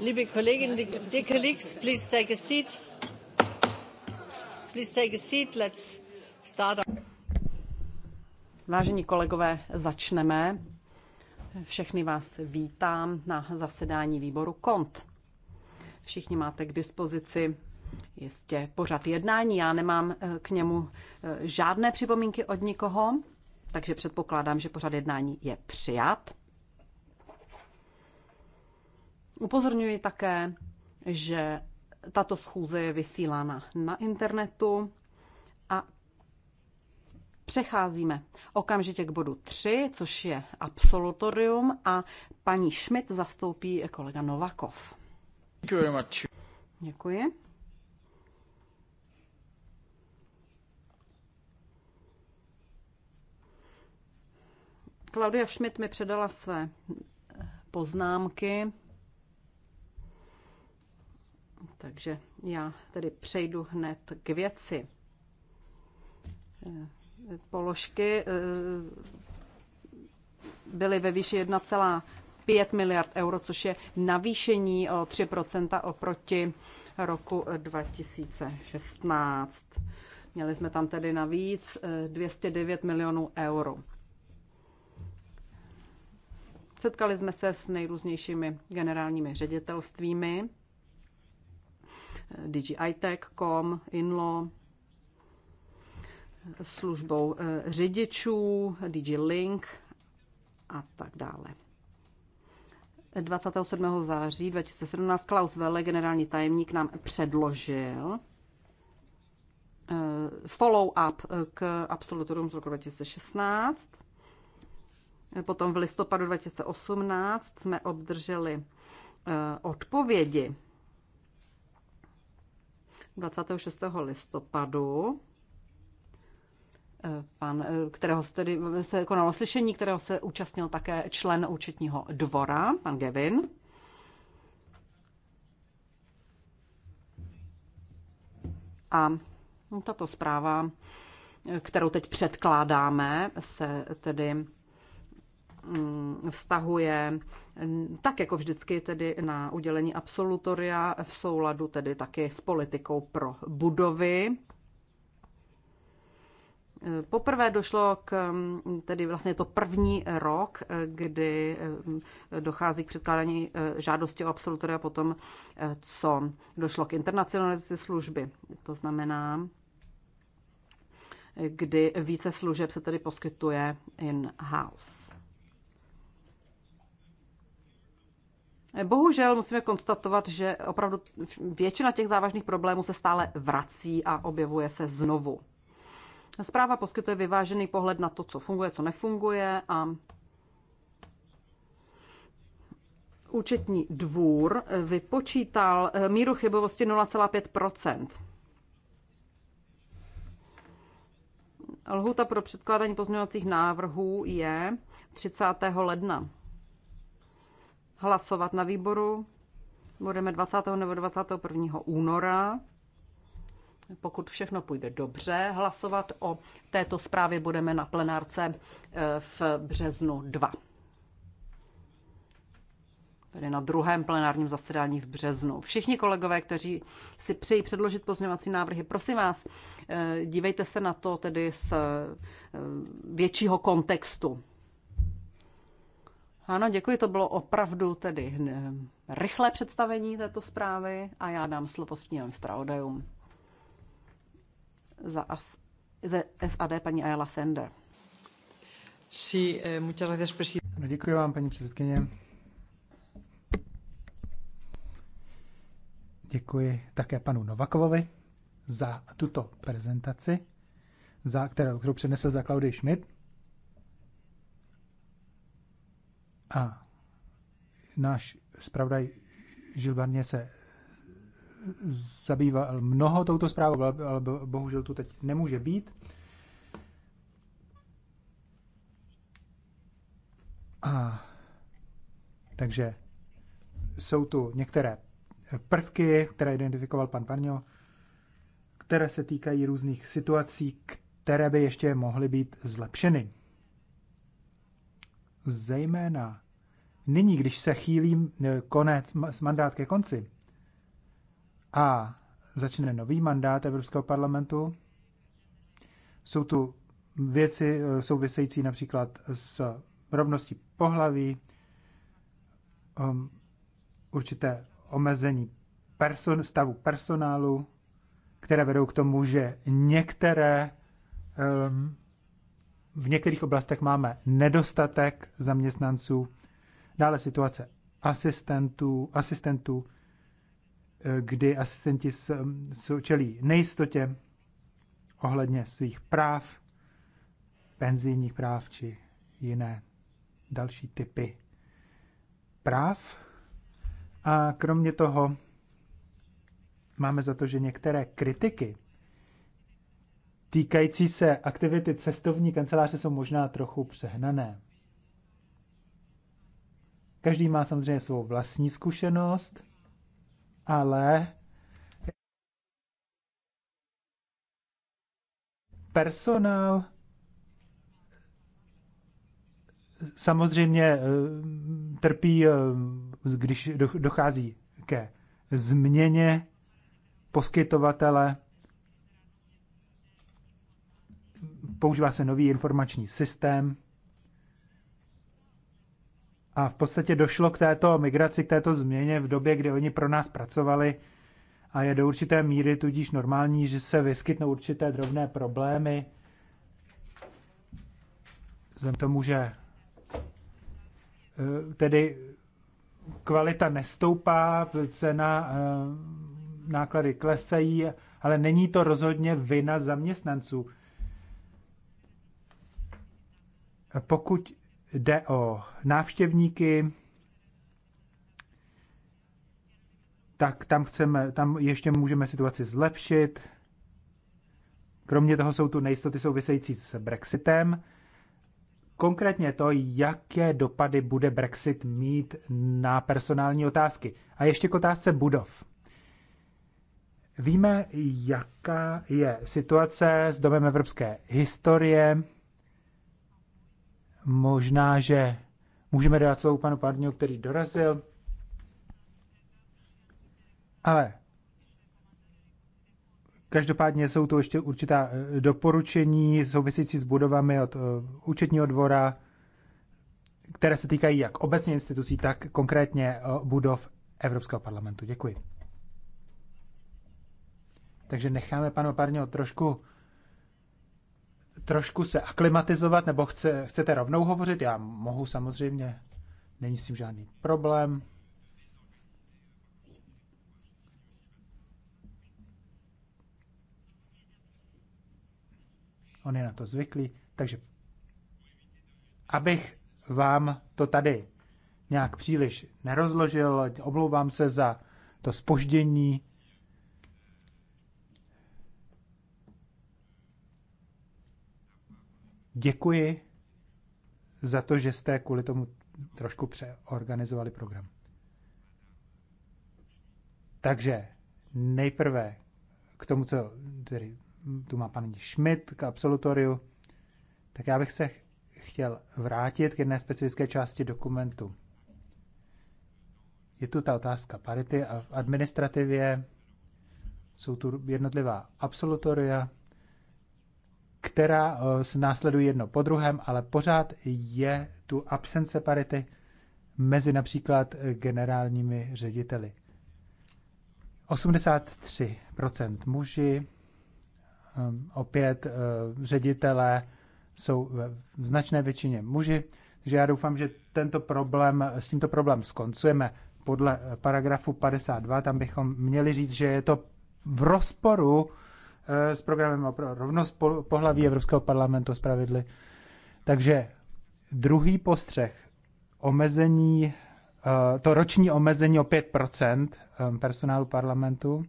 Liebe Kolleginnen, dear colleagues, please take a seat. Please take a seat. Let's start. Vážení kolegové, začneme. Všechny vás vítám na zasedání výboru KONT. Všichni máte k dispozici jistě pořad jednání. Já nemám eh, k němu eh, žádné připomínky od nikoho, takže předpokládám, že pořad jednání je přijat. Upozorňuji také, že tato schůze je vysílána na internetu a přecházíme okamžitě k bodu 3, což je absolutorium a paní Schmidt zastoupí kolega Novakov. Děkuji. Klaudia Schmidt mi předala své poznámky takže já tedy přejdu hned k věci. Eh, položky eh, byly ve výši 1,5 miliard euro, což je navýšení o 3 oproti roku 2016. Eh, Měli jsme tam tedy navíc 209 milionů euro. Setkali jsme se s nejrůznějšími generálními ředitelstvími DigiITech.com, Inlo, službou eh, řidičů, DigiLink a tak dále. 27. září 2017 Klaus Welle, generální tajemník, nám předložil eh, follow-up k absolutorům z roku 2016. Potom v listopadu 2018 jsme obdrželi eh, odpovědi 26. listopadu, eh, pan, eh, kterého tedy se konalo slyšení, kterého se účastnil také člen účetního dvora, pan Gevin. A tato zpráva, eh, kterou teď předkládáme, se tedy mm, vztahuje tak jako vždycky tedy na udělení absolutoria v souladu tedy taky s politikou pro budovy. Poprvé došlo k, tedy vlastně to první rok, eh, kdy dochází k předkládání eh, žádosti o absolutoria potom, eh, co došlo k internacionalizaci služby. To znamená, kdy více služeb se tedy poskytuje in-house. Bohužel musíme konstatovat, že opravdu většina těch závažných problémů se stále vrací a objevuje se znovu. Zpráva poskytuje vyvážený pohled na to, co funguje, co nefunguje a Účetní dvůr vypočítal míru chybovosti 0,5 Lhuta pro předkládání pozměňovacích návrhů je 30. ledna hlasovat na výboru. Budeme 20. nebo 21. února. Pokud všechno půjde dobře, hlasovat o této zprávě budeme na plenárce eh, v březnu 2. Tedy na druhém plenárním zasedání v březnu. Všichni kolegové, kteří si přejí předložit pozměňovací návrhy, prosím vás, eh, dívejte se na to tedy z eh, většího kontextu ano, děkuji, to bylo opravdu tedy eh, rychlé představení této zprávy a já dám slovo stínovým zpravodajům. Za AS, ze SAD paní Ayala Sender. Sí, eh, muchas gracias, presidente. Děkuji vám, paní předsedkyně. Děkuji také panu Novakovovi za tuto prezentaci, za kterou, kterou přednesl za Klaudy Schmidt. A náš zpravodaj Žilbarně se zabýval mnoho touto zprávou, ale bohužel tu teď nemůže být. A, takže jsou tu některé prvky, které identifikoval pan Parňo, které se týkají různých situací, které by ještě mohly být zlepšeny zejména nyní, když se chýlí eh, konec, mandát ke konci a začne nový mandát Evropského parlamentu, jsou tu věci eh, související například s rovností pohlaví, ehm, určité omezení person, stavu personálu, které vedou k tomu, že některé ehm, v některých oblastech máme nedostatek zaměstnanců, dále situace asistentů, asistentů eh, kdy asistenti čelí nejistotě ohledně svých práv, penzijních práv či jiné další typy práv. A kromě toho máme za to, že některé kritiky týkající se aktivity cestovní kanceláře jsou možná trochu přehnané. Každý má samozřejmě svou vlastní zkušenost, ale personál samozřejmě eh, trpí, eh, když dochází ke změně poskytovatele používá se nový informační systém a v podstatě došlo k této migraci, k této změně v době, kdy oni pro nás pracovali a je do určité míry tudíž normální, že se vyskytnou určité drobné problémy, vzhledem tomu, že eh, tedy kvalita nestoupá, cena, eh, náklady klesají, ale není to rozhodně vina zaměstnanců. Pokud jde o návštěvníky, tak tam, chceme, tam ještě můžeme situaci zlepšit. Kromě toho jsou tu nejistoty související s Brexitem. Konkrétně to, jaké dopady bude Brexit mít na personální otázky. A ještě k otázce budov. Víme, jaká je situace s domem evropské historie, Možná, že můžeme dát slovo panu Pardňu, který dorazil. Ale každopádně jsou tu ještě určitá eh, doporučení související s budovami od eh, účetního dvora, které se týkají jak obecně institucí, tak konkrétně eh, budov Evropského parlamentu. Děkuji. Takže necháme panu Parňo trošku trošku se aklimatizovat, nebo chce, chcete rovnou hovořit? Já mohu samozřejmě, není s tím žádný problém. On je na to zvyklý, takže abych vám to tady nějak příliš nerozložil, omlouvám se za to spoždění, Děkuji za to, že jste kvůli tomu trošku přeorganizovali program. Takže nejprve k tomu, co tedy tu má paní Schmidt k absolutoriu, tak já bych se chtěl vrátit k jedné specifické části dokumentu. Je tu ta otázka parity a v administrativě jsou tu jednotlivá absolutoria, která eh, následují jedno po druhém, ale pořád je tu absence parity mezi například eh, generálními řediteli. 83% muži, eh, opět ředitelé jsou v značné většině muži, takže já doufám, že tento problém, s tímto problém skoncujeme. Podle paragrafu 52 tam bychom měli říct, že je to v rozporu Eh, s programem pro rovnost pohlaví Evropského parlamentu s Takže druhý postřeh, omezení, eh, to roční omezení o 5% eh, personálu parlamentu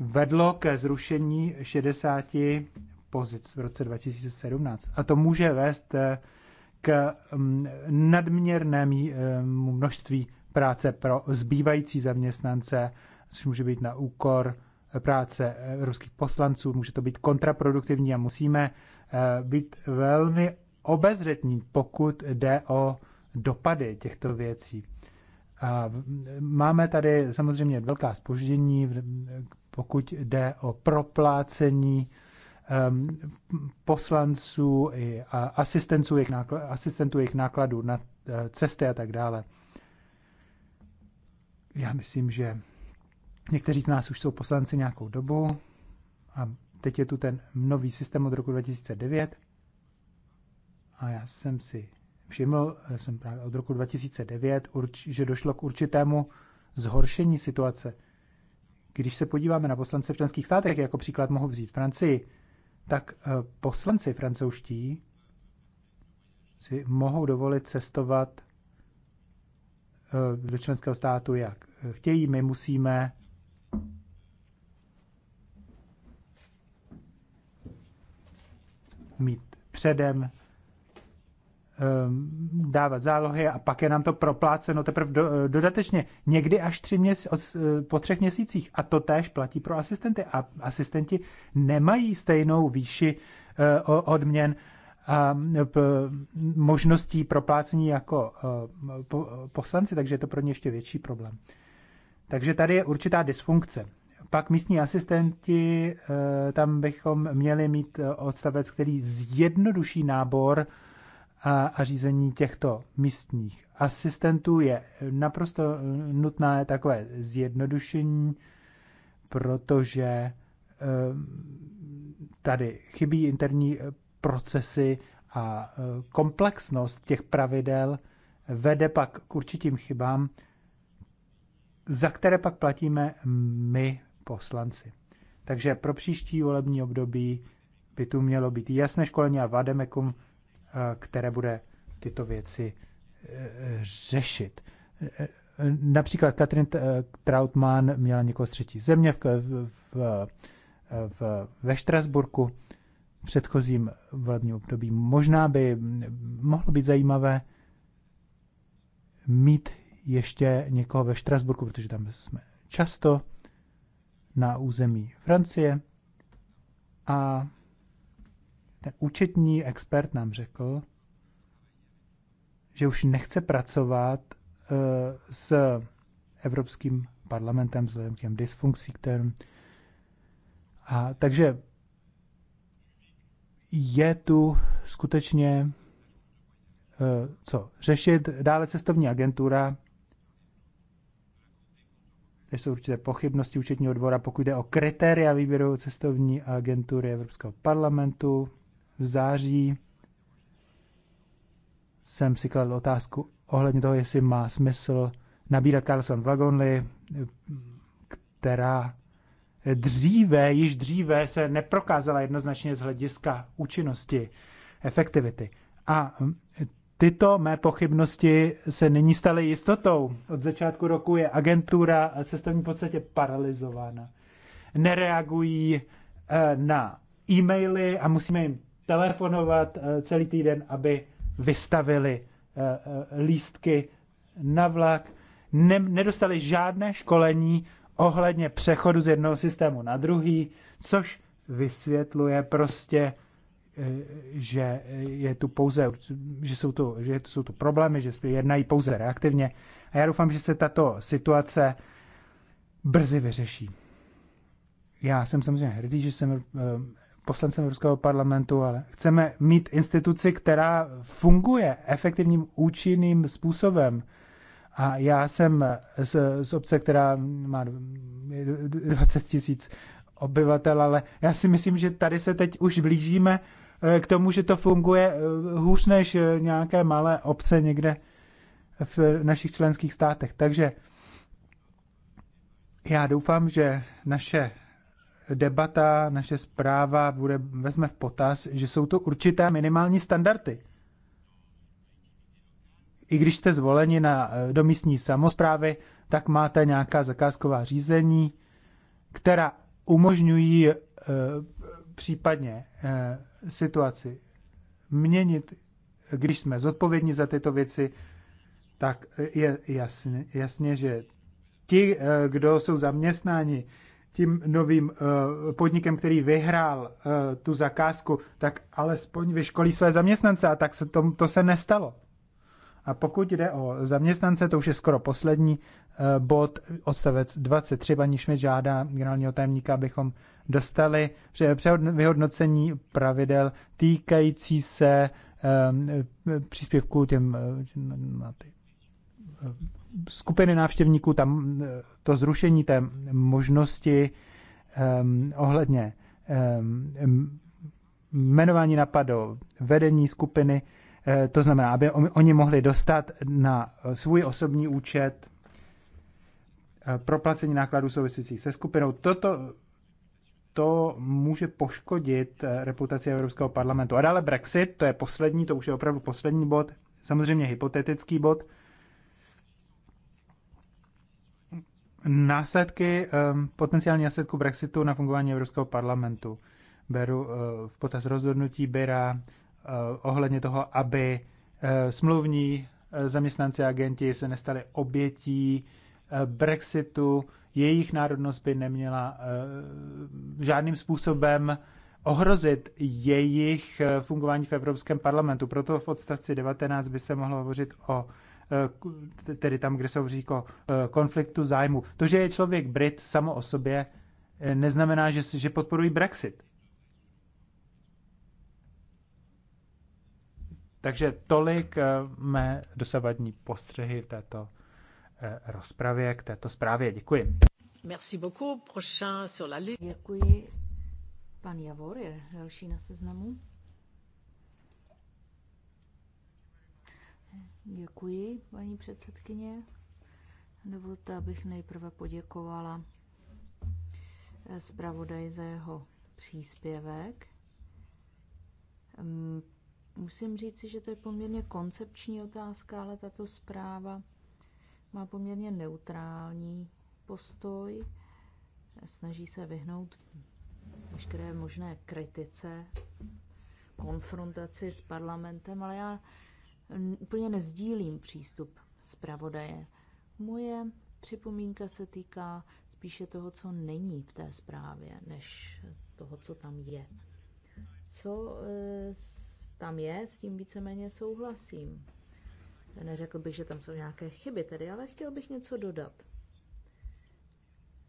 vedlo ke zrušení 60 pozic v roce 2017. A to může vést k mm, nadměrnému množství práce pro zbývající zaměstnance, což může být na úkor práce eh, ruských poslanců, může to být kontraproduktivní a musíme eh, být velmi obezřetní, pokud jde o dopady těchto věcí. A máme tady samozřejmě velká spoždění, pokud jde o proplácení um, poslanců i asistentů jejich, nákladů, asistentů jejich nákladů na eh, cesty a tak dále. Já myslím, že Někteří z nás už jsou poslanci nějakou dobu a teď je tu ten nový systém od roku 2009 a já jsem si všiml, jsem právě od roku 2009, že došlo k určitému zhoršení situace. Když se podíváme na poslance v členských státech, jako příklad mohu vzít Francii, tak eh, poslanci francouzští si mohou dovolit cestovat eh, do členského státu, jak eh, chtějí. My musíme mít předem, ehm, dávat zálohy a pak je nám to propláceno teprve do, eh, dodatečně, někdy až tři měsíc, eh, po třech měsících. A to též platí pro asistenty. A asistenti nemají stejnou výši eh, odměn a možností proplácení jako poslanci, takže je to pro ně ještě větší problém. Takže tady je určitá dysfunkce. Pak místní asistenti, eh, tam bychom měli mít eh, odstavec, který zjednoduší nábor a, řízení těchto místních asistentů. Je naprosto eh, nutné takové zjednodušení, protože tady chybí interní procesy a komplexnost těch pravidel vede pak k určitým chybám, za které pak platíme my poslanci. Takže pro příští volební období by tu mělo být jasné školení a vademekum, eh, které bude tyto věci eh, řešit. Eh, například Katrin Trautmann měla někoho z třetí země v, v, v, ve Štrasburku v předchozím volebním období. Možná by mohlo být zajímavé mít ještě někoho ve Štrasburku, protože tam jsme často na území Francie a ten účetní expert nám řekl, že už nechce pracovat e, s Evropským parlamentem vzhledem k těm dysfunkcím. A, takže je tu skutečně e, co řešit. Dále cestovní agentura že jsou určité pochybnosti účetního dvora, pokud jde o kritéria výběru cestovní agentury Evropského parlamentu. V září jsem si kladl otázku ohledně toho, jestli má smysl nabírat Carlson Vagonly, která dříve, již dříve se neprokázala jednoznačně z hlediska účinnosti, efektivity. A Tyto mé pochybnosti se nyní staly jistotou. Od začátku roku je agentura cestovní v podstatě paralizována. Nereagují eh, na e-maily a musíme jim telefonovat eh, celý týden, aby vystavili eh, lístky na vlak. nedostali žádné školení ohledně přechodu z jednoho systému na druhý, což vysvětluje prostě že je tu pouze, že jsou tu, že jsou tu problémy, že jednají pouze reaktivně. A já doufám, že se tato situace brzy vyřeší. Já jsem samozřejmě hrdý, že jsem eh, poslancem Evropského parlamentu, ale chceme mít instituci, která funguje efektivním, účinným způsobem. A já jsem z, z obce, která má 20 tisíc obyvatel, ale já si myslím, že tady se teď už blížíme Eh, k tomu, že to funguje eh, hůř než eh, nějaké malé obce někde v našich členských státech. Takže já doufám, že naše debata, naše zpráva bude, vezme v potaz, že jsou to určité minimální standardy. I když jste zvoleni na, domístní samozprávy, tak máte nějaká zakázková řízení, která umožňují e, případně situaci měnit, když jsme zodpovědní za tyto věci, tak je jasně, jasně že ti, eh, kdo jsou zaměstnáni tím novým eh, podnikem, který vyhrál eh, tu zakázku, tak alespoň vyškolí své zaměstnance a tak se to, to se nestalo. A pokud jde o zaměstnance, to už je skoro poslední eh, bod, odstavec 23, paní Šmit žádá generálního tajemníka, abychom dostali vyhodnocení pravidel týkající se eh, příspěvků těm eh, na ty skupiny návštěvníků, tam to zrušení té možnosti um, ohledně um, jmenování napadu, vedení skupiny, Eh, to znamená, aby oni mohli dostat na eh, svůj osobní účet eh, proplacení nákladů souvisících se skupinou. Toto to může poškodit reputaci Evropského parlamentu. A dále Brexit, to je poslední, to už je opravdu poslední bod, samozřejmě hypotetický bod. Následky, ehm, potenciální následku Brexitu na fungování Evropského parlamentu. Beru v potaz rozhodnutí Byra, Eh, ohledně toho, aby eh, smluvní eh, zaměstnanci a agenti se nestali obětí Brexitu. Jejich národnost by neměla žádným způsobem ohrozit jejich fungování v Evropském parlamentu. Proto v odstavci 19 by se mohlo hovořit o tedy tam, kde se hovoří o konfliktu zájmu. To, že je člověk Brit samo o sobě, neznamená, že, že podporují Brexit. Takže tolik eh, mé dosavadní postřehy této eh, rozpravě k této zprávě. Děkuji. Merci beaucoup. Prochain sur la liste. Děkuji. Pan Javor je další na seznamu. Děkuji, paní předsedkyně. Dovolte, abych nejprve poděkovala eh, zpravodaj za jeho příspěvek. Mm, Musím říci, že to je poměrně koncepční otázka, ale tato zpráva má poměrně neutrální postoj. Snaží se vyhnout veškeré možné kritice, konfrontaci s parlamentem, ale já úplně nezdílím přístup zpravodaje. Moje připomínka se týká spíše toho, co není v té zprávě, než toho, co tam je. Co e, tam je, s tím víceméně souhlasím. Neřekl bych, že tam jsou nějaké chyby tedy, ale chtěl bych něco dodat.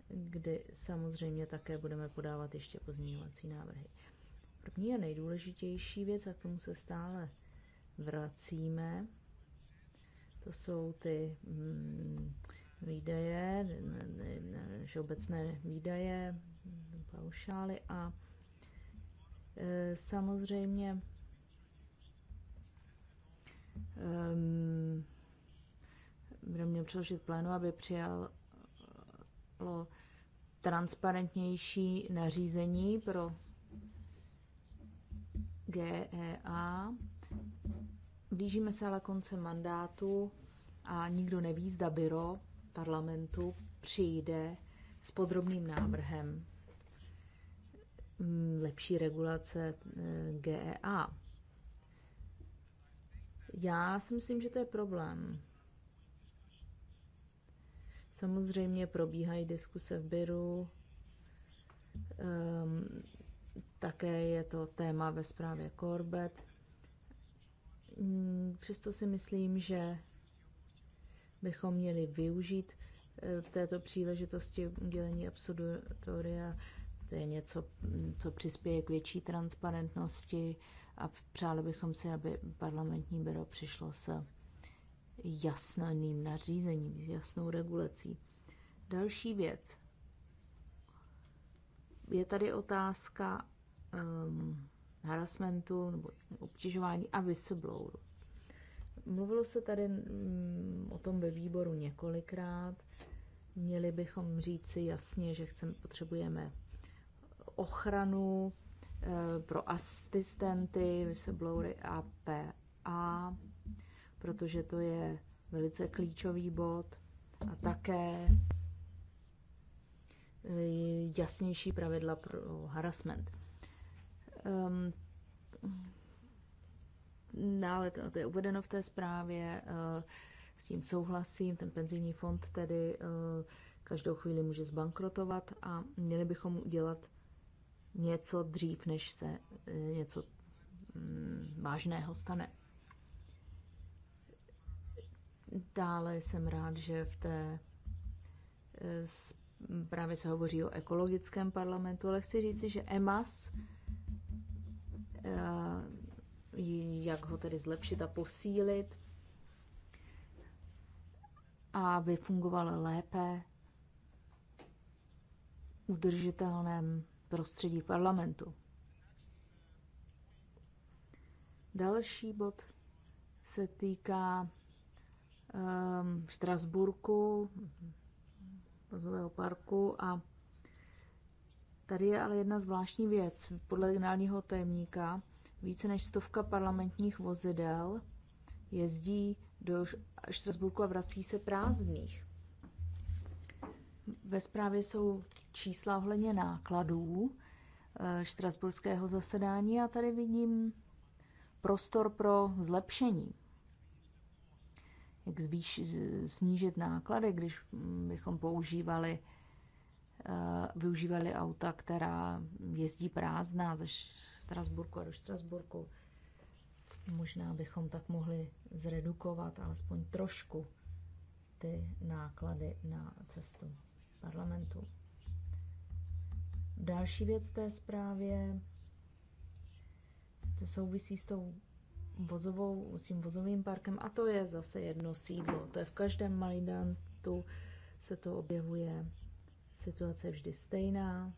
Kdy samozřejmě také budeme podávat ještě pozměňovací návrhy. První a nejdůležitější věc, a k tomu se stále vracíme, to jsou ty mm, výdaje, všeobecné výdaje, paušály a e, samozřejmě um, ehm, bude měl předložit plénu, aby přijalo transparentnější nařízení pro GEA. Blížíme se ale konce mandátu a nikdo neví, zda byro parlamentu přijde s podrobným návrhem mm, lepší regulace eh, GEA. Já si myslím, že to je problém. Samozřejmě probíhají diskuse v Biru, um, ehm, také je to téma ve zprávě Corbett. Mm, přesto si myslím, že bychom měli využít eh, této příležitosti udělení absolutoria. To je něco, co přispěje k větší transparentnosti, a přáli bychom si, aby parlamentní byro přišlo s jasným nařízením, s jasnou regulací. Další věc. Je tady otázka um, harassmentu nebo obtěžování a whistlebloweru. Mluvilo se tady um, o tom ve výboru několikrát. Měli bychom říci jasně, že chcem, potřebujeme ochranu Eh, pro asistenty, whistleblowery a PA, protože to je velice klíčový bod a také eh, jasnější pravidla pro harassment. Um, dále to, to je uvedeno v té zprávě, uh, s tím souhlasím, ten penzijní fond tedy uh, každou chvíli může zbankrotovat a měli bychom udělat něco dřív, než se eh, něco mm, vážného stane. Dále jsem rád, že v té eh, právě se hovoří o ekologickém parlamentu, ale chci říci, že EMAS, eh, jak ho tedy zlepšit a posílit, aby fungoval lépe v udržitelném prostředí parlamentu. Další bod se týká um, Štrasburku, vozového parku a tady je ale jedna zvláštní věc. Podle generálního tajemníka více než stovka parlamentních vozidel jezdí do Štrasburku a vrací se prázdných. Ve zprávě jsou čísla ohledně nákladů eh, štrasburského zasedání a tady vidím prostor pro zlepšení. Jak zvýš, snížit náklady, když bychom používali eh, využívali auta, která jezdí prázdná ze Strasburku a do Štrasburku. Možná bychom tak mohli zredukovat alespoň trošku ty náklady na cestu parlamentu. Další věc té zprávě, to souvisí s tou vozovou, s tím vozovým parkem a to je zase jedno sídlo. To je v každém Majdantu, se to objevuje. Situace je vždy stejná,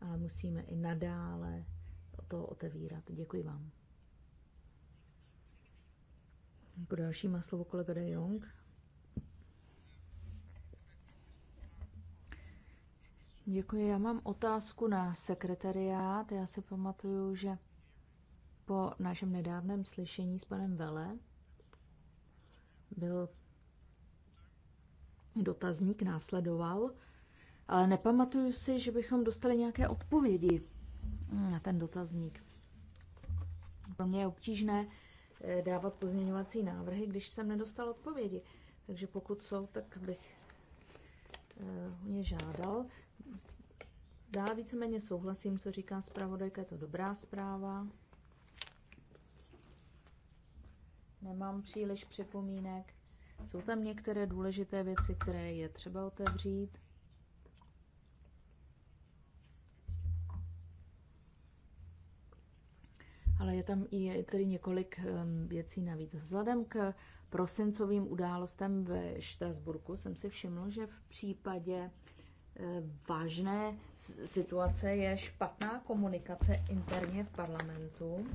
ale musíme i nadále to otevírat. Děkuji vám. Jako dalšíma slovo kolega De Jong. Děkuji. Já mám otázku na sekretariát. Já si pamatuju, že po našem nedávném slyšení s panem Vele byl dotazník následoval, ale nepamatuju si, že bychom dostali nějaké odpovědi na ten dotazník. Pro mě je obtížné eh, dávat pozměňovací návrhy, když jsem nedostal odpovědi. Takže pokud jsou, tak bych Eh, mě žádal. Dále víceméně souhlasím, co říká zpravodajka, je to dobrá zpráva. Nemám příliš připomínek. Jsou tam některé důležité věci, které je třeba otevřít. Ale je tam i tedy několik věcí navíc. Vzhledem k prosincovým událostem ve Štrasburku jsem si všiml, že v případě e, vážné situace je špatná komunikace interně v parlamentu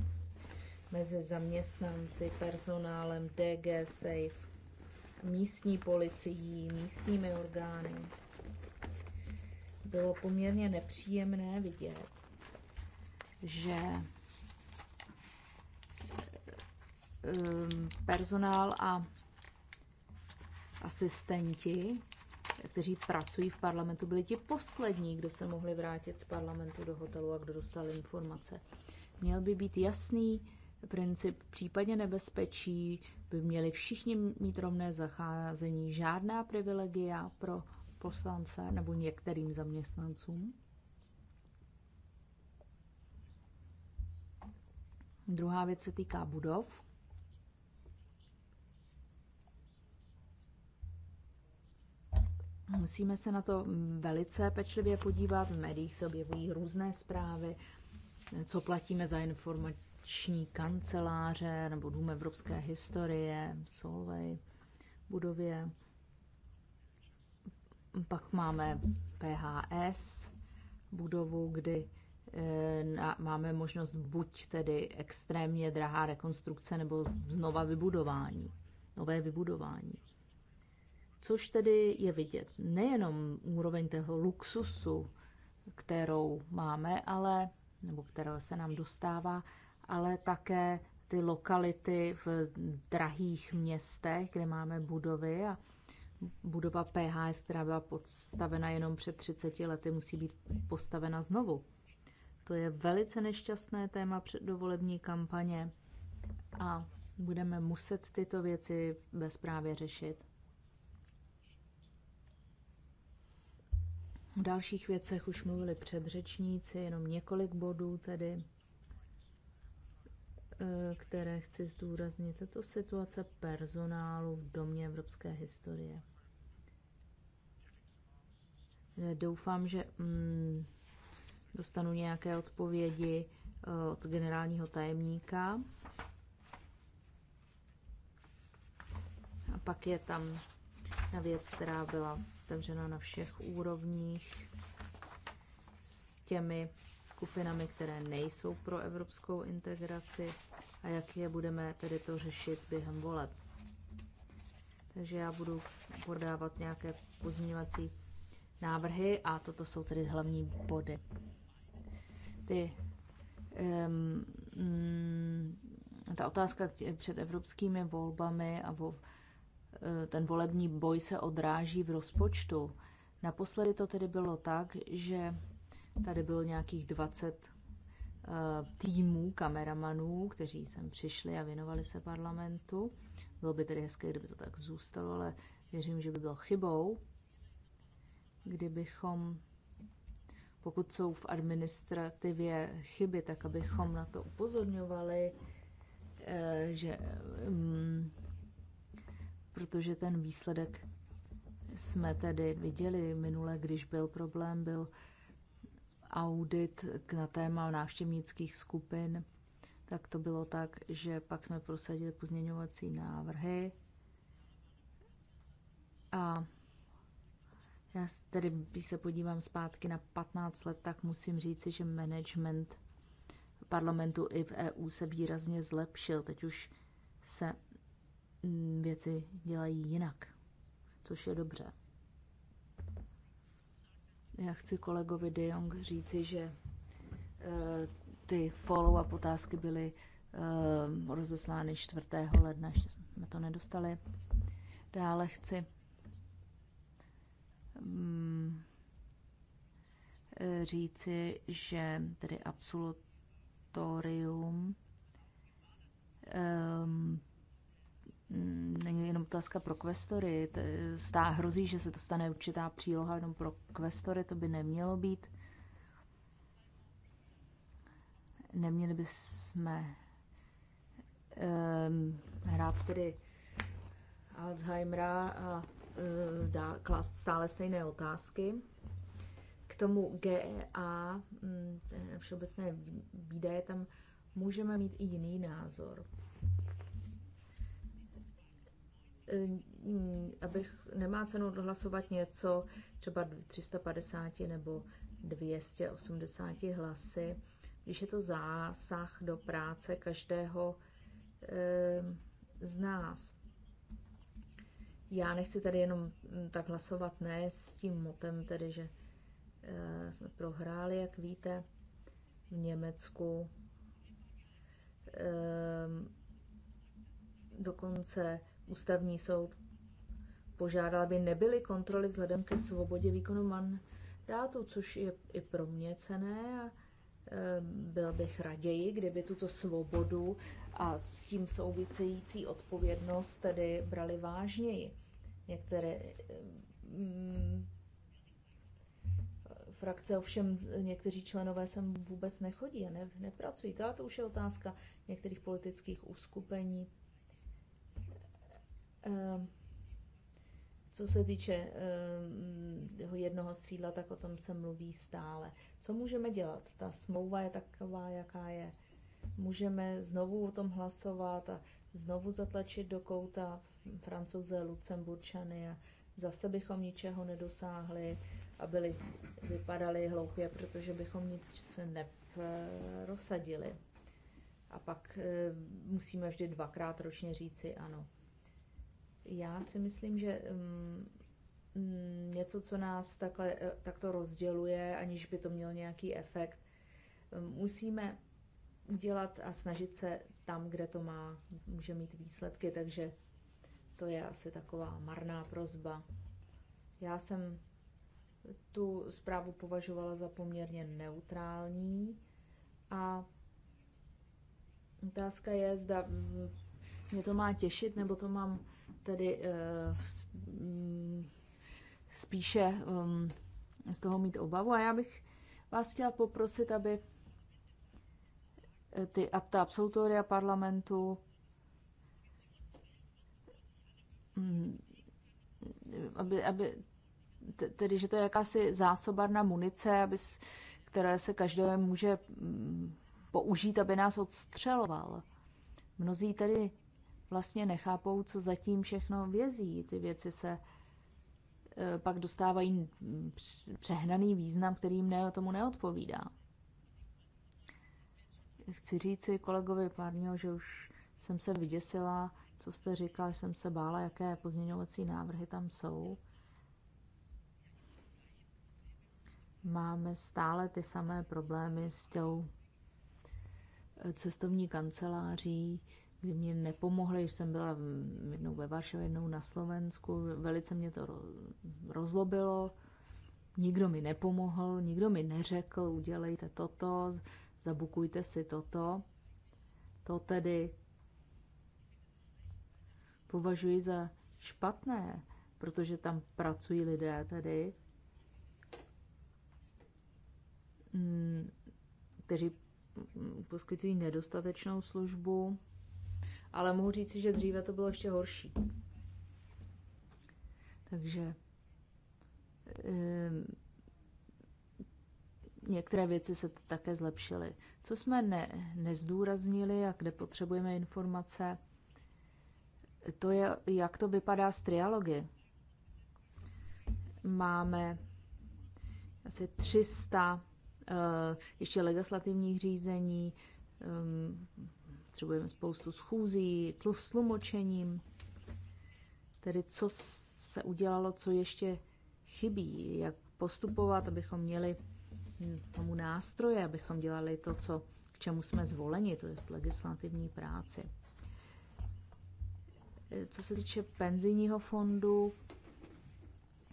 mezi zaměstnanci, personálem DG Safe, místní policií, místními orgány. Bylo poměrně nepříjemné vidět, že Um, personál a asistenti, kteří pracují v parlamentu, byli ti poslední, kdo se mohli vrátit z parlamentu do hotelu a kdo dostal informace. Měl by být jasný princip v případě nebezpečí, by měli všichni mít rovné zacházení, žádná privilegia pro poslance nebo některým zaměstnancům. Druhá věc se týká budov. Musíme se na to mm, velice pečlivě podívat. V médiích se objevují různé zprávy, co platíme za informační kanceláře nebo Dům evropské historie, Solvay, budově. Pak máme PHS budovu, kdy eh, máme možnost buď tedy extrémně drahá rekonstrukce nebo znova vybudování, nové vybudování. Což tedy je vidět nejenom úroveň toho luxusu, kterou máme, ale, nebo kterého se nám dostává, ale také ty lokality v drahých městech, kde máme budovy a budova PHS, která byla postavena jenom před 30 lety, musí být postavena znovu. To je velice nešťastné téma před dovolební kampaně a budeme muset tyto věci bezprávě řešit. O dalších věcech už mluvili předřečníci, jenom několik bodů tedy, eh, které chci zdůraznit. Tato situace personálu v Domě evropské historie. Eh, doufám, že mm, dostanu nějaké odpovědi eh, od generálního tajemníka. A pak je tam na věc, která byla otevřena na všech úrovních s těmi skupinami, které nejsou pro evropskou integraci a jak je budeme tedy to řešit během voleb. Takže já budu podávat nějaké pozměňovací návrhy a toto jsou tedy hlavní body. Ty, um, ta otázka před evropskými volbami a vo, E, ten volební boj se odráží v rozpočtu. Naposledy to tedy bylo tak, že tady bylo nějakých 20 e, týmů kameramanů, kteří sem přišli a věnovali se parlamentu. Bylo by tedy hezké, kdyby to tak zůstalo, ale věřím, že by bylo chybou, kdybychom, pokud jsou v administrativě chyby, tak abychom na to upozorňovali, e, že mm, protože ten výsledek jsme tedy viděli minule, když byl problém, byl audit na téma návštěvnických skupin, tak to bylo tak, že pak jsme prosadili pozměňovací návrhy a já tedy, když se podívám zpátky na 15 let, tak musím říci, že management parlamentu i v EU se výrazně zlepšil. Teď už se Mm, věci dělají jinak, což je dobře. Já chci kolegovi De Jong říci, že eh, ty follow-up otázky byly eh, rozeslány 4. ledna, ještě jsme to nedostali. Dále chci mm, říci, že tedy absolutorium um, Mm, není jenom otázka pro kvestory. Stá, hrozí, že se to stane určitá příloha jenom pro kvestory, to by nemělo být. Neměli bychom um, hrát tedy Alzheimera a uh, dá, klást stále stejné otázky. K tomu GEA, hm, všeobecné výdaje, tam můžeme mít i jiný názor. Eh, abych nemá cenu odhlasovat něco třeba 350 nebo 280 hlasy, když je to zásah do práce každého eh, z nás. Já nechci tady jenom hm, tak hlasovat, ne s tím motem, tedy, že eh, jsme prohráli, jak víte, v Německu. Ehm, dokonce Ústavní soud požádal, aby nebyly kontroly vzhledem ke svobodě výkonu mandátu, což je i pro mě cené. A e, byl bych raději, kdyby tuto svobodu a s tím související odpovědnost tedy brali vážněji. Některé e, mm, frakce ovšem, někteří členové sem vůbec nechodí a ne, nepracují. To, už je otázka některých politických uskupení Ehm, co se týče toho ehm, jednoho střídla, tak o tom se mluví stále. Co můžeme dělat? Ta smlouva je taková, jaká je. Můžeme znovu o tom hlasovat a znovu zatlačit do kouta francouze, lucemburčany a zase bychom ničeho nedosáhli a byli, vypadali hloupě, protože bychom nic se neprosadili. A pak e, musíme vždy dvakrát ročně říci ano. Já si myslím, že mm, mm, něco, co nás takhle, eh, takto rozděluje, aniž by to mělo nějaký efekt, mm, musíme udělat a snažit se tam, kde to má, může mít výsledky, takže to je asi taková marná prozba. Já jsem tu zprávu považovala za poměrně neutrální a otázka je, zda mě to má těšit, nebo to mám tedy eh, mm, spíše um, z toho mít obavu. A já bych vás chtěla poprosit, aby eh, ty apta absolutoria parlamentu mm, aby, aby tedy, že to je jakási zásobarna munice, aby, které se každé může mm, použít, aby nás odstřeloval. Mnozí tedy vlastně nechápou, co zatím všechno vězí. Ty věci se e, pak dostávají přehnaný význam, který jim ne, tomu neodpovídá. Chci říci kolegovi Párňo, že už jsem se vyděsila, co jste říkal, že jsem se bála, jaké pozměňovací návrhy tam jsou. Máme stále ty samé problémy s tou e, cestovní kanceláří, kdy mě nepomohly, když jsem byla jednou ve Varšavě, jednou na Slovensku, velice mě to rozlobilo, nikdo mi nepomohl, nikdo mi neřekl, udělejte toto, zabukujte si toto. To tedy považuji za špatné, protože tam pracují lidé tedy, mm, kteří poskytují nedostatečnou službu, ale mohu říct, že dříve to bylo ještě horší. Takže ehm, některé věci se také zlepšily. Co jsme ne, nezdůraznili a kde potřebujeme informace, to je, jak to vypadá s trialogy. Máme asi 300 eh, ještě legislativních řízení, ehm, potřebujeme spoustu schůzí, plus slumočením. tedy co se udělalo, co ještě chybí, jak postupovat, abychom měli hm, tomu nástroje, abychom dělali to, co, k čemu jsme zvoleni, to je legislativní práci. E, co se týče penzijního fondu,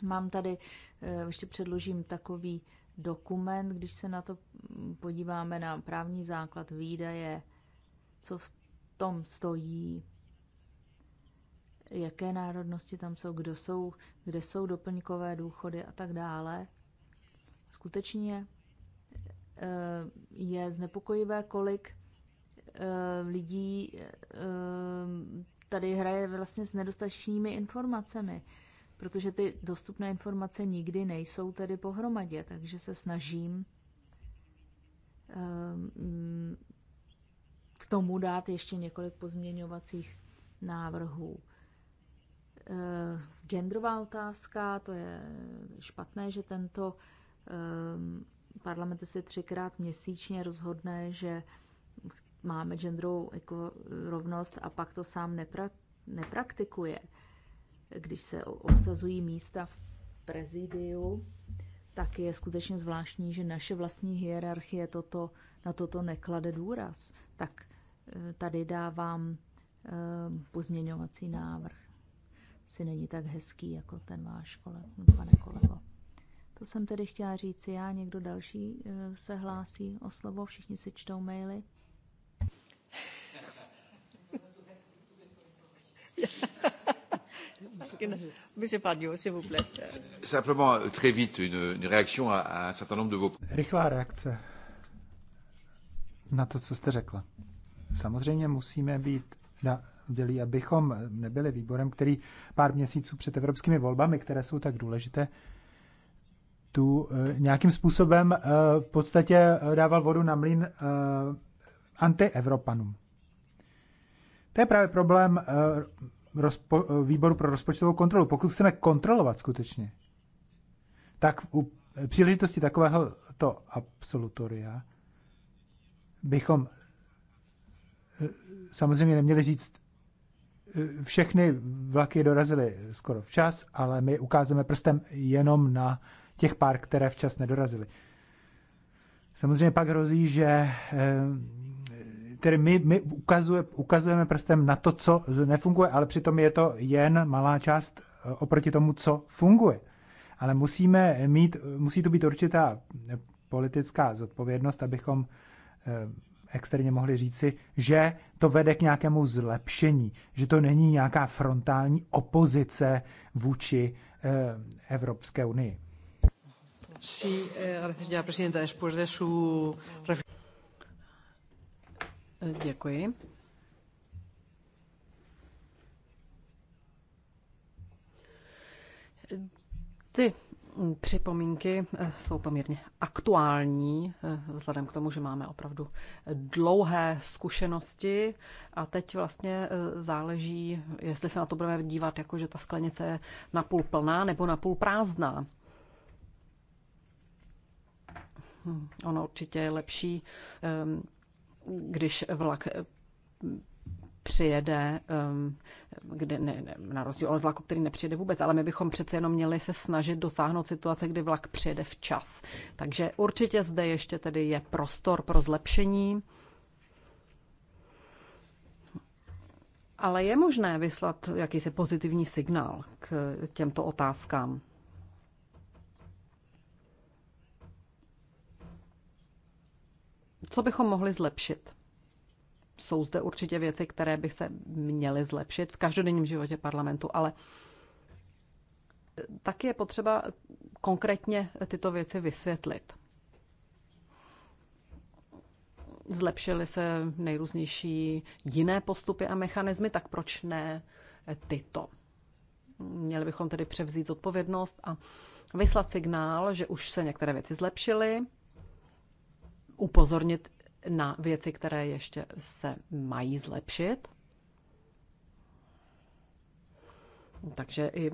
mám tady, e, ještě předložím takový dokument, když se na to hm, podíváme na právní základ výdaje co v tom stojí, jaké národnosti tam jsou, kdo jsou, kde jsou doplňkové důchody a tak dále. Skutečně eh, je znepokojivé, kolik eh, lidí eh, tady hraje vlastně s nedostatečnými informacemi, protože ty dostupné informace nikdy nejsou tedy pohromadě, takže se snažím tomu dát ještě několik pozměňovacích návrhů. E, eh, gendrová otázka, to je špatné, že tento e, parlament se třikrát měsíčně rozhodne, že máme genderovou jako rovnost a pak to sám nepra, nepraktikuje. Když se obsazují místa v prezidiu, tak je skutečně zvláštní, že naše vlastní hierarchie toto, na toto neklade důraz. Tak Tady dávám eh, pozměňovací návrh. Si není tak hezký jako ten váš kolega, pane kolego. To jsem tedy chtěla říct já. Někdo další eh, se hlásí o slovo? Všichni si čtou maily? Simplement, euh, très vite, une, réaction à un certain nombre de vos... Rychlá reakce na to, co jste řekla. Samozřejmě musíme být na dělí, abychom nebyli výborem, který pár měsíců před evropskými volbami, které jsou tak důležité, tu eh, nějakým způsobem eh, v podstatě eh, dával vodu na mlín antievropanům. To je právě problém rozpo, výboru pro rozpočtovou kontrolu. Pokud chceme kontrolovat skutečně, tak u příležitosti takového to absolutoria bychom samozřejmě neměli říct, eh, všechny vlaky dorazily skoro včas, ale my ukázeme prstem jenom na těch pár, které včas nedorazily. Samozřejmě pak hrozí, že eh, tedy my, my ukazuje, ukazujeme prstem na to, co nefunguje, ale přitom je to jen malá část eh, oproti tomu, co funguje. Ale musíme mít, musí tu být určitá politická zodpovědnost, abychom externě mohli říci, že to vede k nějakému zlepšení, že to není nějaká frontální opozice vůči eh, Evropské unii. Eh, Děkuji. Ty Mm, připomínky eh, jsou poměrně aktuální, eh, vzhledem k tomu, že máme opravdu dlouhé zkušenosti a teď vlastně eh, záleží, jestli se na to budeme dívat, jako že ta sklenice je napůl plná nebo napůl prázdná. Hm, ono určitě je lepší, ehm, když vlak přijede, um, kde ne, ne, na rozdíl od vlaku, který nepřijede vůbec, ale my bychom přece jenom měli se snažit dosáhnout situace, kdy vlak přijede včas. Takže určitě zde ještě tedy je prostor pro zlepšení. Ale je možné vyslat jakýsi pozitivní signál k těmto otázkám. Co bychom mohli zlepšit? jsou zde určitě věci, které by se měly zlepšit v každodenním životě parlamentu, ale taky je potřeba konkrétně tyto věci vysvětlit. Zlepšily se nejrůznější jiné postupy a mechanismy, tak proč ne tyto? Měli bychom tedy převzít odpovědnost a vyslat signál, že už se některé věci zlepšily, upozornit na věci, které ještě se mají zlepšit. Takže i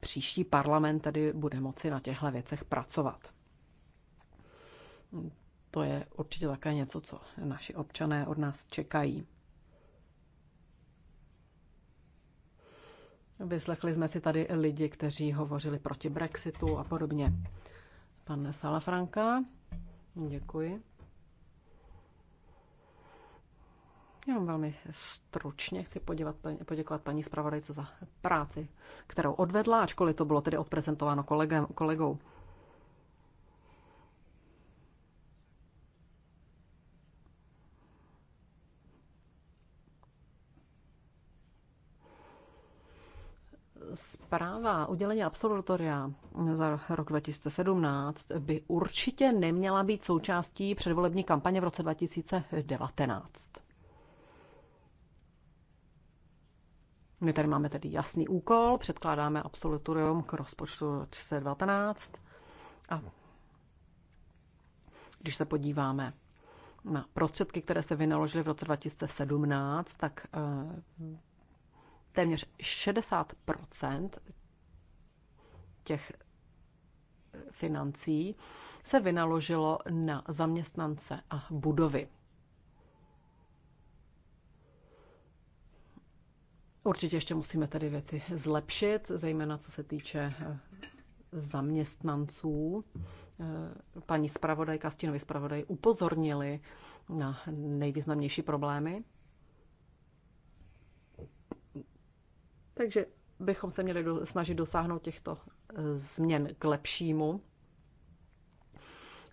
příští parlament tady bude moci na těchto věcech pracovat. To je určitě také něco, co naši občané od nás čekají. Vyslechli jsme si tady lidi, kteří hovořili proti Brexitu a podobně. Pane Salafranka, děkuji. Jenom velmi stručně chci podívat, poděkovat paní zpravodajce za práci, kterou odvedla, ačkoliv to bylo tedy odprezentováno kolegem, kolegou. Zpráva udělení absolutoria za rok 2017 by určitě neměla být součástí předvolební kampaně v roce 2019. My tady máme tedy jasný úkol, předkládáme absolutorium k rozpočtu 2019 a když se podíváme na prostředky, které se vynaložily v roce 2017, tak eh, téměř 60 těch eh, financí se vynaložilo na zaměstnance a budovy. Určitě ještě musíme tady věci zlepšit, zejména co se týče eh, zaměstnanců. Eh, paní zpravodajka, stínový zpravodaj upozornili na nejvýznamnější problémy. Takže bychom se měli snažit dosáhnout těchto eh, změn k lepšímu.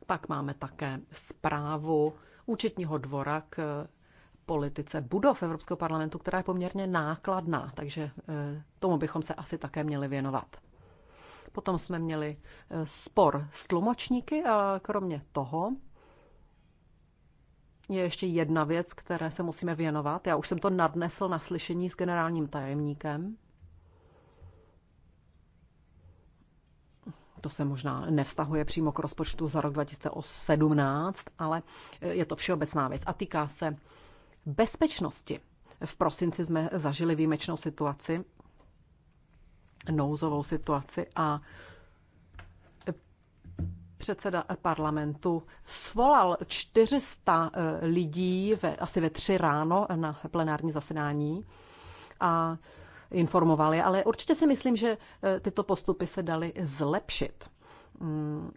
Pak máme také zprávu účetního dvora k politice budov Evropského parlamentu, která je poměrně nákladná, takže eh, tomu bychom se asi také měli věnovat. Potom jsme měli eh, spor s tlumočníky a kromě toho je ještě jedna věc, které se musíme věnovat. Já už jsem to nadnesl na slyšení s generálním tajemníkem. To se možná nevztahuje přímo k rozpočtu za rok 2017, ale eh, je to všeobecná věc a týká se bezpečnosti. V prosinci jsme zažili výjimečnou situaci, nouzovou situaci a předseda parlamentu svolal 400 eh, lidí ve, asi ve tři ráno na plenární zasedání a informovali, ale určitě si myslím, že eh, tyto postupy se daly zlepšit. Mm,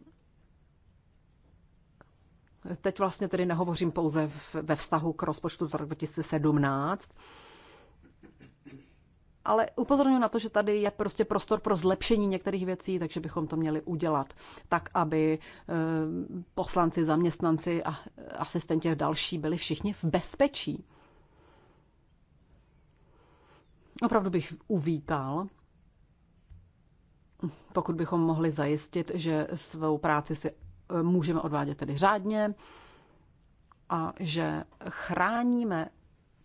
Teď vlastně tedy nehovořím pouze ve vztahu k rozpočtu z roku 2017, ale upozorňuji na to, že tady je prostě prostor pro zlepšení některých věcí, takže bychom to měli udělat tak, aby eh, poslanci, zaměstnanci a asistenti a další byli všichni v bezpečí. Opravdu bych uvítal, pokud bychom mohli zajistit, že svou práci si můžeme odvádět tedy řádně a že chráníme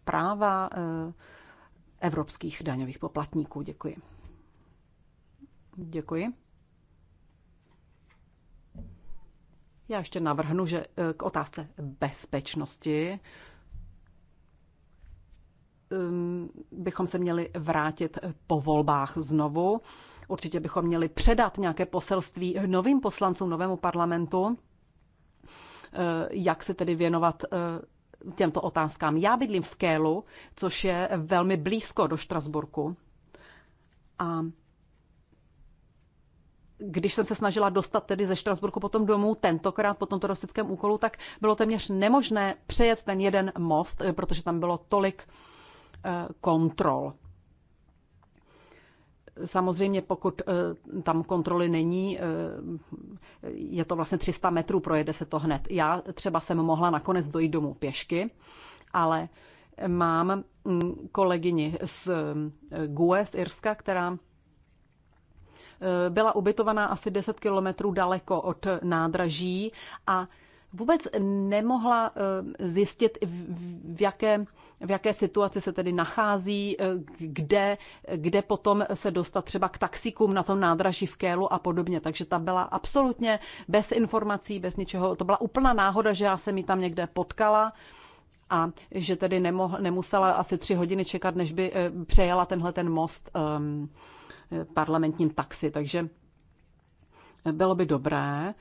práva eh, evropských daňových poplatníků. Děkuji. Děkuji. Já ještě navrhnu, že eh, k otázce bezpečnosti ehm, bychom se měli vrátit po volbách znovu. Určitě bychom měli předat nějaké poselství novým poslancům, novému parlamentu, eh, jak se tedy věnovat eh, těmto otázkám. Já bydlím v Kélu, což je velmi blízko do Štrasburku. A když jsem se snažila dostat tedy ze Štrasburku potom domů, tentokrát po tomto rostickém úkolu, tak bylo téměř nemožné přejet ten jeden most, eh, protože tam bylo tolik kontrol. Samozřejmě, pokud eh, tam kontroly není, eh, je to vlastně 300 metrů, projede se to hned. Já třeba jsem mohla nakonec dojít domů pěšky, ale mám mm, kolegyni z eh, GUE, z Irska, která byla ubytovaná asi 10 kilometrů daleko od nádraží a vůbec nemohla eh, zjistit, v jaké, v jaké situaci se tedy nachází, eh, kde, kde potom se dostat třeba k taxikům na tom nádraží v Kélu a podobně. Takže ta byla absolutně bez informací, bez ničeho. To byla úplná náhoda, že já jsem ji tam někde potkala a že tedy nemohla, nemusela asi tři hodiny čekat, než by eh, přejela tenhle ten most um, parlamentním taxi. Takže bylo by dobré,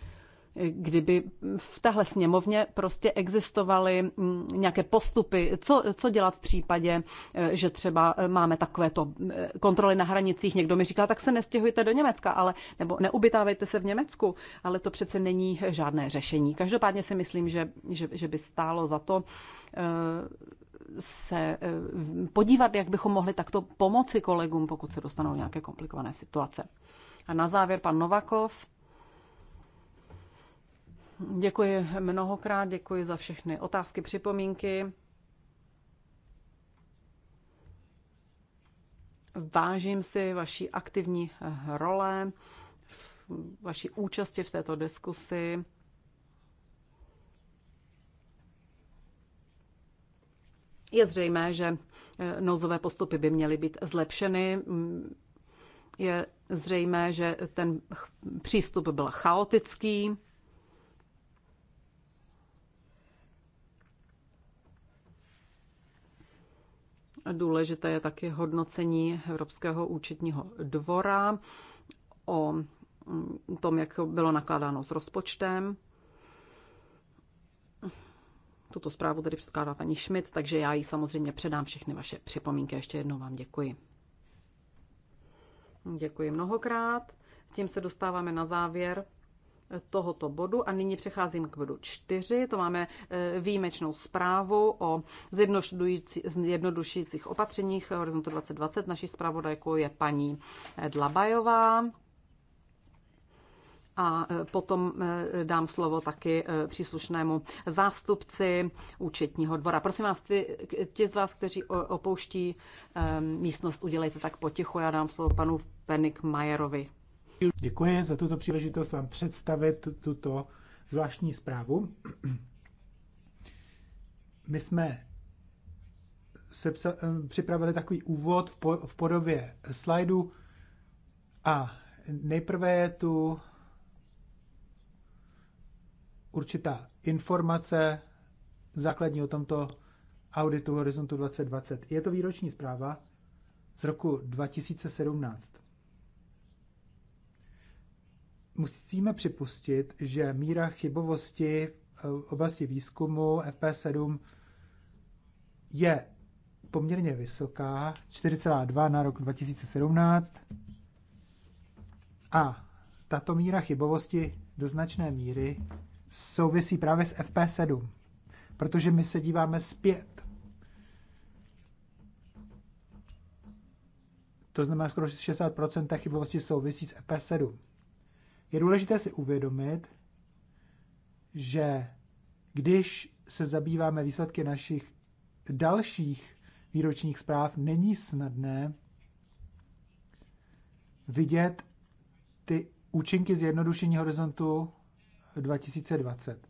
kdyby v téhle sněmovně prostě existovaly mm, nějaké postupy, co, co dělat v případě, eh, že třeba eh, máme takovéto eh, kontroly na hranicích. Někdo mi říká, tak se nestěhujte do Německa, ale nebo neubytávejte se v Německu, ale to přece není žádné řešení. Každopádně si myslím, že, že, že by stálo za to se podívat, jak bychom mohli takto pomoci kolegům, pokud se dostanou nějaké komplikované situace. A na závěr pan Novakov. Děkuji mnohokrát, děkuji za všechny otázky, připomínky. Vážím si vaší aktivní role, vaší účasti v této diskusi. Je zřejmé, že eh, nouzové postupy by měly být zlepšeny. Je zřejmé, že ten přístup byl chaotický. Důležité je taky hodnocení Evropského účetního dvora o tom, jak bylo nakládáno s rozpočtem. Tuto zprávu tedy předkládá paní Schmidt, takže já jí samozřejmě předám všechny vaše připomínky. Ještě jednou vám děkuji. Děkuji mnohokrát. Tím se dostáváme na závěr tohoto bodu a nyní přecházím k bodu 4. To máme e, výjimečnou zprávu o zjednodušujících opatřeních Horizontu 2020. Naší zpravodajkou je paní Dlabajová. A e, potom e, dám slovo taky příslušnému zástupci účetního dvora. Prosím vás, ty, ti z vás, kteří opouští místnost, udělejte tak potichu. Já dám slovo panu Penik Majerovi. Děkuji za tuto příležitost vám představit tuto zvláštní zprávu. My jsme sepsa, eh, připravili takový úvod v, po, v podobě slajdu a nejprve je tu určitá informace základní o tomto auditu Horizontu 2020. Je to výroční zpráva z roku 2017 musíme připustit, že míra chybovosti eh, v oblasti výzkumu FP7 je poměrně vysoká, 4,2 na rok 2017. A tato míra chybovosti do značné míry souvisí právě s FP7, protože my se díváme zpět. To znamená, skoro 60% chybovosti souvisí s FP7. Je důležité si uvědomit, že když se zabýváme výsledky našich dalších výročních zpráv, není snadné vidět ty účinky zjednodušení horizontu 2020.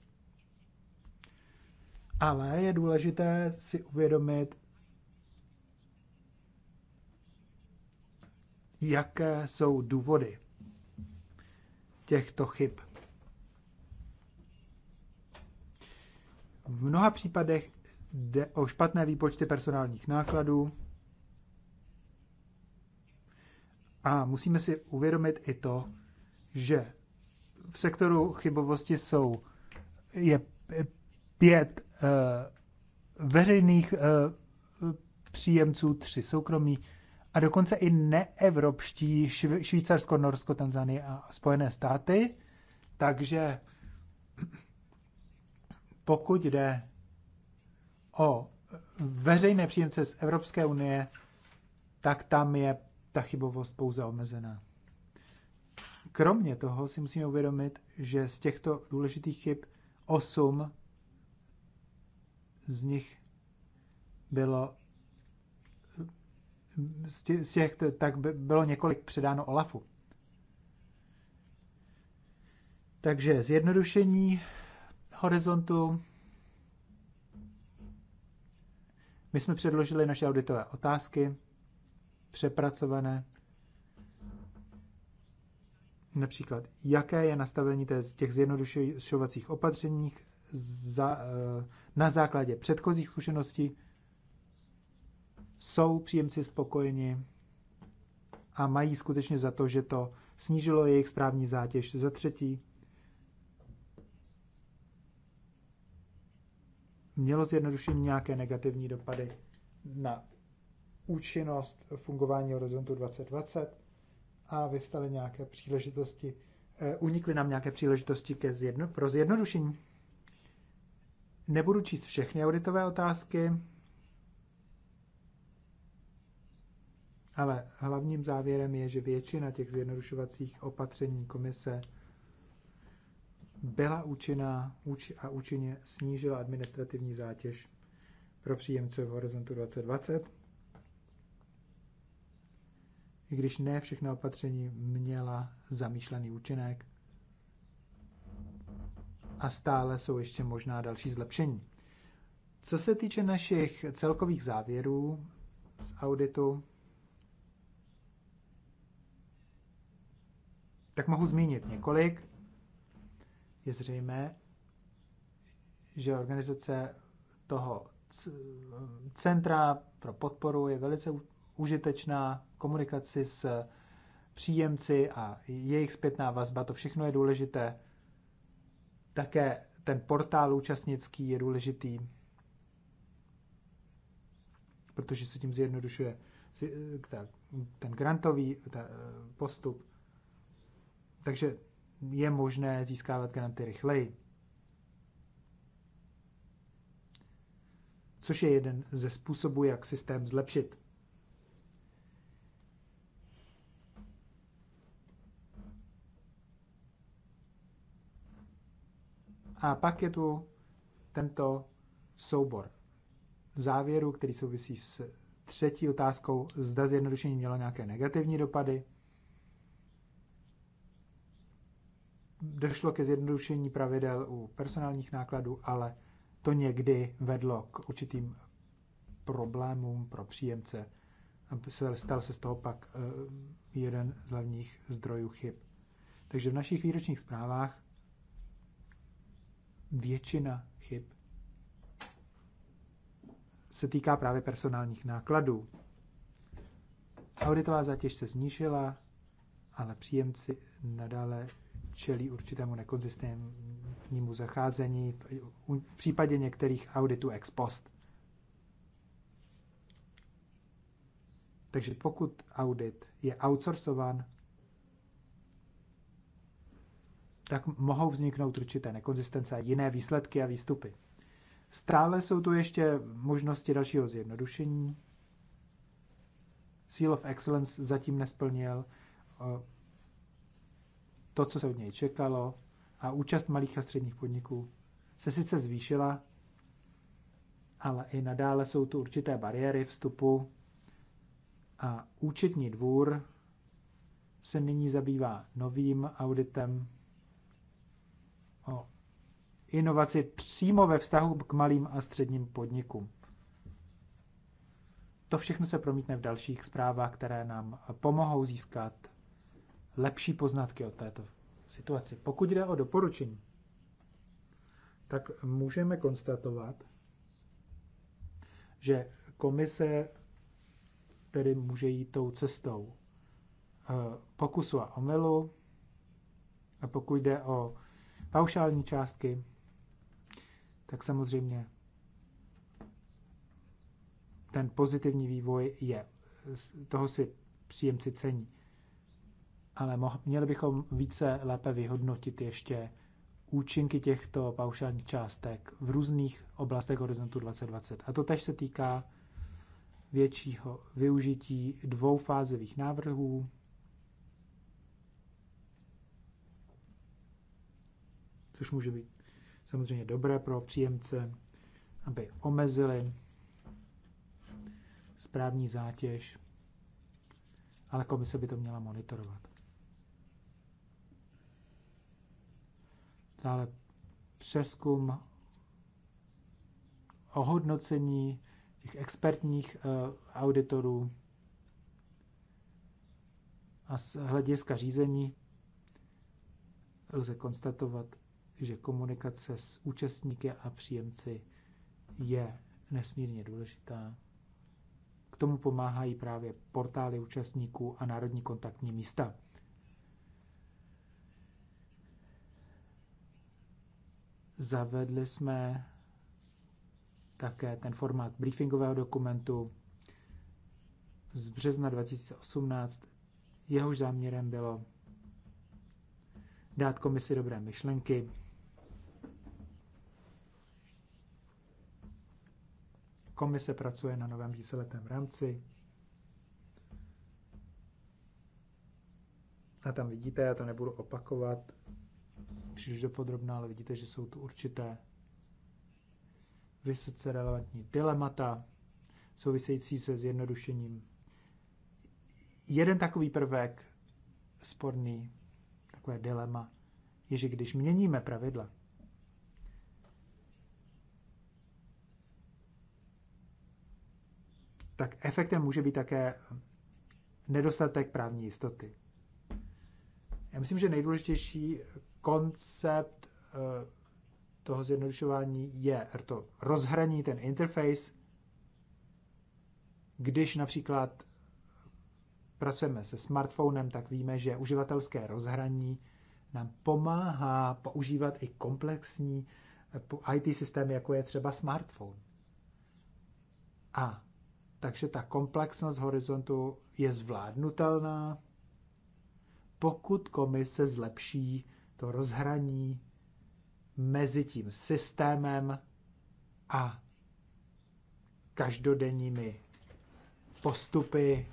Ale je důležité si uvědomit, jaké jsou důvody těchto chyb. V mnoha případech jde o špatné výpočty personálních nákladů a musíme si uvědomit i to, že v sektoru chybovosti jsou je pět uh, veřejných uh, příjemců, tři soukromí a dokonce i neevropští Švýcarsko, Norsko, Tanzanie a Spojené státy. Takže pokud jde o veřejné příjemce z Evropské unie, tak tam je ta chybovost pouze omezená. Kromě toho si musíme uvědomit, že z těchto důležitých chyb 8 z nich bylo z těch, tak bylo několik předáno Olafu. Takže zjednodušení horizontu. My jsme předložili naše auditové otázky, přepracované. Například, jaké je nastavení těch zjednodušovacích opatřeních za, eh, na základě předchozích zkušeností jsou příjemci spokojeni a mají skutečně za to, že to snížilo jejich správní zátěž. Za třetí, mělo zjednodušení nějaké negativní dopady na účinnost fungování Horizontu 2020 a vyvstaly nějaké příležitosti, eh, unikly nám nějaké příležitosti ke zjedno, pro zjednodušení. Nebudu číst všechny auditové otázky, Ale hlavním závěrem je, že většina těch zjednodušovacích opatření komise byla účinná a účinně snížila administrativní zátěž pro příjemce v horizontu 2020. I když ne všechna opatření měla zamýšlený účinek a stále jsou ještě možná další zlepšení. Co se týče našich celkových závěrů z auditu, tak mohu zmínit několik. Je zřejmé, že organizace toho centra pro podporu je velice užitečná komunikaci s příjemci a jejich zpětná vazba, to všechno je důležité. Také ten portál účastnický je důležitý, protože se tím zjednodušuje ten grantový eh, postup takže je možné získávat granty rychleji. Což je jeden ze způsobů, jak systém zlepšit. A pak je tu tento soubor závěru, který souvisí s třetí otázkou, zda zjednodušení mělo nějaké negativní dopady. došlo ke zjednodušení pravidel u personálních nákladů, ale to někdy vedlo k určitým problémům pro příjemce. Stal se z toho pak eh, jeden z hlavních zdrojů chyb. Takže v našich výročních zprávách většina chyb se týká právě personálních nákladů. Auditová zátěž se znížila, ale příjemci nadále čelí určitému nekonzistentnímu zacházení v případě některých auditů ex post. Takže pokud audit je outsourcovan, tak mohou vzniknout určité nekonzistence a jiné výsledky a výstupy. Stále jsou tu ještě možnosti dalšího zjednodušení. Seal of Excellence zatím nesplnil eh, to, co se od něj čekalo, a účast malých a středních podniků se sice zvýšila, ale i nadále jsou tu určité bariéry vstupu a účetní dvůr se nyní zabývá novým auditem o inovaci přímo ve vztahu k malým a středním podnikům. To všechno se promítne v dalších zprávách, které nám pomohou získat lepší poznatky o této situaci. Pokud jde o doporučení, tak můžeme konstatovat, že komise tedy může jít tou cestou eh, pokusu a omylu, a pokud jde o paušální částky, tak samozřejmě ten pozitivní vývoj je, toho si příjemci cení ale měli bychom více lépe vyhodnotit ještě účinky těchto paušálních částek v různých oblastech horizontu 2020. A to tež se týká většího využití dvoufázových návrhů, což může být samozřejmě dobré pro příjemce, aby omezili správní zátěž, ale komise by to měla monitorovat. dále přeskum ohodnocení těch expertních eh, auditorů a z hlediska řízení lze konstatovat, že komunikace s účastníky a příjemci je nesmírně důležitá. K tomu pomáhají právě portály účastníků a národní kontaktní místa. Zavedli jsme také ten formát briefingového dokumentu z března 2018. Jehož záměrem bylo dát komisi dobré myšlenky, Komise pracuje na novém víceletém rámci. A tam vidíte, já to nebudu opakovat, příliš dopodrobná, ale vidíte, že jsou tu určité vysoce relevantní dilemata související se zjednodušením. Jeden takový prvek sporný, takové dilema, je, že když měníme pravidla, tak efektem může být také nedostatek právní jistoty. Já myslím, že nejdůležitější koncept eh, toho zjednodušování je to rozhraní, ten interface, když například pracujeme se smartphonem, tak víme, že uživatelské rozhraní nám pomáhá používat i komplexní eh, IT systémy, jako je třeba smartphone. A takže ta komplexnost horizontu je zvládnutelná, pokud komise zlepší to rozhraní mezi tím systémem a každodenními postupy.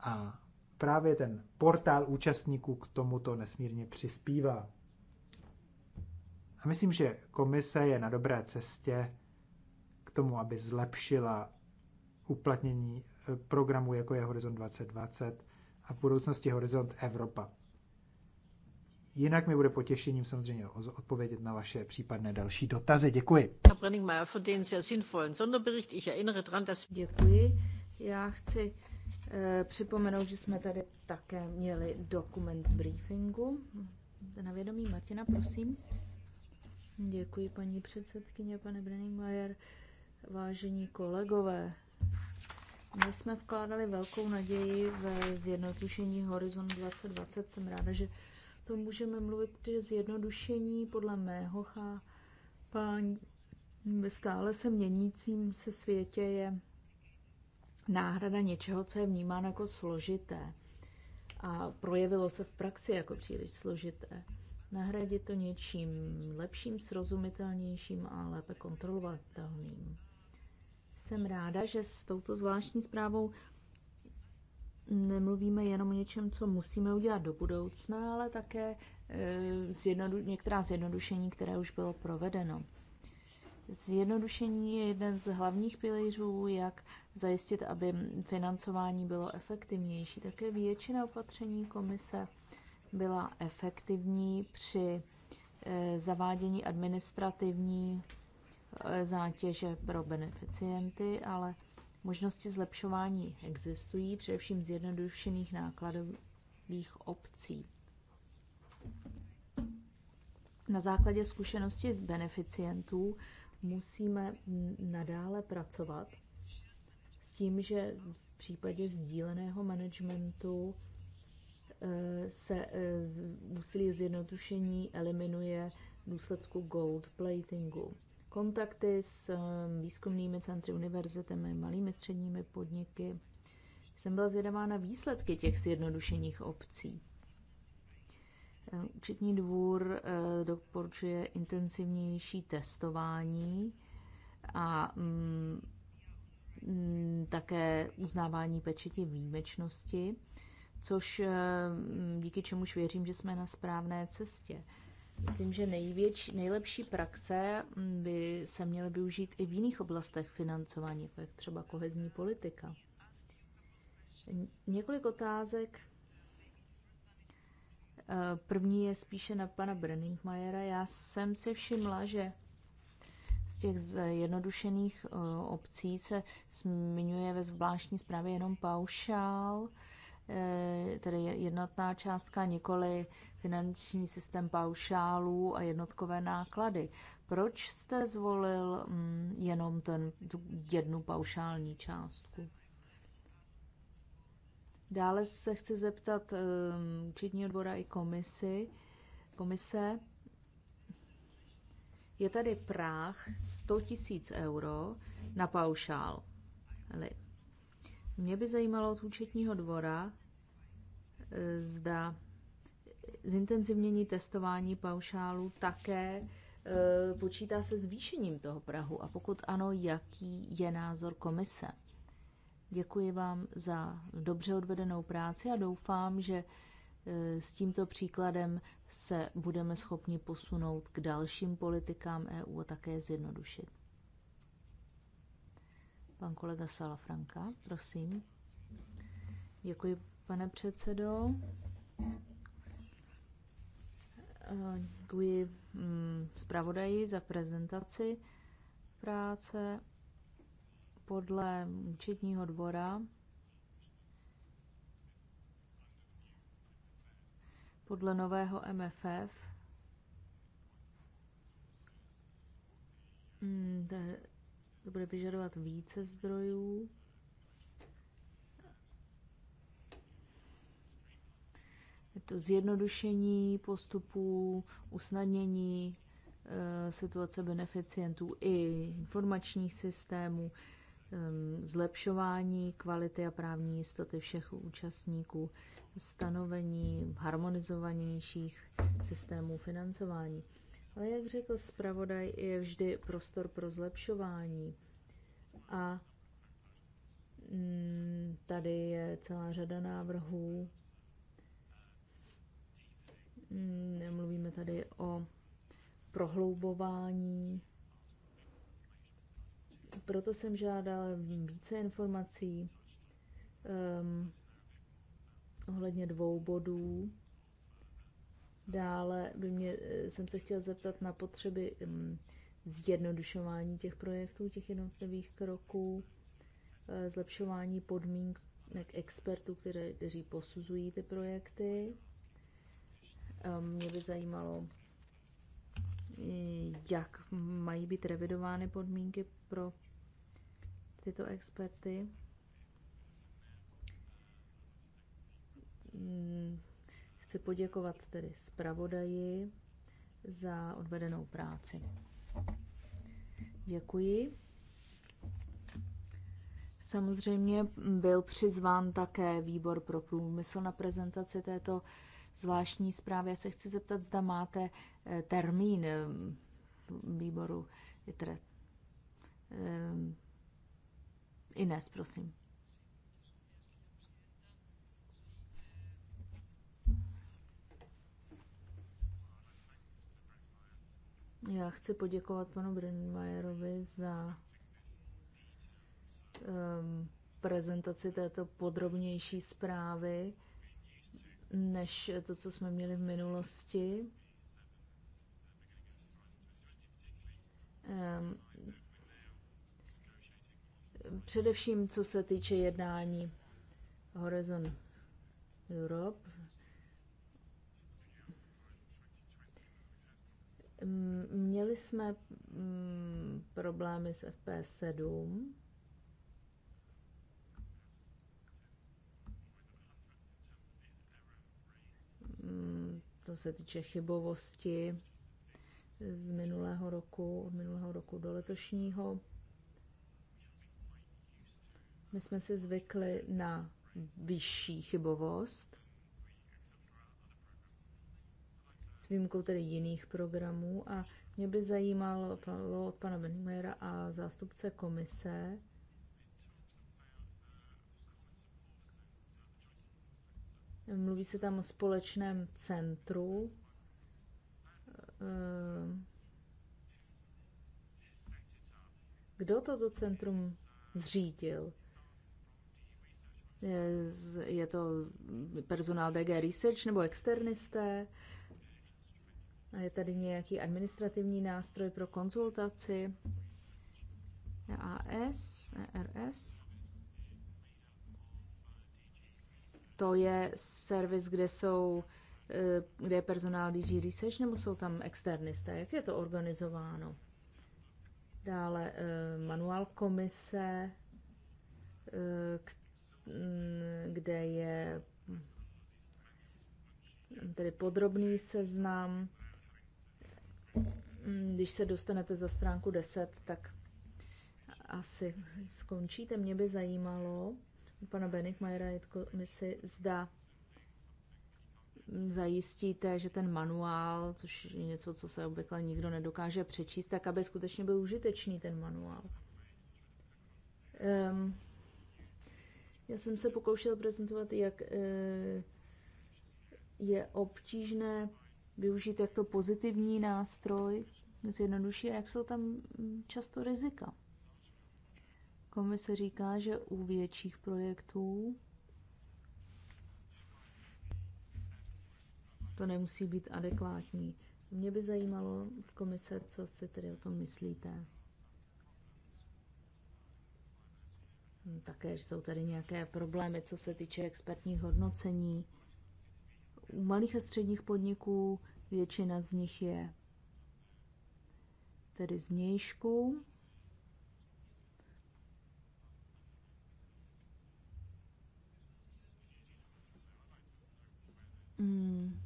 A právě ten portál účastníků k tomuto nesmírně přispívá. A myslím, že komise je na dobré cestě k tomu, aby zlepšila uplatnění eh, programu jako je Horizont 2020 a v budoucnosti Horizont Evropa. Jinak mi bude potěšením samozřejmě odpovědět na vaše případné další dotazy. Děkuji. Děkuji. Já chci eh, připomenout, že jsme tady také měli dokument z briefingu. Na vědomí Martina, prosím. Děkuji, paní předsedkyně, pane Brenningmajer, vážení kolegové. My jsme vkládali velkou naději ve zjednodušení Horizon 2020. Jsem ráda, že to můžeme mluvit, že zjednodušení podle mého chápání ve stále se měnícím se světě je náhrada něčeho, co je vnímáno jako složité a projevilo se v praxi jako příliš složité. Nahradit to něčím lepším, srozumitelnějším a lépe kontrolovatelným. Jsem ráda, že s touto zvláštní zprávou nemluvíme jenom o něčem, co musíme udělat do budoucna, ale také e, zjednodu- některá zjednodušení, které už bylo provedeno. Zjednodušení je jeden z hlavních pilířů, jak zajistit, aby financování bylo efektivnější. Také většina opatření komise byla efektivní při e, zavádění administrativní e, zátěže pro beneficienty, ale Možnosti zlepšování existují, především zjednodušených nákladových obcí. Na základě zkušenosti z beneficientů musíme nadále pracovat s tím, že v případě sdíleného managementu eh, se eh, úsilí zjednodušení eliminuje důsledku gold platingu kontakty s eh, výzkumnými centry, univerzitami, malými středními podniky. Jsem byla zvědavá na výsledky těch zjednodušených obcí. Učitní eh, dvůr eh, doporučuje intenzivnější testování a mm, mm, také uznávání pečetě výjimečnosti, což díky čemuž věřím, že jsme na správné cestě. Myslím, že největší, nejlepší praxe mm, by se měly využít i v jiných oblastech financování, jako je třeba kohezní politika. Několik otázek. Eh, první je spíše na pana Brenningmajera. Já jsem si všimla, že z těch zjednodušených eh, obcí se zmiňuje ve zvláštní zprávě jenom paušál Eh, tedy jednotná částka, nikoli finanční systém paušálů a jednotkové náklady. Proč jste zvolil mm, jenom ten, tu jednu paušální částku? Dále se chci zeptat ehm, účetního dvora i komisi, komise. Je tady práh 100 000 euro na paušál. Mě by zajímalo od účetního dvora, e, zda zintenzivnění testování paušálu také e, počítá se zvýšením toho Prahu a pokud ano, jaký je názor komise. Děkuji vám za dobře odvedenou práci a doufám, že e, s tímto příkladem se budeme schopni posunout k dalším politikám EU a také zjednodušit. Pan kolega Salafranka, prosím. Děkuji, pane předsedo. Děkuji mm, zpravodaji za prezentaci práce podle účetního dvora. Podle nového MFF to bude vyžadovat více zdrojů. Je to zjednodušení postupů, usnadnění e, situace beneficientů i informačních systémů, e, zlepšování kvality a právní jistoty všech účastníků, stanovení harmonizovanějších systémů financování. Ale jak řekl zpravodaj, je vždy prostor pro zlepšování. A mm, tady je celá řada návrhů. Mm, mluvíme tady o prohloubování. Proto jsem žádala více informací um, ohledně dvou bodů Dále by mě, eh, jsem se chtěla zeptat na potřeby mm, zjednodušování těch projektů, těch jednotlivých kroků, eh, zlepšování podmínek expertů, které, kteří posuzují ty projekty. Eh, mě by zajímalo, jak mají být revidovány podmínky pro tyto experty mm, Chci poděkovat tedy zpravodaji za odvedenou práci. Děkuji. Samozřejmě byl přizván také výbor pro průmysl na prezentaci této zvláštní zprávy. Já se chci zeptat, zda máte eh, termín eh, výboru eh, Ines, prosím. Já chci poděkovat panu Brinmajerovi za um, prezentaci této podrobnější zprávy než to, co jsme měli v minulosti. Um, především co se týče jednání Horizon Europe, Měli jsme problémy s FP7. To se týče chybovosti z minulého roku, od minulého roku do letošního. My jsme si zvykli na vyšší chybovost. s výjimkou tedy jiných programů. A mě by zajímalo od pana Benimera a zástupce komise, Mluví se tam o společném centru. Eh, kdo toto centrum zřídil? Je to personál DG Research nebo externisté? Je tady nějaký administrativní nástroj pro konzultaci e AS, ERS. To je servis, kde jsou e, kde je personál DG Research, nebo jsou tam externisté? Jak je to organizováno? Dále e, manuál komise, kde je tedy podrobný seznam Mm, když se dostanete za stránku 10, tak asi skončíte. Mě by zajímalo, pana Benichmajera si zda mm, zajistíte, že ten manuál, což je něco, co se obvykle nikdo nedokáže přečíst, tak aby skutečně byl užitečný ten manuál. Um, já jsem se pokoušel prezentovat, jak e, je obtížné využít jako pozitivní nástroj, zjednoduší, jak jsou tam často rizika. Komise říká, že u větších projektů to nemusí být adekvátní. Mě by zajímalo, komise, co si tedy o tom myslíte. Také jsou tady nějaké problémy, co se týče expertních hodnocení. U malých a středních podniků, většina z nich je tedy z nějšku. Hmm.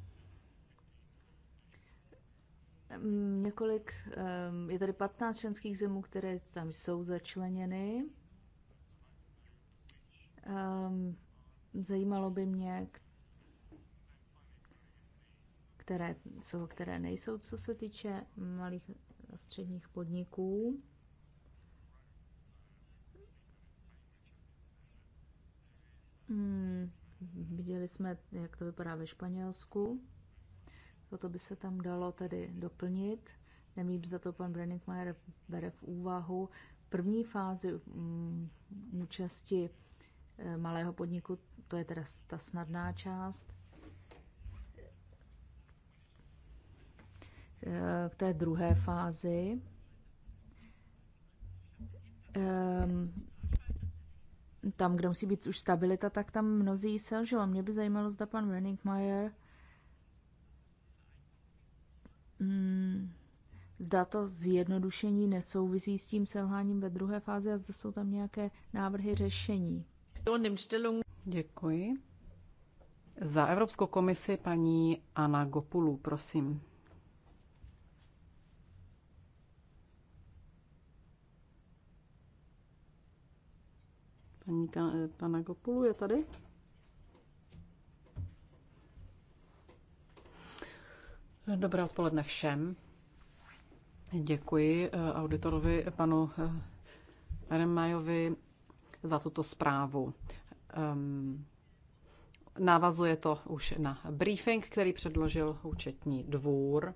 hmm několik, ehm, je tady 15 členských zemů, které tam jsou začleněny. Ehm, zajímalo by mě, které jsou, které nejsou. Co se týče malých a středních podniků, Hmm, viděli jsme, jak to vypadá ve Španělsku. Toto by se tam dalo tedy doplnit. Nevím, zda to pan Brenningmeier bere v úvahu. První fázi um, účasti eh, malého podniku, to je teda ta snadná část. Eh, k té druhé fázi. Ehm, tam, kde musí být už stabilita, tak tam mnozí selžou. A mě by zajímalo, zda pan Renningmeier mm, Zda to zjednodušení nesouvisí s tím selháním ve druhé fázi a zda jsou tam nějaké návrhy řešení. Děkuji. Za Evropskou komisi paní Anna Gopulu, prosím. Paní eh, Gopulu je tady? Dobré odpoledne všem. Děkuji eh, auditorovi panu eh, Remajovi za tuto zprávu. Ehm, Návazuje to už na briefing, který předložil účetní dvůr.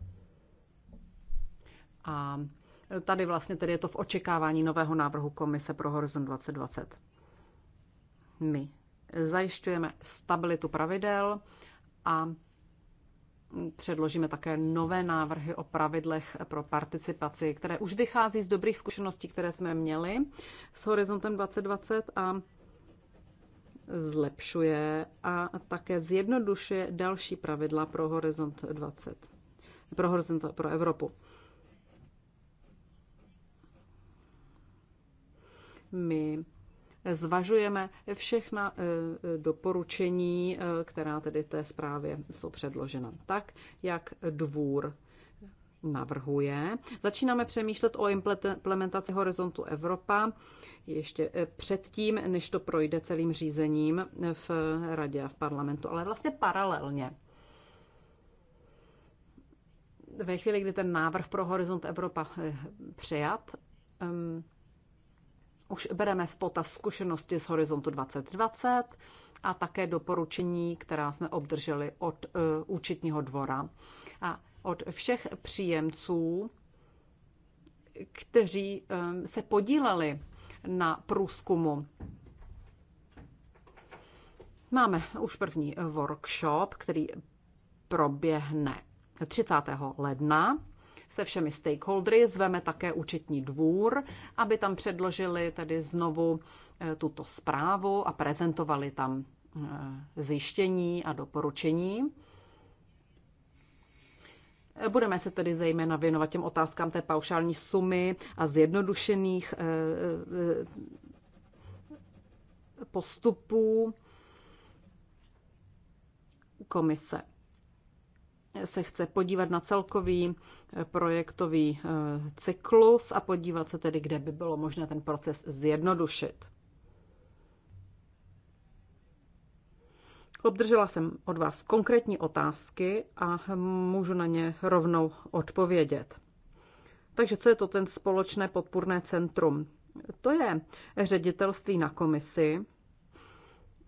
A tady vlastně tedy je to v očekávání nového návrhu Komise pro Horizon 2020. My zajišťujeme stabilitu pravidel a předložíme také nové návrhy o pravidlech pro participaci, které už vychází z dobrých zkušeností, které jsme měli s Horizontem 2020 a zlepšuje a také zjednodušuje další pravidla pro Horizont 20, pro, Horizont, pro Evropu. My zvažujeme všechna e, e, doporučení, e, která tedy té zprávě jsou předložena, tak jak dvůr navrhuje. Začínáme přemýšlet o implementaci horizontu Evropa ještě předtím, než to projde celým řízením v radě a v parlamentu, ale vlastně paralelně. Ve chvíli, kdy ten návrh pro Horizont Evropa přijat, už bereme v potaz zkušenosti z Horizontu 2020 a také doporučení, která jsme obdrželi od e, účetního dvora a od všech příjemců, kteří e, se podíleli na průzkumu. Máme už první workshop, který proběhne 30. ledna se všemi stakeholdery. Zveme také účetní dvůr, aby tam předložili tedy znovu eh, tuto zprávu a prezentovali tam eh, zjištění a doporučení. Budeme se tedy zejména věnovat těm otázkám té paušální sumy a zjednodušených eh, postupů komise se chce podívat na celkový eh, projektový eh, cyklus a podívat se tedy, kde by bylo možné ten proces zjednodušit. Obdržela jsem od vás konkrétní otázky a můžu na ně rovnou odpovědět. Takže co je to ten společné podpůrné centrum? To je ředitelství na komisi,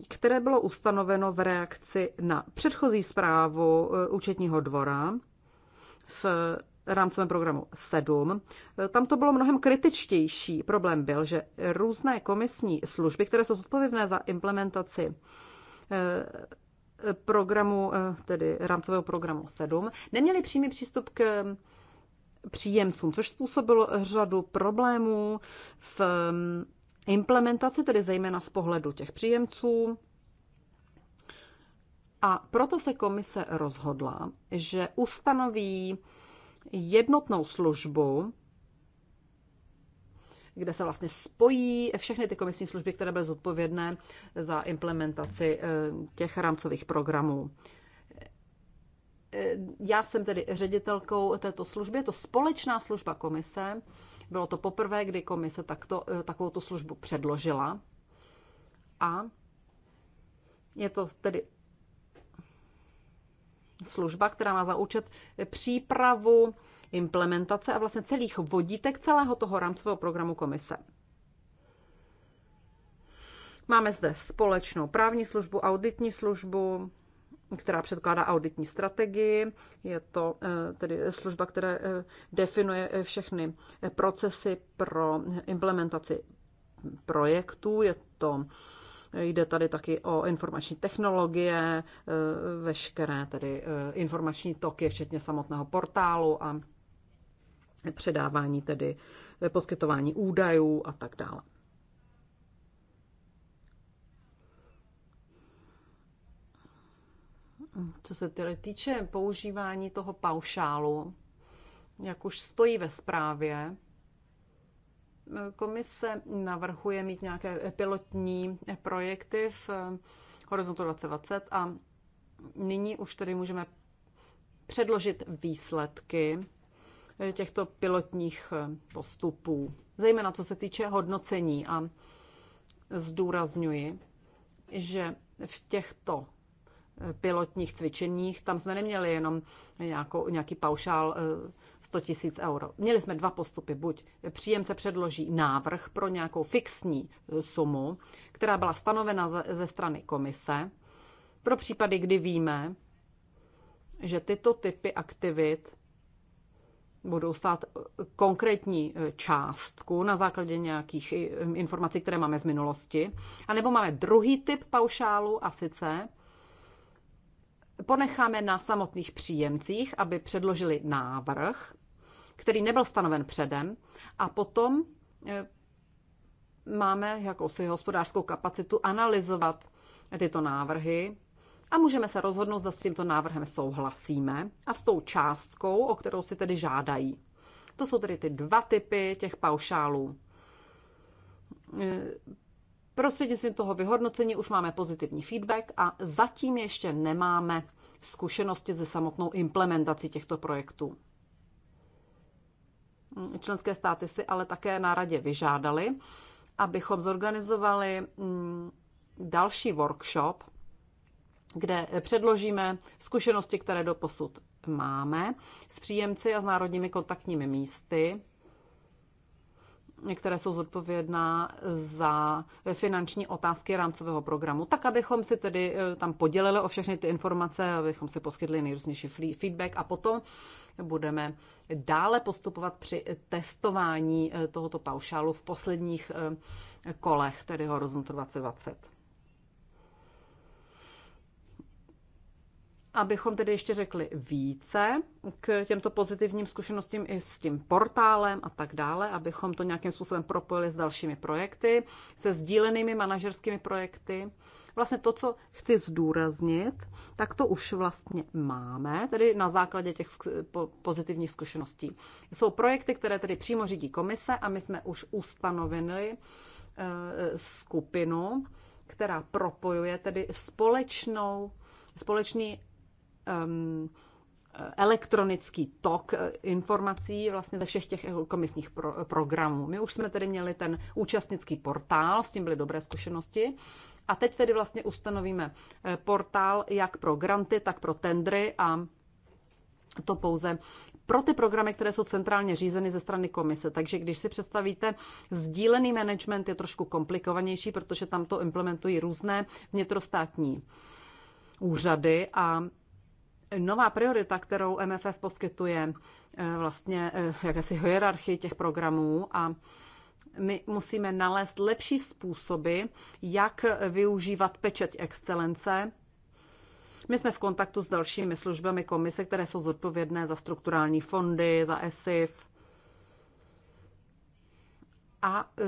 které bylo ustanoveno v reakci na předchozí zprávu e, účetního dvora v rámcovém programu 7. E, tam to bylo mnohem kritičtější. Problém byl, že různé komisní služby, které jsou zodpovědné za implementaci e, programu, tedy rámcového programu 7, neměli přímý přístup k příjemcům, což způsobilo řadu problémů v implementaci, tedy zejména z pohledu těch příjemců. A proto se komise rozhodla, že ustanoví jednotnou službu, kde se vlastně spojí všechny ty komisní služby, které byly zodpovědné za implementaci eh, těch rámcových programů. Eh, já jsem tedy ředitelkou této služby, je to společná služba komise, bylo to poprvé, kdy komise takto, eh, takovouto službu předložila a je to tedy služba, která má za účet přípravu implementace a vlastně celých vodítek celého toho rámcového programu komise. Máme zde společnou právní službu, auditní službu, která předkládá auditní strategii. Je to eh, tedy služba, která eh, definuje eh, všechny procesy pro implementaci projektů. Je to Jde tady taky o informační technologie, veškeré tedy informační toky, včetně samotného portálu a předávání tedy poskytování údajů a tak dále. Co se tedy týče používání toho paušálu, jak už stojí ve zprávě, komise navrhuje mít nějaké pilotní projekty v Horizontu 2020 a nyní už tedy můžeme předložit výsledky těchto pilotních postupů, zejména co se týče hodnocení. A zdůrazňuji, že v těchto pilotních cvičeních, tam jsme neměli jenom nějakou, nějaký paušál 100 eh, tisíc euro. Měli jsme dva postupy. Buď příjemce předloží návrh pro nějakou fixní eh, sumu, která byla stanovena ze strany komise, pro případy, kdy víme, že tyto typy aktivit budou stát eh, konkrétní částku na základě nějakých informací, které máme z minulosti. A nebo máme druhý typ paušálu a sice ponecháme na samotných příjemcích, aby předložili návrh, který nebyl stanoven předem, a potom eh, máme jakousi hospodářskou kapacitu analyzovat tyto návrhy a můžeme se rozhodnout, zda s tímto návrhem souhlasíme a s tou částkou, o kterou si tedy žádají. To jsou tedy ty dva typy těch paušálů. Eh, Prostřednictvím toho vyhodnocení už máme pozitivní feedback a zatím ještě nemáme zkušenosti ze samotnou implementací těchto projektů. Členské státy si ale také na radě vyžádali, abychom zorganizovali mm, další workshop, kde předložíme zkušenosti, které do posud máme, s příjemci a s národními kontaktními místy které jsou zodpovědná za eh, finanční otázky rámcového programu, tak abychom si tedy eh, tam podělili o všechny ty informace, abychom si poskytli nejrůznější feedback a potom budeme dále postupovat při testování eh, tohoto paušálu v posledních kolech, tedy Horizontu 2020. abychom tedy ještě řekli více k těmto pozitivním zkušenostím i s tím portálem a tak dále, abychom to nějakým způsobem propojili s dalšími projekty, se sdílenými manažerskými projekty. Vlastně to, co chci zdůraznit, tak to už vlastně máme, tedy na základě těch pozitivních zkušeností. Jsou projekty, které tedy přímo řídí komise a my jsme už ustanovili eh, skupinu, která propojuje tedy společnou společný um, elektronický tok eh, informací vlastně ze všech těch komisních pro, programů. My už jsme tedy měli ten účastnický portál, s tím byly dobré zkušenosti. A teď tedy vlastně ustanovíme eh, portál jak pro granty, tak pro tendry a to pouze pro ty programy, které jsou centrálně řízeny ze strany komise. Takže když si představíte, sdílený management je trošku komplikovanější, protože tam to implementují různé vnitrostátní úřady a nová priorita, kterou MFF poskytuje, eh, vlastně eh, jakési hierarchii těch programů a my musíme nalézt lepší způsoby, jak využívat pečeť excelence. My jsme v kontaktu s dalšími službami komise, které jsou zodpovědné za strukturální fondy, za ESIF. A eh,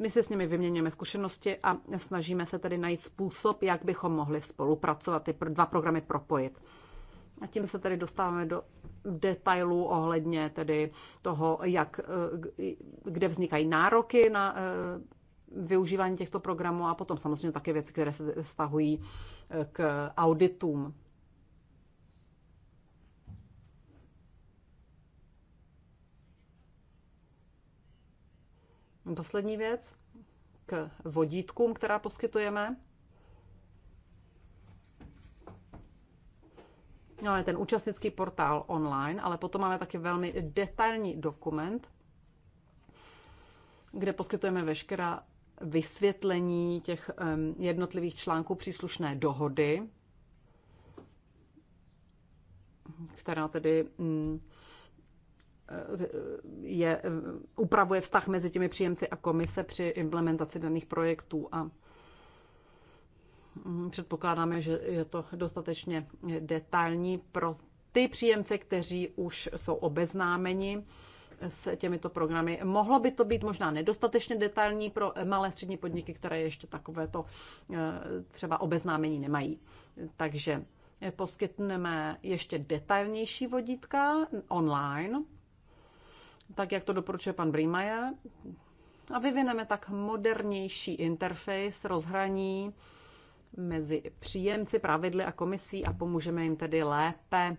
my si s nimi vyměňujeme zkušenosti a snažíme se tedy najít způsob, jak bychom mohli spolupracovat, ty dva programy propojit. A tím se tedy dostáváme do detailů ohledně tedy toho, jak, eh, kde vznikají nároky na eh, využívání těchto programů a potom samozřejmě také věci, které se vztahují eh, k auditům. Poslední věc k vodítkům, která poskytujeme. Máme ten účastnický portál online, ale potom máme taky velmi detailní dokument, kde poskytujeme veškerá vysvětlení těch jednotlivých článků příslušné dohody, která tedy mm, je, upravuje vztah mezi těmi příjemci a komise při implementaci daných projektů a Mm, předpokládáme, že je to dostatečně detailní pro ty příjemce, kteří už jsou obeznámeni s těmito programy. Mohlo by to být možná nedostatečně detailní pro malé střední podniky, které ještě takovéto eh, třeba obeznámení nemají. Takže poskytneme ještě detailnější vodítka online, tak jak to doporučuje pan Brýmajer, a vyvineme tak modernější interface rozhraní mezi příjemci, pravidly a komisí a pomůžeme jim tedy lépe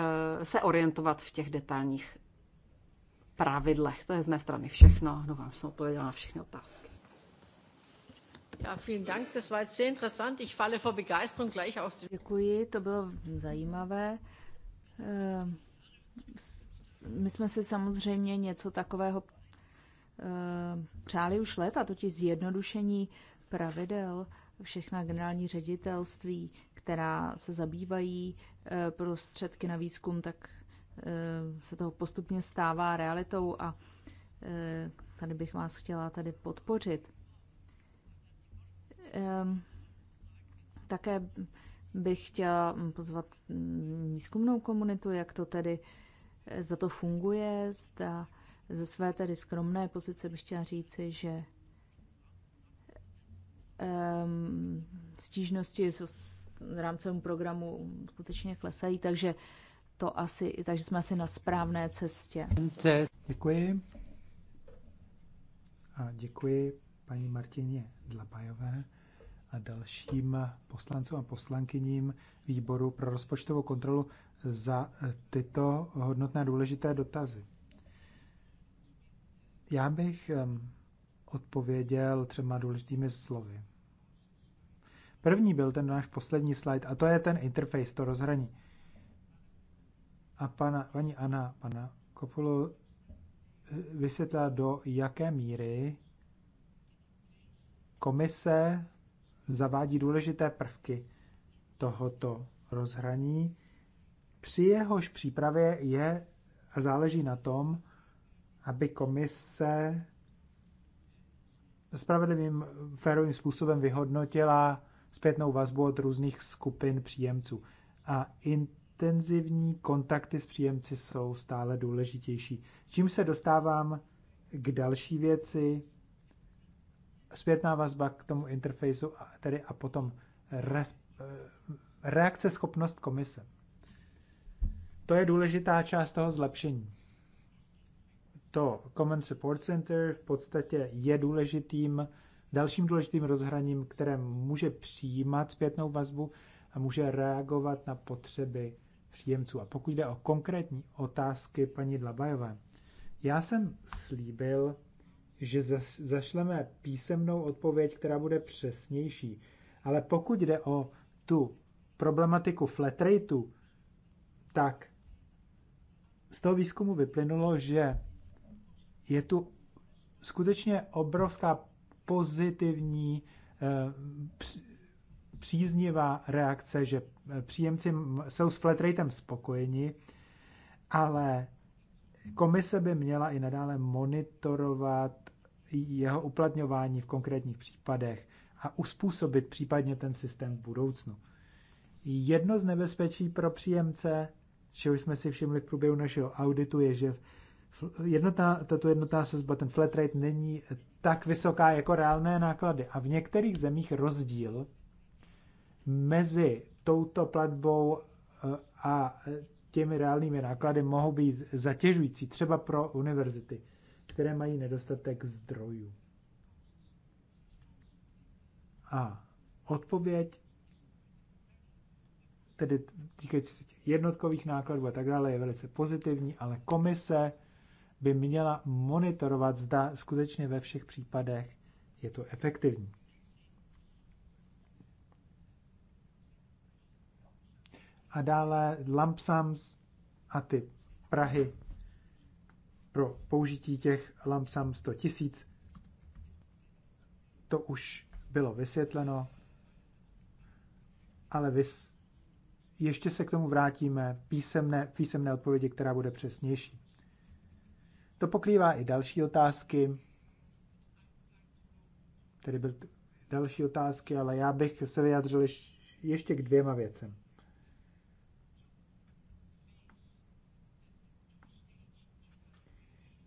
eh, se orientovat v těch detailních pravidlech. To je z mé strany všechno. No vám jsem odpověděla na všechny otázky. Ja, vielen Dank. Das war jetzt sehr interessant. Ich falle vor Begeisterung gleich aus. Děkuji, to bylo zajímavé. Eh, my jsme si samozřejmě něco takového eh, přáli už let a totiž zjednodušení pravidel všechna generální ředitelství, která se zabývají eh, prostředky na výzkum, tak eh, se toho postupně stává realitou a eh, tady bych vás chtěla tady podpořit. Ehm, také bych chtěla pozvat mm, výzkumnou komunitu, jak to tedy, za to funguje, zda ze své tedy skromné pozice bych chtěla říci, že um, stížnosti z so rámcovém programu skutečně klesají, takže to asi, takže jsme asi na správné cestě. Děkuji. A děkuji paní Martině Dlabajové a dalším poslancům a poslankyním výboru pro rozpočtovou kontrolu za tyto hodnotné důležité dotazy. Já bych ehm, odpověděl třema důležitými slovy. První byl ten náš poslední slide, a to je ten interface, to rozhraní. A pana, paní Anna, pana Kopulu eh, vysvětlila, do jaké míry komise zavádí důležité prvky tohoto rozhraní. Při jehož přípravě je a záleží na tom, aby komise spravedlivým, férovým způsobem vyhodnotila zpětnou vazbu od různých skupin příjemců. A intenzivní kontakty s příjemci jsou stále důležitější. Čím se dostávám k další věci, zpětná vazba k tomu interfejsu, a tedy a potom res, reakce schopnost komise. To je důležitá část toho zlepšení to Common Support Center v podstatě je důležitým, dalším důležitým rozhraním, které může přijímat zpětnou vazbu a může reagovat na potřeby příjemců. A pokud jde o konkrétní otázky paní Dlabajové, já jsem slíbil, že zašleme písemnou odpověď, která bude přesnější. Ale pokud jde o tu problematiku flat rateu, tak z toho výzkumu vyplynulo, že je tu skutečně obrovská pozitivní eh, příznivá reakce, že eh, příjemci jsou s flatratem spokojeni, ale komise by měla i nadále monitorovat jeho uplatňování v konkrétních případech a uspůsobit případně ten systém v budoucnu. Jedno z nebezpečí pro příjemce, čeho jsme si všimli v průběhu našeho auditu, je, že jednota, tato jednotná sazba, ten flat rate není tak vysoká jako reálné náklady. A v některých zemích rozdíl mezi touto platbou eh, a těmi reálnými náklady mohou být zatěžující, třeba pro univerzity, které mají nedostatek zdrojů. A odpověď, tedy týkající se jednotkových nákladů a tak dále, je velice pozitivní, ale komise by měla monitorovat, zda skutečně ve všech případech je to efektivní. A dále lampsams a ty Prahy pro použití těch lampsam 100 tisíc. To už bylo vysvětleno, ale vys... ještě se k tomu vrátíme písemné, písemné odpovědi, která bude přesnější. To pokrývá i další otázky. Tady byly další otázky, ale já bych se vyjádřil ještě k dvěma věcem.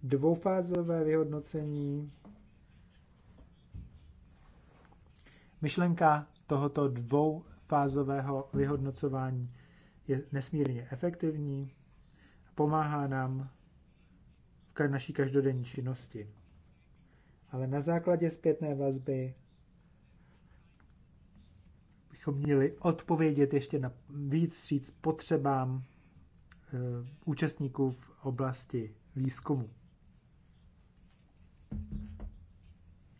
Dvoufázové vyhodnocení. Myšlenka tohoto dvoufázového vyhodnocování je nesmírně efektivní pomáhá nám naší každodenní činnosti. Ale na základě zpětné vazby bychom měli odpovědět ještě na víc říct potřebám eh, účastníků v oblasti výzkumu.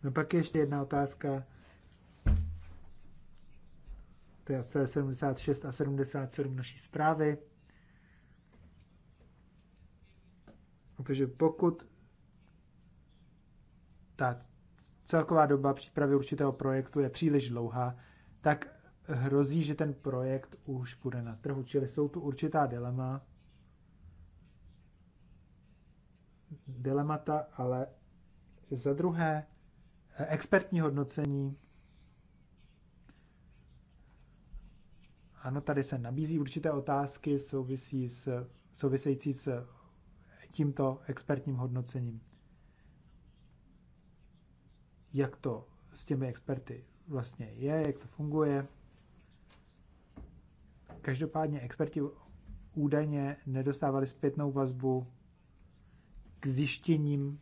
No pak ještě jedna otázka. To je 76 a 77 naší zprávy. Takže pokud ta celková doba přípravy určitého projektu je příliš dlouhá, tak hrozí, že ten projekt už bude na trhu. Čili jsou tu určitá dilema, dilemata, ale za druhé expertní hodnocení. Ano, tady se nabízí určité otázky souvisí s, související s tímto expertním hodnocením. Jak to s těmi experty vlastně je, jak to funguje. Každopádně experti údajně nedostávali zpětnou vazbu k zjištěním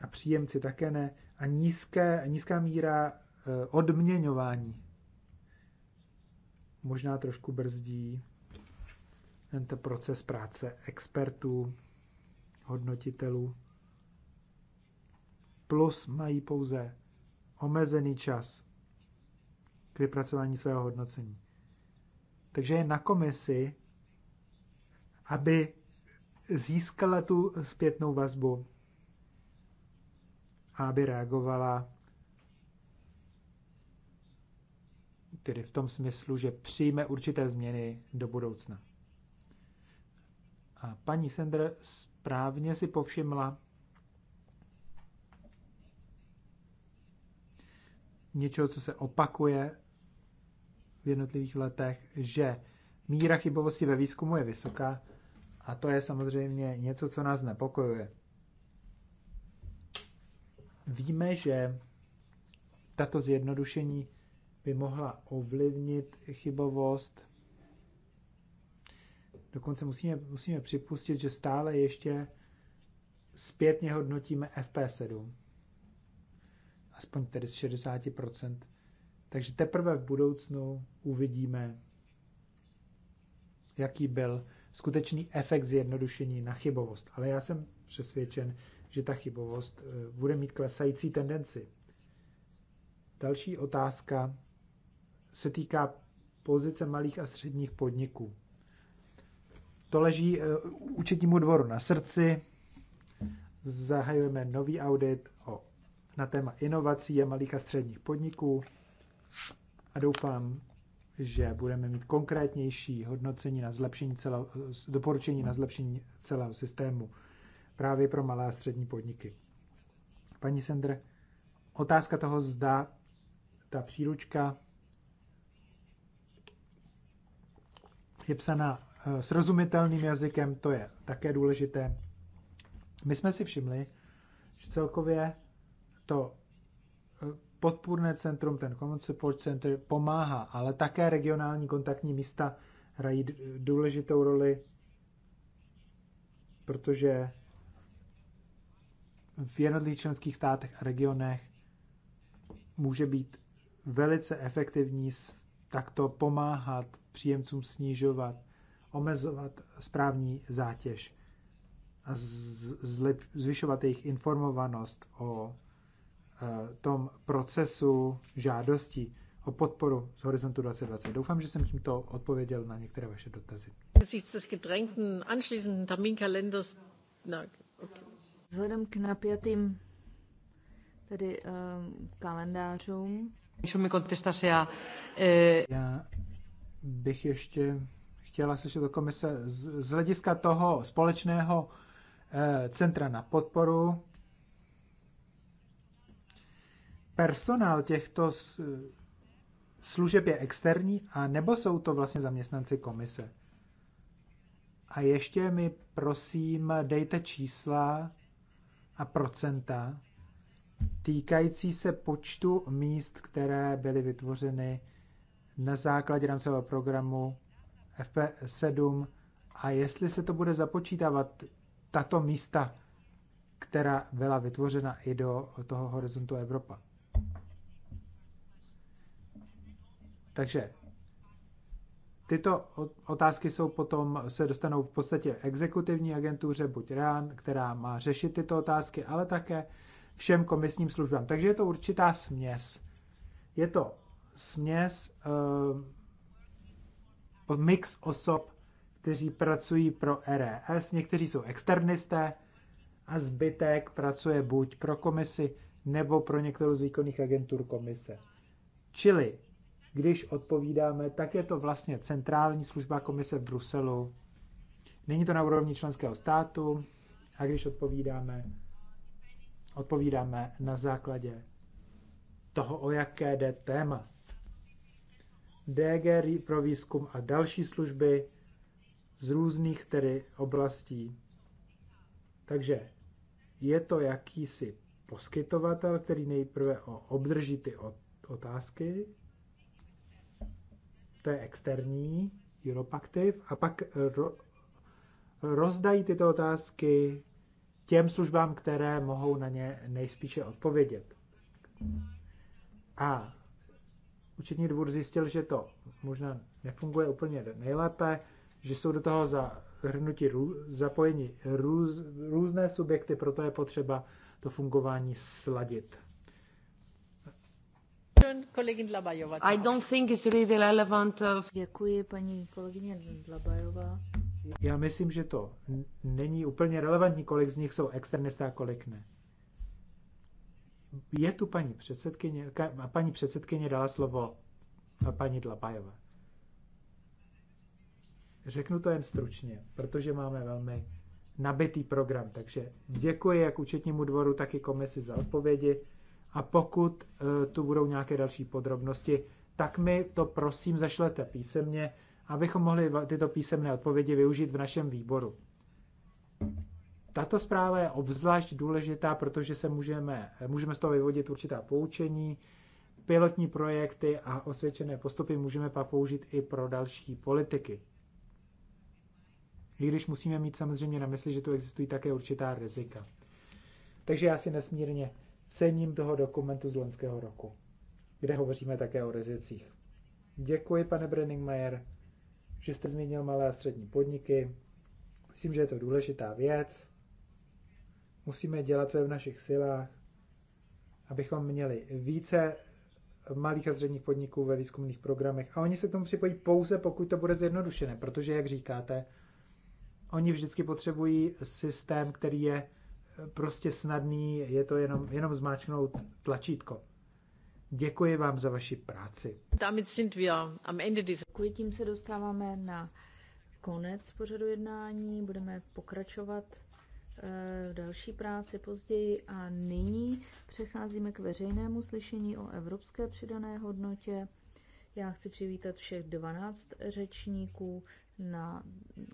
a příjemci také ne. A nízké, nízká míra eh, odměňování možná trošku brzdí tento proces práce expertů, hodnotitelů. Plus mají pouze omezený čas k vypracování svého hodnocení. Takže je na komisi, aby získala tu zpětnou vazbu a aby reagovala tedy v tom smyslu, že přijme určité změny do budoucna. A paní Sender správně si povšimla něčeho, co se opakuje v jednotlivých letech, že míra chybovosti ve výzkumu je vysoká a to je samozřejmě něco, co nás nepokojuje. Víme, že tato zjednodušení by mohla ovlivnit chybovost Dokonce musíme, musíme připustit, že stále ještě zpětně hodnotíme FP7. Aspoň tedy z 60%. Takže teprve v budoucnu uvidíme, jaký byl skutečný efekt zjednodušení na chybovost. Ale já jsem přesvědčen, že ta chybovost eh, bude mít klesající tendenci. Další otázka se týká pozice malých a středních podniků. To leží eh, účetnímu dvoru na srdci. Zahajujeme nový audit o, na téma inovací a malých a středních podniků a doufám, že budeme mít konkrétnější hodnocení na zlepšení celého, doporučení na zlepšení celého systému právě pro malé a střední podniky. Paní Sender, otázka toho zda ta příručka je psaná Eh, srozumitelným jazykem, to je také důležité. My jsme si všimli, že celkově to eh, podpůrné centrum, ten Common Support Center, pomáhá, ale také regionální kontaktní místa hrají důležitou roli, protože v jednotlivých členských státech a regionech může být velice efektivní takto pomáhat příjemcům snižovat omezovat správní zátěž a zlip, zvyšovat jejich informovanost o e, tom procesu žádostí o podporu z Horizontu 2020. Doufám, že jsem tímto odpověděl na některé vaše dotazy. Vzhledem k napjatým tedy uh, kalendářům. E, já bych ještě chtěla slyšet do komise z, z hlediska toho společného eh, centra na podporu. Personál těchto služeb je externí a nebo jsou to vlastně zaměstnanci komise? A ještě mi prosím dejte čísla a procenta týkající se počtu míst, které byly vytvořeny na základě rámcového programu FP7 a jestli se to bude započítávat tato místa, která byla vytvořena i do toho horizontu Evropa. Takže tyto otázky jsou potom, se dostanou v podstatě exekutivní agentuře, buď RAN, která má řešit tyto otázky, ale také všem komisním službám. Takže je to určitá směs. Je to směs uh, mix osob, kteří pracují pro RES, někteří jsou externisté a zbytek pracuje buď pro komisi nebo pro některou z výkonných agentur komise. Čili, když odpovídáme, tak je to vlastně centrální služba komise v Bruselu. Není to na úrovni členského státu a když odpovídáme, odpovídáme na základě toho, o jaké jde téma. DG pro výzkum a další služby z různých tedy oblastí. Takže je to jakýsi poskytovatel, který nejprve obdrží ty otázky, to je externí, Europaktiv. a pak rozdají tyto otázky těm službám, které mohou na ně nejspíše odpovědět. A Učetní dvůr zjistil, že to možná nefunguje úplně nejlépe, že jsou do toho zahrnuti, zapojení růz, různé subjekty, proto je potřeba to fungování sladit. I don't think it's really relevant of... Uh, Děkuji, paní kolegyně Dlabajová. Já myslím, že to není úplně relevantní, kolik z nich jsou externisté a kolik ne. Je tu paní předsedkyně, ka, paní předsedkyně dala slovo paní Dlabajové. Řeknu to jen stručně, protože máme velmi nabitý program, takže děkuji jak účetnímu dvoru, tak i komisi za odpovědi a pokud e, tu budou nějaké další podrobnosti, tak mi to prosím zašlete písemně, abychom mohli tyto písemné odpovědi využít v našem výboru. Tato zpráva je obzvlášť důležitá, protože se můžeme, můžeme z toho vyvodit určitá poučení, pilotní projekty a osvědčené postupy můžeme pak použít i pro další politiky. I když musíme mít samozřejmě na mysli, že tu existují také určitá rizika. Takže já si nesmírně cením toho dokumentu z loňského roku, kde hovoříme také o rizicích. Děkuji, pane Brenningmeier, že jste zmínil malé a střední podniky. Myslím, že je to důležitá věc musíme dělat, co je v našich silách, abychom měli více malých a středních podniků ve výzkumných programech. A oni se k tomu připojí pouze, pokud to bude zjednodušené, protože, jak říkáte, oni vždycky potřebují systém, který je prostě snadný, je to jenom, jenom zmáčknout tlačítko. Děkuji vám za vaši práci. Damit am Ende Děkuji, tím se dostáváme na konec pořadu jednání. Budeme pokračovat Eh, v další práci později a nyní přecházíme k veřejnému slyšení o evropské přidané hodnotě. Já chci přivítat všech 12 řečníků na,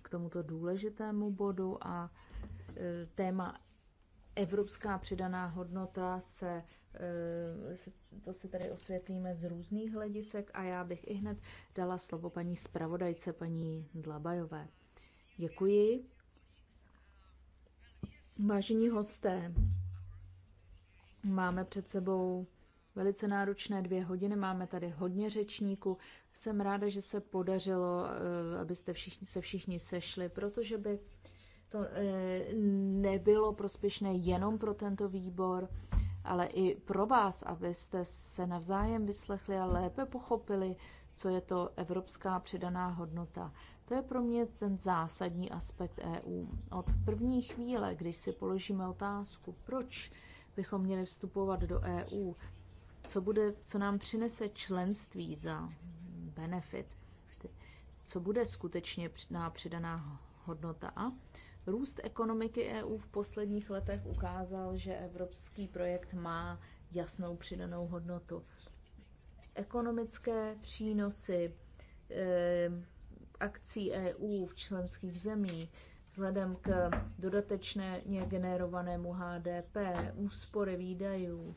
k tomuto důležitému bodu a eh, téma evropská přidaná hodnota eh, se, to si tady osvětlíme z různých hledisek a já bych i hned dala slovo paní zpravodajce, paní Dlabajové. Děkuji. Vážení hosté, máme před sebou velice náročné dvě hodiny, máme tady hodně řečníků. Jsem ráda, že se podařilo, eh, abyste všichni, se všichni sešli, protože by to eh, nebylo prospěšné jenom pro tento výbor, ale i pro vás, abyste se navzájem vyslechli a lépe pochopili, co je to evropská přidaná hodnota. To je pro mě ten zásadní aspekt EU. Od první chvíle, když si položíme otázku, proč bychom měli vstupovat do EU, co, bude, co nám přinese členství za benefit, co bude skutečně přidaná hodnota. A růst ekonomiky EU v posledních letech ukázal, že evropský projekt má jasnou přidanou hodnotu. Ekonomické přínosy, eh, akcí EU v členských zemích vzhledem k dodatečně generovanému HDP, úspory výdajů,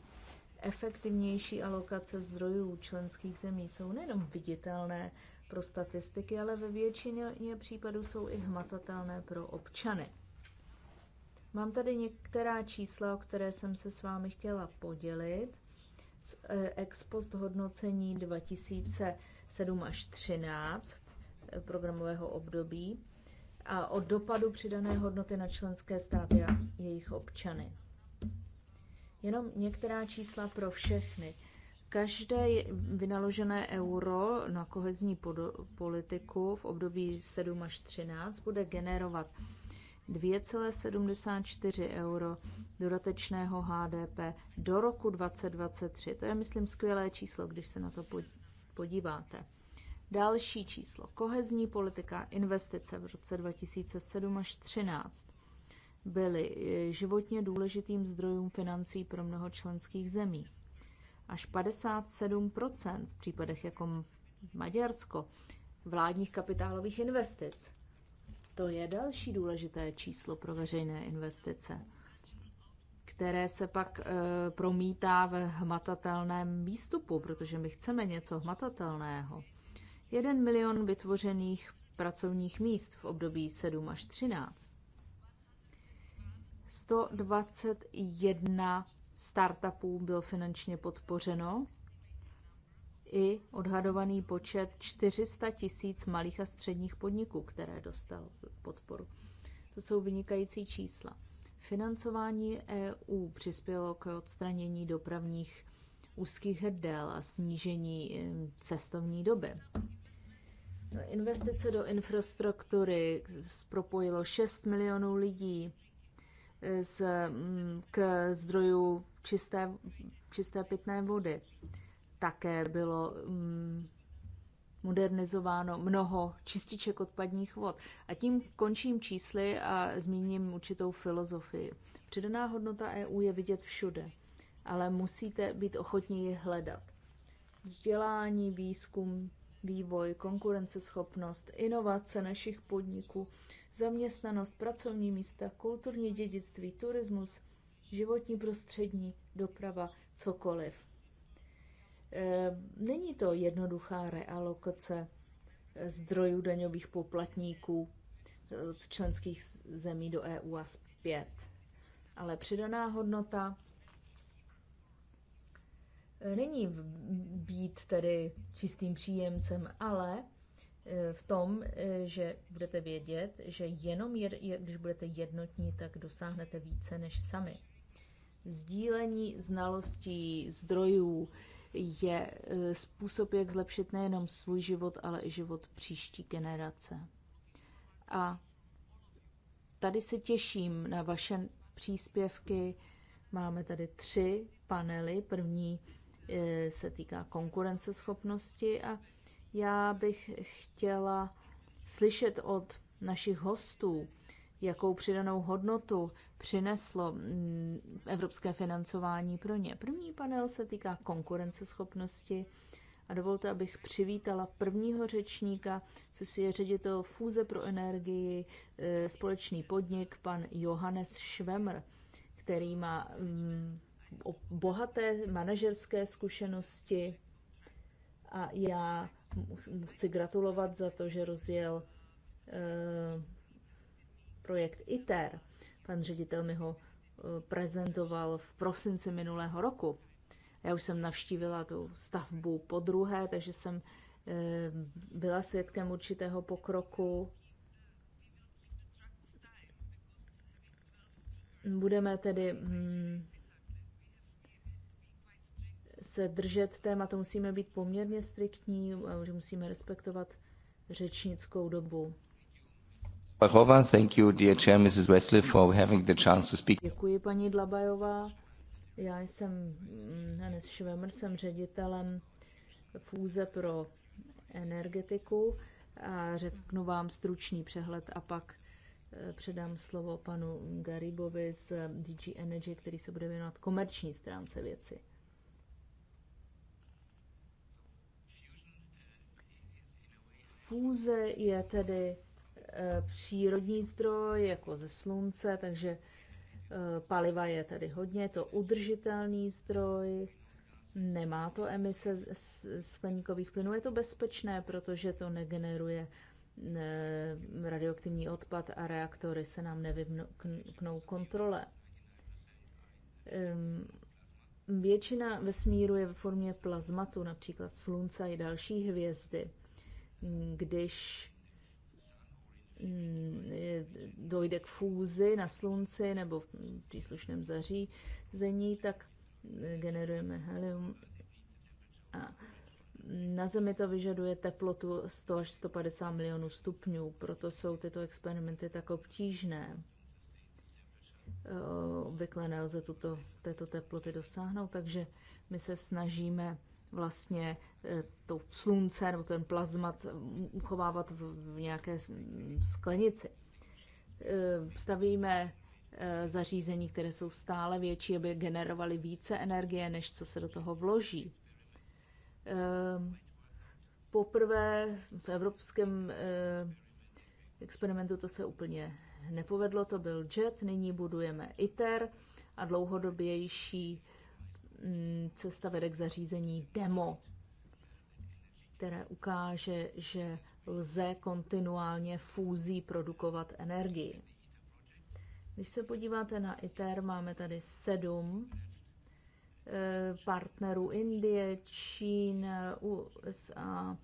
efektivnější alokace zdrojů členských zemí jsou nejenom viditelné pro statistiky, ale ve většině případů jsou i hmatatelné pro občany. Mám tady některá čísla, o které jsem se s vámi chtěla podělit z eh, ex post hodnocení 2007 až 13 programového období a o dopadu přidané hodnoty na členské státy a jejich občany. Jenom některá čísla pro všechny. Každé vynaložené euro na kohezní politiku v období 7 až 13 bude generovat 2,74 euro dodatečného HDP do roku 2023. To je, myslím, skvělé číslo, když se na to podíváte. Další číslo. Kohezní politika investice v roce 2007 až 2013 byly eh, životně důležitým zdrojům financí pro mnoho členských zemí. Až 57 v případech jako Maďarsko vládních kapitálových investic. To je další důležité číslo pro veřejné investice, které se pak e, promítá v hmatatelném výstupu, protože my chceme něco hmatatelného jeden milion vytvořených pracovních míst v období 7 až 13. 121 startupů bylo finančně podpořeno i odhadovaný počet 400 tisíc malých a středních podniků, které dostal podporu. To jsou vynikající čísla. Financování EU přispělo k odstranění dopravních úzkých hrdel a snížení eh, cestovní doby. Investice do infrastruktury propojilo 6 milionů lidí eh, z, mm, k zdroju čisté, čisté pitné vody. Také bylo mm, modernizováno mnoho čističek odpadních vod. A tím končím čísly a zmíním určitou filozofii. Přidaná hodnota EU je vidět všude, ale musíte být ochotní ji hledat. Vzdělání, výzkum, vývoj, konkurenceschopnost, inovace našich podniků, zaměstnanost, pracovní místa, kulturní dědictví, turismus, životní prostřední, doprava, cokoliv. Eh, není to jednoduchá realokace eh, zdrojů daňových poplatníků eh, z členských zemí do EU a zpět, ale přidaná hodnota Eh, není být tedy čistým příjemcem, ale eh, v tom, eh, že budete vědět, že jenom jed, když budete jednotní, tak dosáhnete více než sami. Sdílení znalostí, zdrojů je způsob, jak zlepšit nejenom svůj život, ale i život příští generace. A tady se těším na vaše příspěvky. Máme tady tři panely. První Eh, se týká konkurenceschopnosti a já bych chtěla slyšet od našich hostů, jakou přidanou hodnotu přineslo mm, evropské financování pro ně. První panel se týká konkurenceschopnosti a dovolte, abych přivítala prvního řečníka, což je ředitel Fůze pro energii, eh, společný podnik, pan Johannes Švemr, který má mm, o bohaté manažerské zkušenosti a já mu chci gratulovat za to, že rozjel eh, projekt ITER. Pan ředitel mi ho eh, prezentoval v prosinci minulého roku. Já už jsem navštívila tu stavbu po druhé, takže jsem eh, byla svědkem určitého pokroku. Budeme tedy hm, se držet tématu, musíme být poměrně striktní, že musíme respektovat řečnickou dobu. thank you, dear chair, Mrs. for having the chance to speak. Děkuji, paní Dlabajová. Já jsem mm, Hannes Švemer, jsem ředitelem fůze pro energetiku a řeknu vám stručný přehled a pak eh, předám slovo panu Garibovi z DG Energy, který se bude věnovat komerční stránce věci. Fúze je tedy e, přírodní zdroj, jako ze slunce, takže e, paliva je tedy hodně, je to udržitelný zdroj, nemá to emise skleníkových plynů, je to bezpečné, protože to negeneruje e, radioaktivní odpad a reaktory se nám nevymknou kontrole. Ehm, většina vesmíru je ve formě plazmatu, například Slunce i další hvězdy když mm, dojde k fúzi na slunci nebo v příslušném zařízení, tak generujeme helium. A na Zemi to vyžaduje teplotu 100 až 150 milionů stupňů, proto jsou tyto experimenty tak obtížné. Obvykle nelze tuto, této teploty dosáhnout, takže my se snažíme vlastně eh, to slunce nebo ten plazmat uchovávat v nějaké sklenici. Eh, stavíme eh, zařízení, které jsou stále větší, aby generovaly více energie, než co se do toho vloží. Ehm, poprvé v evropském experimentu to se úplně nepovedlo, to byl JET, nyní budujeme ITER a dlouhodobější Mm, cesta vede k zařízení demo, které ukáže, že lze kontinuálně fúzí produkovat energii. Když se podíváte na ITER, máme tady sedm eh, partnerů Indie, Čín, USA,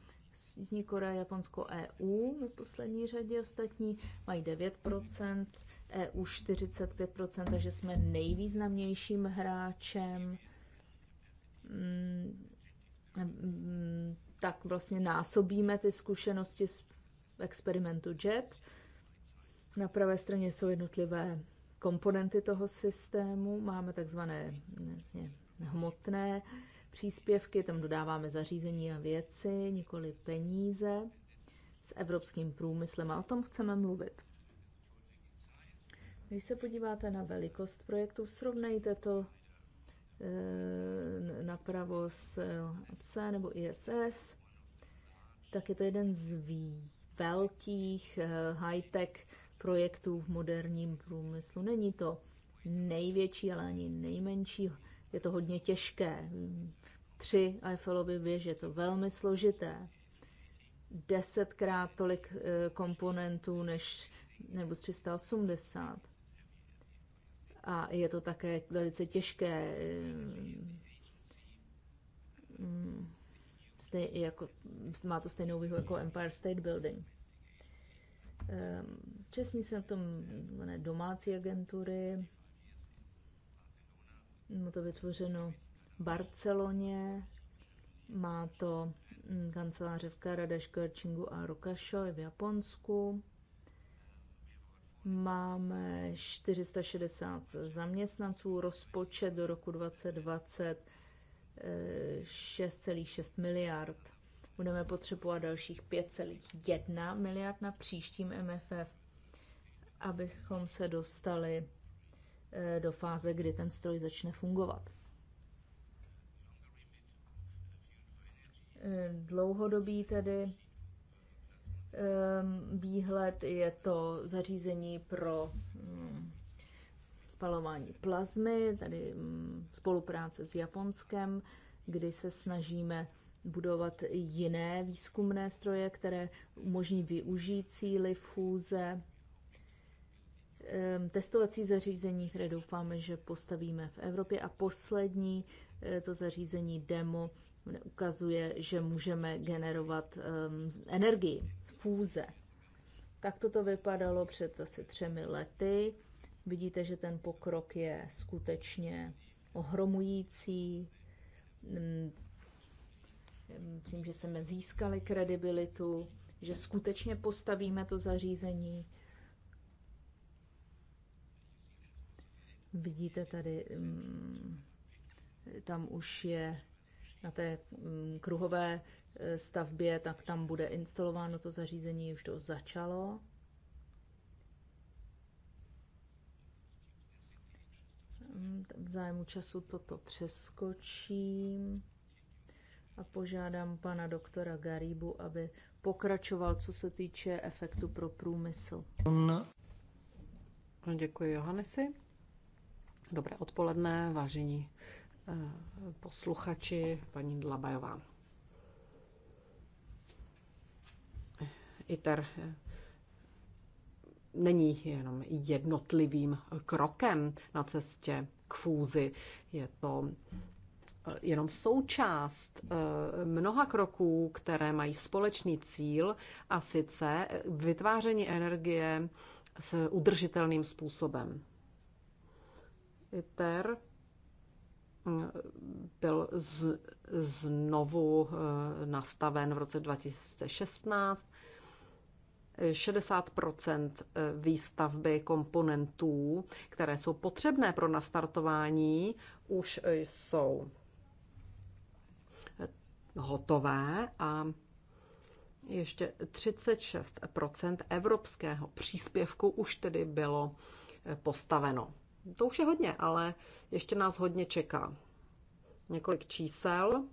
Jižní Korea, Japonsko, EU v poslední řadě. Ostatní mají 9%, EU 45%, takže jsme nejvýznamnějším hráčem. Mm, tak vlastně násobíme ty zkušenosti z experimentu JET. Na pravé straně jsou jednotlivé komponenty toho systému. Máme takzvané vlastně, hmotné příspěvky, tam dodáváme zařízení a věci, nikoli peníze s evropským průmyslem a o tom chceme mluvit. Když se podíváte na velikost projektu, srovnejte to Eh, napravo s C nebo ISS, tak je to jeden z velkých eh, high-tech projektů v moderním průmyslu. Není to největší, ale ani nejmenší. Je to hodně těžké. Tři Eiffelovy věže, je to velmi složité. Desetkrát tolik eh, komponentů než nebo z 380 a je to také velice těžké. Eh, mm, stej, jako, má to stejnou výhodu jako Empire State Building. Eh, Česní se v tom domácí agentury. Má to vytvořeno v Barceloně, má to mm, kanceláře v Karadaš, Körčingu a Rukašo v Japonsku. Máme 460 zaměstnanců, rozpočet do roku 2020 6,6 eh, miliard. Budeme potřebovat dalších 5,1 miliard na příštím MFF, abychom se dostali eh, do fáze, kdy ten stroj začne fungovat. Eh, dlouhodobý tedy Ehm, výhled, je to zařízení pro mm, spalování plazmy, tady mm, spolupráce s Japonskem, kdy se snažíme budovat jiné výzkumné stroje, které umožní využít síly fůze, ehm, testovací zařízení, které doufáme, že postavíme v Evropě a poslední eh, to zařízení demo ukazuje, že můžeme generovat um, energii z fůze. Tak toto vypadalo před asi třemi lety. Vidíte, že ten pokrok je skutečně ohromující. Myslím, mm, mm, že jsme získali kredibilitu, že skutečně postavíme to zařízení. Vidíte tady, mm, tam už je na té mm, kruhové e, stavbě, tak tam bude instalováno to zařízení, už to začalo. Mm, v zájmu času toto přeskočím a požádám pana doktora Garibu, aby pokračoval, co se týče efektu pro průmysl. Děkuji Johanesi. Dobré odpoledne, vážení Eh, posluchači, paní Dlabajová. Eh, ITER eh, není jenom jednotlivým krokem na cestě k fúzi. Je to jenom součást mnoha kroků, které mají společný cíl, a sice vytváření energie s udržitelným způsobem. ITER byl z, znovu eh, nastaven v roce 2016. 60 eh, výstavby komponentů, které jsou potřebné pro nastartování, už eh, jsou hotové a ještě 36 evropského příspěvku už tedy bylo postaveno. To už je hodně, ale ještě nás hodně čeká. Několik čísel.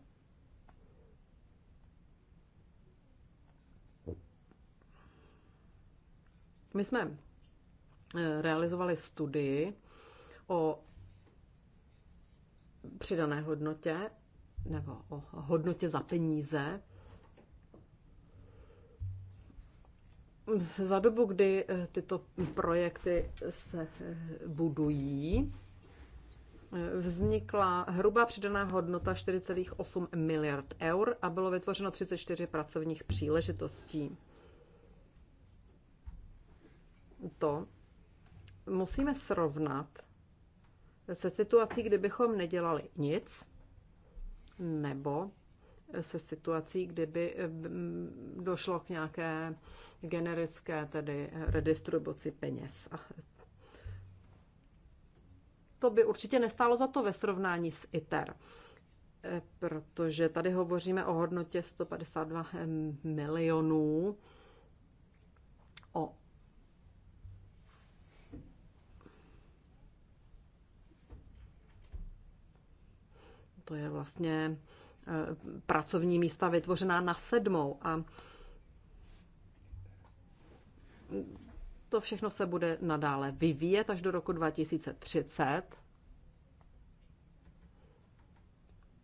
My jsme eh, realizovali studii o přidané hodnotě nebo o hodnotě za peníze za dobu, kdy eh, tyto projekty se eh, budují, eh, vznikla hrubá přidaná hodnota 4,8 miliard eur a bylo vytvořeno 34 pracovních příležitostí. To musíme srovnat se situací, kdybychom nedělali nic nebo se situací, kdyby eh, došlo k nějaké generické tedy redistribuci peněz. To by určitě nestálo za to ve srovnání s ITER, eh, protože tady hovoříme o hodnotě 152 eh, milionů, o to je vlastně Eh, pracovní místa vytvořená na sedmou. A to všechno se bude nadále vyvíjet až do roku 2030.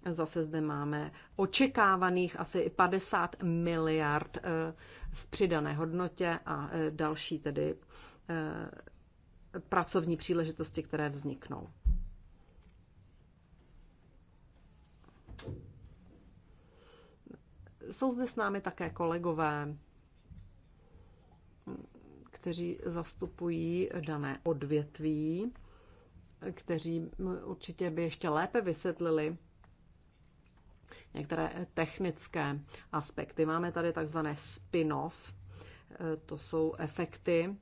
Zase zde máme očekávaných asi 50 miliard eh, v přidané hodnotě a eh, další tedy pracovní příležitosti, které vzniknou. Jsou zde s námi také kolegové, kteří zastupují dané odvětví, kteří určitě by ještě lépe vysvětlili některé technické aspekty. Máme tady takzvané spin-off, to jsou efekty,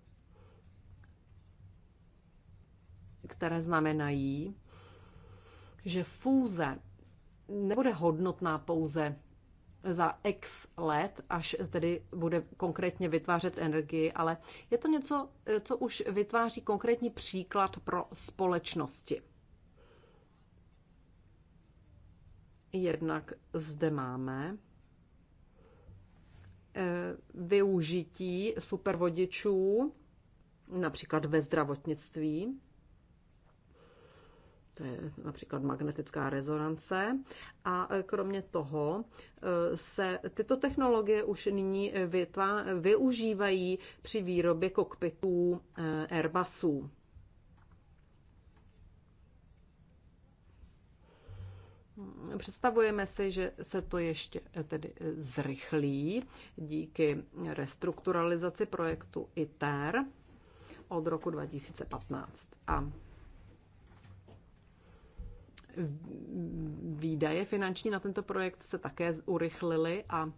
které znamenají, že fúze nebude hodnotná pouze za x let, až tedy bude konkrétně vytvářet energii, ale je to něco, co už vytváří konkrétní příklad pro společnosti. Jednak zde máme eh, využití supervodičů, například ve zdravotnictví, to je například magnetická rezonance. A e, kromě toho e, se tyto technologie už nyní e, vytvá, využívají při výrobě kokpitů Airbusů. Představujeme si, že se to ještě tedy zrychlí díky restrukturalizaci projektu ITER od roku 2015. A výdaje finanční na tento projekt se také urychlily a e,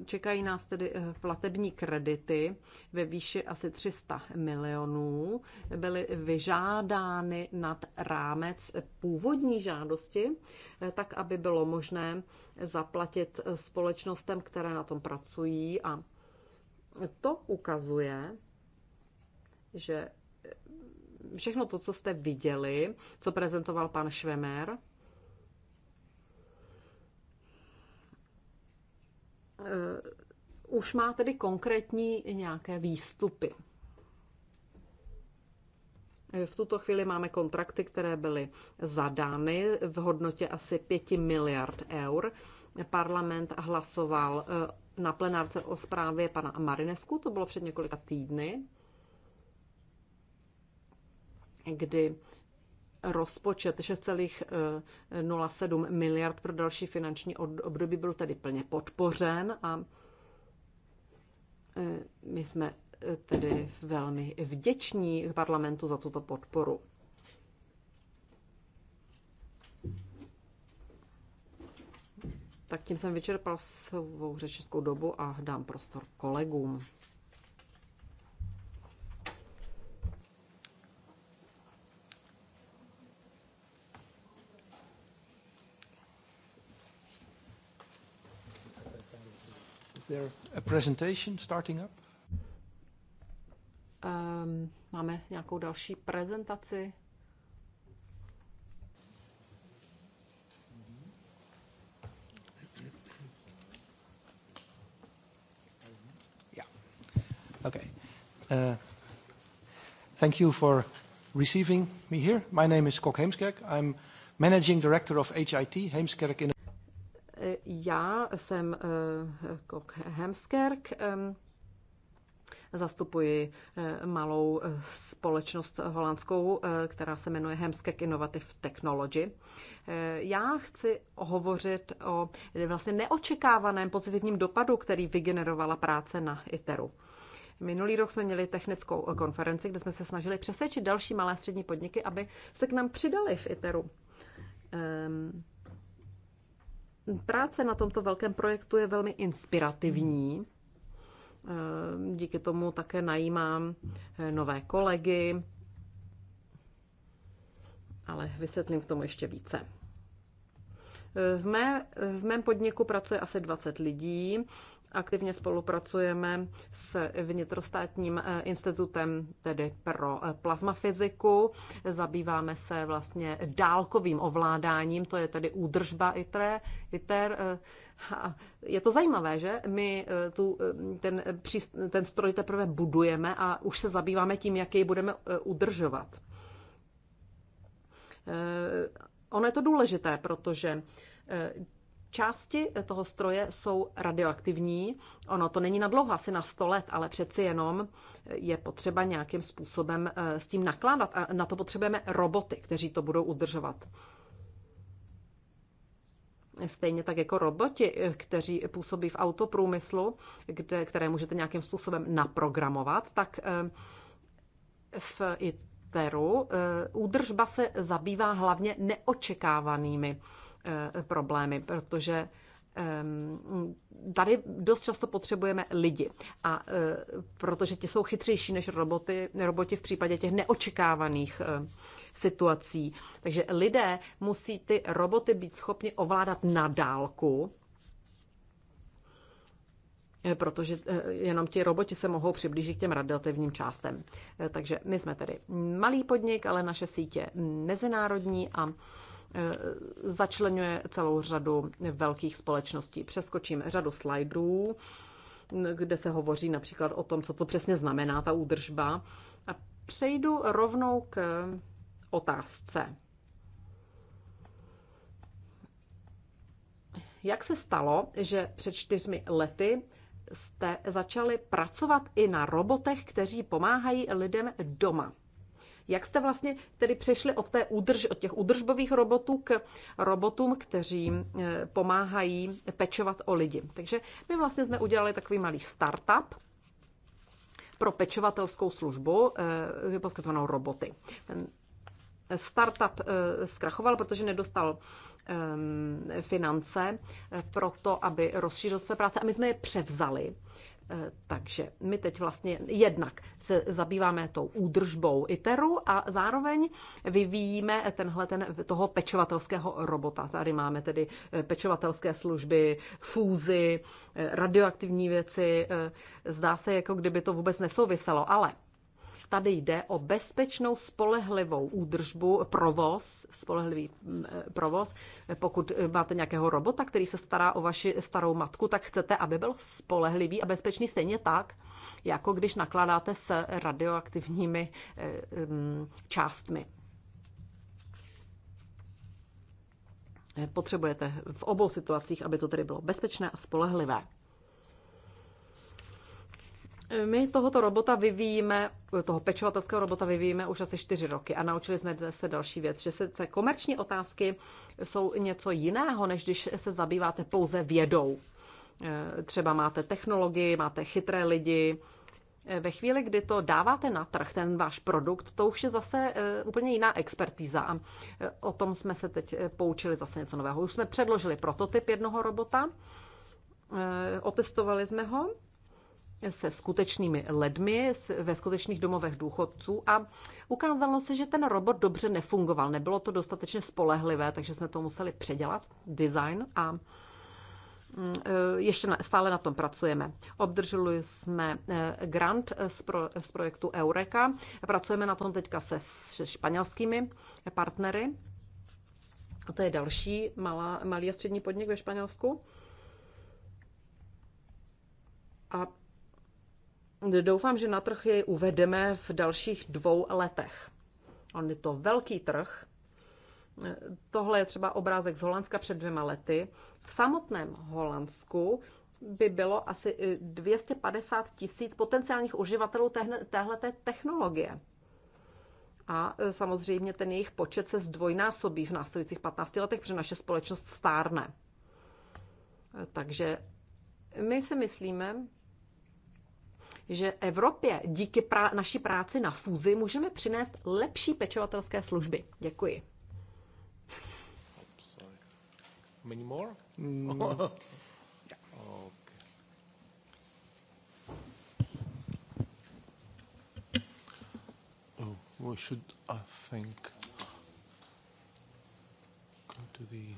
e, čekají nás tedy e, platební kredity ve výši asi 300 milionů. Byly vyžádány nad rámec původní žádosti, tak aby bylo možné zaplatit společnostem, které na tom pracují a to ukazuje, že všechno to, co jste viděli, co prezentoval pan Švemer, eh, už má tedy konkrétní nějaké výstupy. Eh, v tuto chvíli máme kontrakty, které byly zadány v hodnotě asi 5 miliard eur. Parlament hlasoval eh, na plenárce o zprávě pana Marinesku, to bylo před několika týdny kdy rozpočet 6,07 eh, miliard pro další finanční období byl tedy plně podpořen a eh, my jsme eh, tedy velmi vděční parlamentu za tuto podporu. Tak tím jsem vyčerpal svou řečeskou dobu a dám prostor kolegům. Is there a presentation starting up? Um, máme nějakou další prezentaci. Yeah. Okay. Uh, thank you for receiving me here. My name is Kok Heemskerk. I'm Managing Director of HIT, Heemskerk in já jsem eh, Kok Hemskerk, zastupuji eh, malou eh, společnost holandskou, která se jmenuje Hemskerk Innovative Technology. Já chci hovořit o vlastně neočekávaném pozitivním dopadu, který vygenerovala práce na ITERu. Minulý rok jsme měli technickou konferenci, kde jsme se snažili přesvědčit další malé střední podniky, aby se k nám přidali v ITERu. Práce na tomto velkém projektu je velmi inspirativní. Díky tomu také najímám eh, nové kolegy, ale vysvětlím k tomu ještě více. Eh, v, mé, v mém podniku pracuje asi 20 lidí. Aktivně spolupracujeme s vnitrostátním eh, institutem tedy pro eh, plazmafyziku. Zabýváme se vlastně dálkovým ovládáním, to je tedy údržba ITER. ITER eh, je to zajímavé, že my tu, ten, ten stroj teprve budujeme a už se zabýváme tím, jak jej budeme udržovat. Ono je to důležité, protože Části toho stroje jsou radioaktivní. Ono to není na dlouho, asi na 100 let, ale přeci jenom je potřeba nějakým způsobem eh, s tím nakládat. A na to potřebujeme roboty, kteří to budou udržovat. Stejně tak jako roboti, eh, kteří působí v autoprůmyslu, kde, které můžete nějakým způsobem naprogramovat, tak eh, v ITERu údržba se zabývá hlavně neočekávanými Eh, problémy, protože tady dost často potřebujeme lidi, a eh, protože ti jsou chytřejší než roboty, roboti v případě těch neočekávaných eh, situací. Takže lidé musí ty roboty být schopni ovládat na dálku, protože jenom ti roboti se mohou přiblížit k těm radiativním částem. Takže my jsme tedy malý podnik, ale naše sítě mezinárodní a Eh, začlenuje celou řadu velkých společností. Přeskočím řadu slajdů, kde se hovoří například o tom, co to přesně znamená ta údržba. A přejdu rovnou k otázce. Jak se stalo, že před čtyřmi lety jste začali pracovat i na robotech, kteří pomáhají lidem doma? Jak jste vlastně tedy přešli od, té udrž, od těch údržbových robotů k robotům, kteří eh, pomáhají pečovat o lidi? Takže my vlastně jsme udělali takový malý startup, pro pečovatelskou službu eh, poskytovanou roboty. Ten startup eh, zkrachoval, protože nedostal ehm, finance pro to, aby rozšířil své práce a my jsme je převzali. Eh, takže my teď vlastně jednak se zabýváme tou údržbou ITERu a zároveň vyvíjíme tenhle ten, toho pečovatelského robota. Tady máme tedy eh, pečovatelské služby, fúzy, eh, radioaktivní věci. Zdá se, jako kdyby to vůbec nesouviselo, ale tady jde o bezpečnou, spolehlivou údržbu, provoz, spolehlivý mm, eh, provoz. Pokud máte nějakého robota, který se stará o vaši starou matku, tak chcete, aby byl spolehlivý a bezpečný stejně tak, jako když nakládáte s radioaktivními eh, mm, částmi. Potřebujete v obou situacích, aby to tedy bylo bezpečné a spolehlivé. My tohoto robota vyvíjíme, toho pečovatelského robota vyvíjíme už asi čtyři roky a naučili jsme se další věc, že se, se komerční otázky jsou něco jiného, než když se zabýváte pouze vědou. E, třeba máte technologii, máte chytré lidi. E, ve chvíli, kdy to dáváte na trh, ten váš produkt, to už je zase e, úplně jiná expertíza. A o tom jsme se teď poučili zase něco nového. Už jsme předložili prototyp jednoho robota, otestovali jsme ho se skutečnými lidmi ve skutečných domovech důchodců a ukázalo se, že ten robot dobře nefungoval. Nebylo to dostatečně spolehlivé, takže jsme to museli předělat, design a mm, eh, ještě stále na tom pracujeme. Obdrželi jsme eh, grant z, pro, z projektu Eureka. Pracujeme na tom teďka se, se španělskými partnery. A to je další malá, malý a střední podnik ve Španělsku. A doufám, že na trh jej uvedeme v dalších dvou letech. On je to velký trh. Tohle je třeba obrázek z Holandska před dvěma lety. V samotném Holandsku by bylo asi 250 eh, tisíc potenciálních uživatelů téhle technologie. A eh, samozřejmě ten jejich počet se zdvojnásobí v následujících 15 letech, protože naše společnost stárne. Eh, takže my si myslíme, že Evropě díky pra- naší práci na fúzi můžeme přinést lepší pečovatelské služby. Děkuji. Many more? Mm. yeah. okay. Oh, we should, I think, go to the.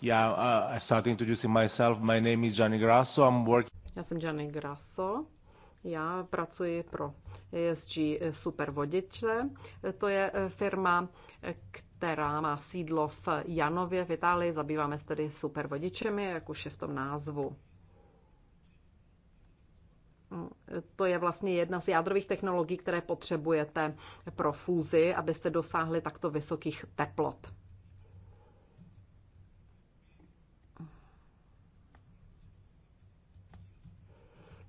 Yeah, uh, I started introducing myself. My name is Gianni Grasso. I'm working. Já jsem Gianni Grasso. Já pracuji pro ESG Supervodiče. To je firma, která má sídlo v Janově v Itálii. Zabýváme se tedy supervodičemi, jak už je v tom názvu. To je vlastně jedna z jádrových technologií, které potřebujete pro fúzi, abyste dosáhli takto vysokých teplot.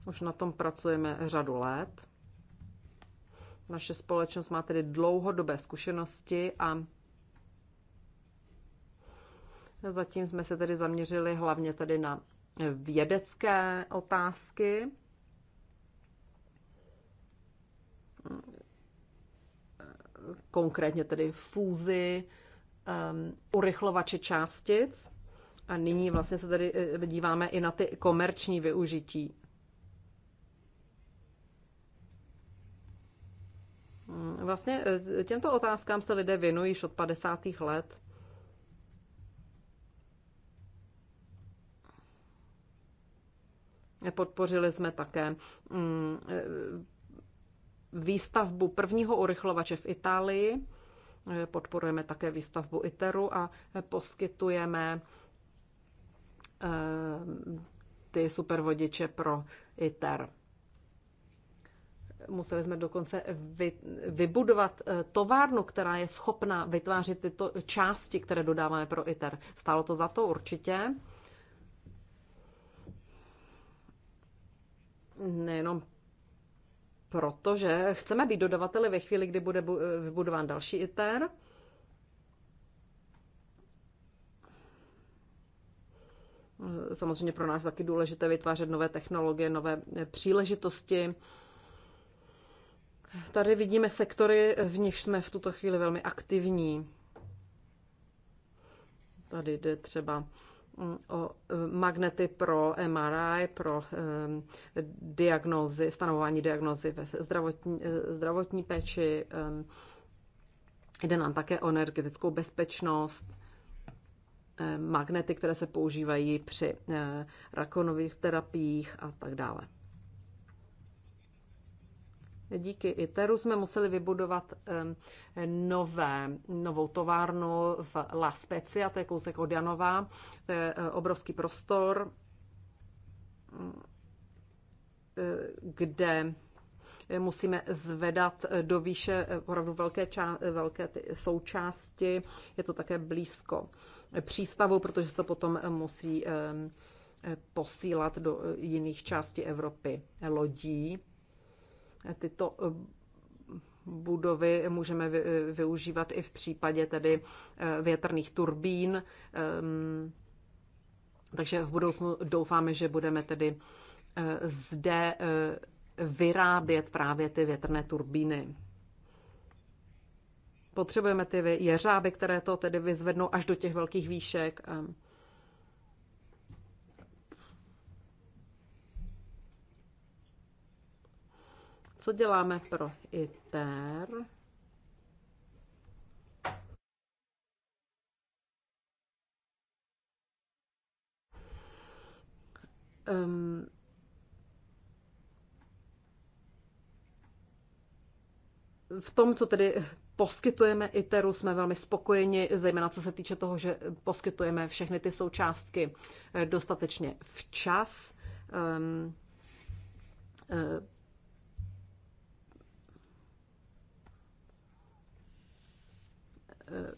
Už na tom pracujeme řadu let. Naše společnost má tedy dlouhodobé zkušenosti a zatím jsme se tedy zaměřili hlavně tady na vědecké otázky. Konkrétně tedy fúzi, um, urychlovače částic. A nyní vlastně se tady eh, díváme i na ty komerční využití. Vlastně e, těmto otázkám se lidé věnují již od 50. let. Podpořili jsme také mm, e, výstavbu prvního urychlovače v Itálii. E, podporujeme také výstavbu ITERu a poskytujeme ty supervodiče pro ITER museli jsme dokonce vy, vybudovat eh, továrnu, která je schopná vytvářet tyto části, které dodáváme pro ITER. Stálo to za to určitě. Nejenom proto, že chceme být dodavateli ve chvíli, kdy bude eh, vybudován další ITER. Samozřejmě pro nás je taky důležité vytvářet nové technologie, nové eh, příležitosti Tady vidíme sektory, v nich jsme v tuto chvíli velmi aktivní. Tady jde třeba mm, o e, magnety pro MRI, pro e, diagnózy, stanovování diagnózy ve zdravotní, e, zdravotní péči. Jde nám také o energetickou bezpečnost, magnety, které se používají při rakonových terapiích a tak dále. Díky ITERu jsme museli vybudovat nové, novou továrnu v La Specia, to je kousek od Janova, to je eh, obrovský prostor, eh, kde musíme zvedat eh, do výše opravdu velké, ča, velké ty součásti. Je to také blízko přístavu, protože se to potom musí posílat do jiných částí Evropy lodí tyto eh, budovy můžeme eh, využívat i v případě tedy eh, větrných turbín. Ehm, takže v budoucnu doufáme, že budeme tedy zde vyrábět právě ty větrné turbíny. Potřebujeme ty jeřáby, které to tedy vyzvednou až do těch velkých výšek. Ehm, Co děláme pro ITER? Um, v tom, co tedy poskytujeme ITERu, jsme velmi spokojeni, zejména co se týče toho, že poskytujeme všechny ty součástky eh, dostatečně včas. Um, Eh,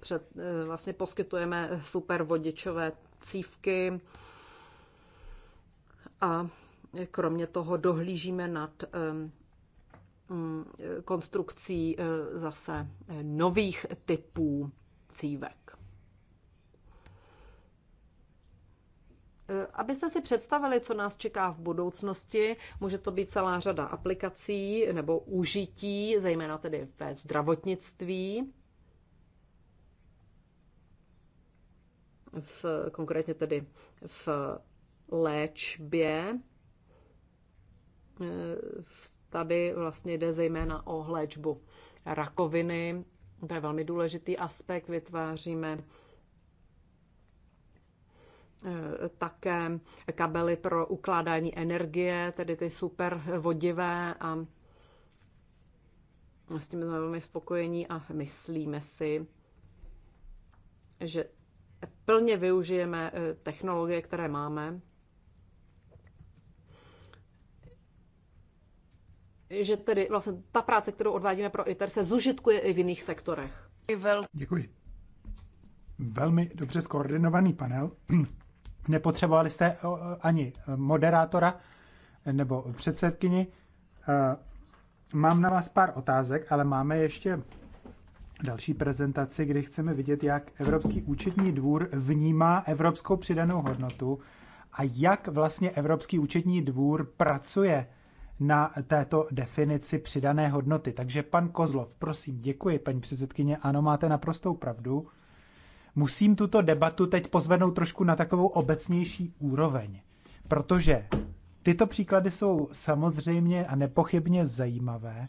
před, eh, vlastně poskytujeme super vodičové cívky a kromě toho dohlížíme nad eh, mm, konstrukcí zase nových typů cívek. Abyste si představili, co nás čeká v budoucnosti, může to být celá řada aplikací nebo užití, zejména tedy ve zdravotnictví, v, konkrétně tedy v léčbě. Tady vlastně jde zejména o léčbu rakoviny, to je velmi důležitý aspekt, vytváříme Eh, také kabely pro ukládání energie, tedy ty super vodivé a s tím jsme velmi spokojení a myslíme si, že plně využijeme eh, technologie, které máme, že tedy vlastně ta práce, kterou odvádíme pro ITER, se zužitkuje i v jiných sektorech. Děkuji. Velmi dobře skoordinovaný panel Nepotřebovali jste eh, ani moderátora nebo předsedkyni. Eh, mám na vás pár otázek, ale máme ještě další prezentaci, kdy chceme vidět, jak Evropský účetní dvůr vnímá evropskou přidanou hodnotu a jak vlastně Evropský účetní dvůr pracuje na této definici přidané hodnoty. Takže pan Kozlov, prosím, děkuji, paní předsedkyně. Ano, máte naprostou pravdu musím tuto debatu teď pozvednout trošku na takovou obecnější úroveň, protože tyto příklady jsou samozřejmě a nepochybně zajímavé,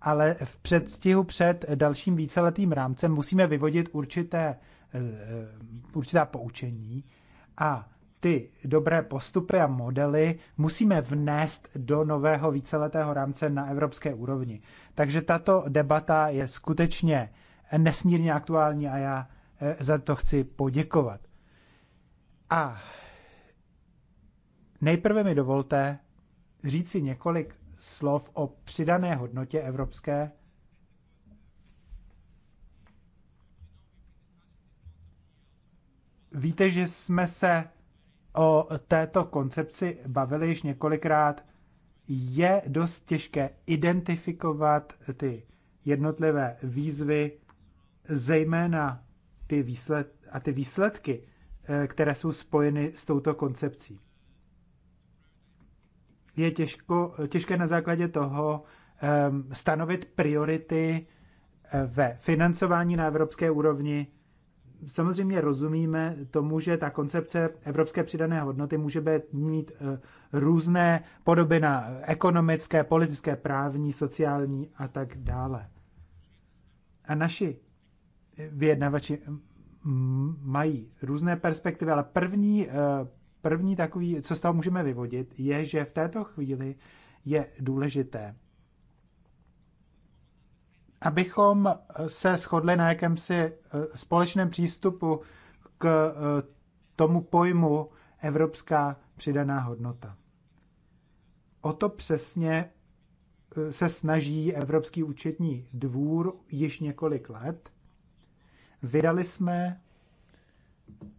ale v předstihu před dalším víceletým rámcem musíme vyvodit určité, e, e, určitá poučení a ty dobré postupy a modely musíme vnést do nového víceletého rámce na evropské úrovni. Takže tato debata je skutečně nesmírně aktuální a já Eh, za to chci poděkovat. A nejprve mi dovolte říci několik slov o přidané hodnotě evropské Víte, že jsme se o této koncepci bavili již několikrát. Je dost těžké identifikovat ty jednotlivé výzvy, zejména ty, výsled, a ty výsledky, eh, které jsou spojeny s touto koncepcí. Je těžko, těžké na základě toho ehm, stanovit priority eh, ve financování na evropské úrovni. Samozřejmě rozumíme tomu, že ta koncepce evropské přidané hodnoty může být mít eh, různé podoby na ekonomické, politické, právní, sociální a tak dále. A naši vyjednavači mají různé perspektivy, ale první, eh, první takový, co z toho můžeme vyvodit, je, že v této chvíli je důležité, abychom se shodli na jakémsi eh, společném přístupu k eh, tomu pojmu evropská přidaná hodnota. O to přesně se snaží Evropský účetní dvůr již několik let Vydali jsme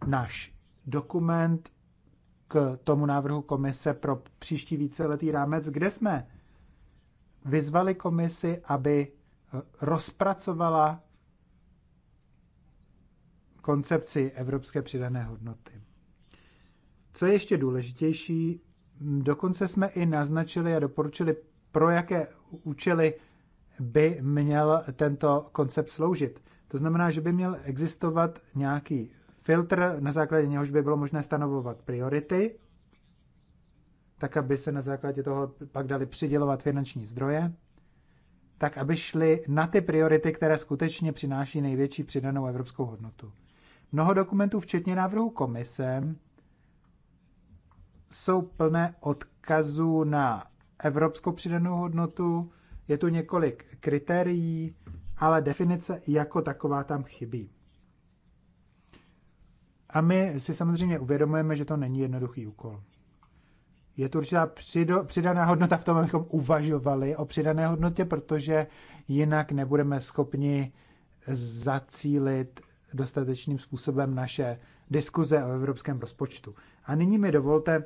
náš dokument k tomu návrhu komise pro příští víceletý rámec, kde jsme vyzvali komisi, aby eh, rozpracovala koncepci evropské přidané hodnoty. Co je ještě důležitější, dokonce jsme i naznačili a doporučili, pro jaké účely by měl tento koncept sloužit. To znamená, že by měl existovat nějaký filtr, na základě něhož by bylo možné stanovovat priority, tak aby se na základě toho pak dali přidělovat finanční zdroje, tak aby šly na ty priority, které skutečně přináší největší přidanou evropskou hodnotu. Mnoho dokumentů, včetně návrhu komise, jsou plné odkazů na evropskou přidanou hodnotu, je tu několik kritérií, ale definice jako taková tam chybí. A my si samozřejmě uvědomujeme, že to není jednoduchý úkol. Je tu určitá přido, přidaná hodnota v tom, abychom uvažovali o přidané hodnotě, protože jinak nebudeme schopni zacílit dostatečným způsobem naše diskuze o evropském rozpočtu. A nyní mi dovolte,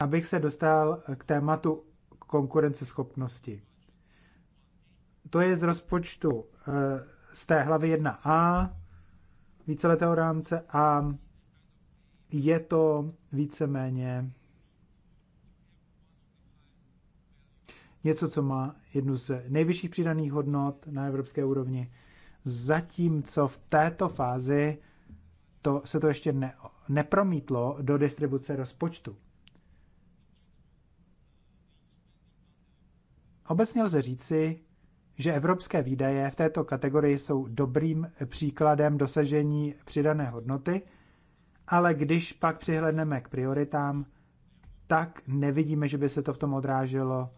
abych se dostal k tématu konkurenceschopnosti. To je z rozpočtu eh, z té hlavy 1a víceletého rámce a je to víceméně něco, co má jednu z nejvyšších přidaných hodnot na evropské úrovni, zatímco v této fázi to, se to ještě ne, nepromítlo do distribuce rozpočtu. Obecně lze říci, že evropské výdaje v této kategorii jsou dobrým příkladem dosažení přidané hodnoty, ale když pak přihledneme k prioritám, tak nevidíme, že by se to v tom odráželo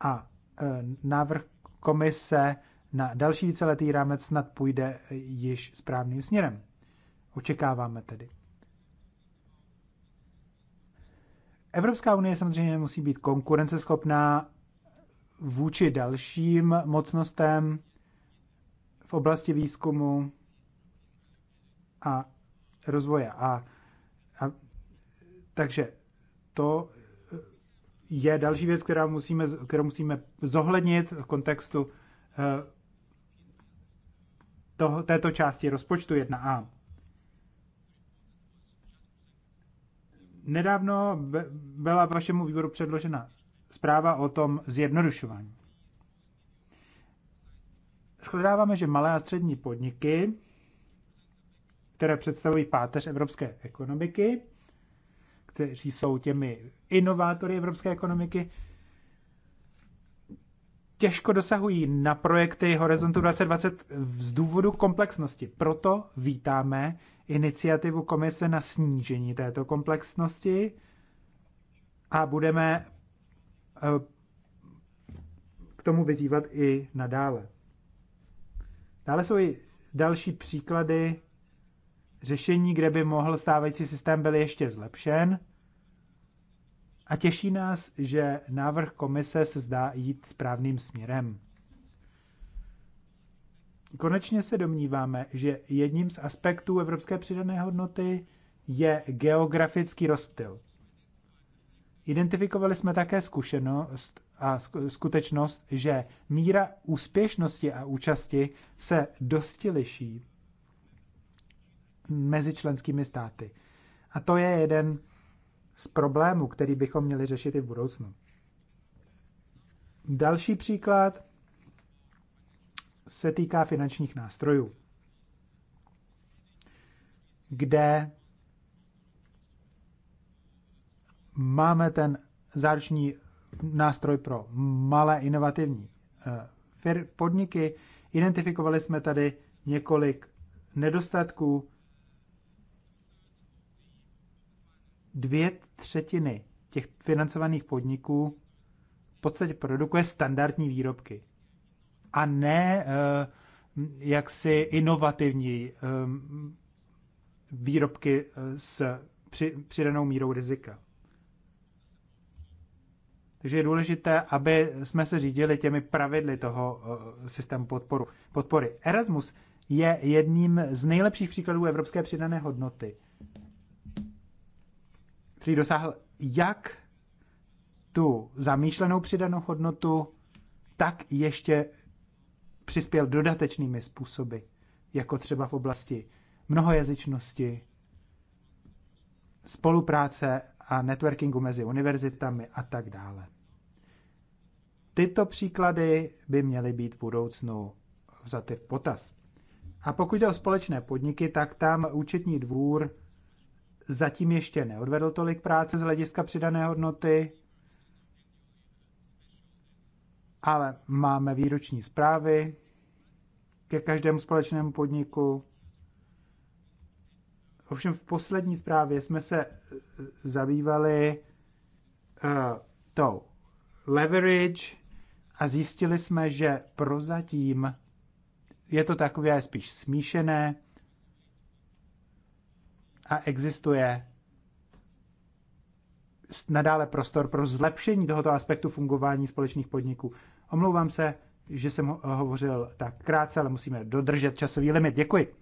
a e, návrh komise na další víceletý rámec snad půjde již správným směrem. Očekáváme tedy. Evropská unie samozřejmě musí být konkurenceschopná vůči dalším mocnostem v oblasti výzkumu a rozvoje. A, a, takže to eh, je další věc, která musíme, kterou musíme zohlednit v kontextu eh, toho, této části rozpočtu 1a. Nedávno byla vašemu výboru předložena zpráva o tom zjednodušování. Shledáváme, že malé a střední podniky, které představují páteř evropské ekonomiky, kteří jsou těmi inovátory evropské ekonomiky, těžko dosahují na projekty Horizontu 2020 z důvodu komplexnosti. Proto vítáme iniciativu komise na snížení této komplexnosti a budeme k tomu vyzývat i nadále. Dále jsou i další příklady řešení, kde by mohl stávající systém byl ještě zlepšen. A těší nás, že návrh komise se zdá jít správným směrem. Konečně se domníváme, že jedním z aspektů evropské přidané hodnoty je geografický rozptyl. Identifikovali jsme také zkušenost a skutečnost, že míra úspěšnosti a účasti se dosti liší mezi členskými státy. A to je jeden z problémů, který bychom měli řešit i v budoucnu. Další příklad se týká finančních nástrojů, kde máme ten záruční nástroj pro malé inovativní eh, podniky. Identifikovali jsme tady několik nedostatků. Dvě třetiny těch financovaných podniků v podstatě produkuje standardní výrobky a ne eh, jaksi inovativní eh, výrobky s přidanou mírou rizika. Takže je důležité, aby jsme se řídili těmi pravidly toho eh, systému podporu, podpory. Erasmus je jedním z nejlepších příkladů evropské přidané hodnoty, který dosáhl jak tu zamýšlenou přidanou hodnotu, tak ještě přispěl dodatečnými způsoby, jako třeba v oblasti mnohojazyčnosti, spolupráce a networkingu mezi univerzitami a tak dále. Tyto příklady by měly být v budoucnu vzaty v potaz. A pokud jde o společné podniky, tak tam účetní dvůr zatím ještě neodvedl tolik práce z hlediska přidané hodnoty, ale máme výroční zprávy ke každému společnému podniku. Ovšem v poslední zprávě jsme se eh, zabývali uh, tou leverage, a zjistili jsme, že prozatím je to takové spíš smíšené a existuje nadále prostor pro zlepšení tohoto aspektu fungování společných podniků. Omlouvám se, že jsem hovořil tak krátce, ale musíme dodržet časový limit. Děkuji.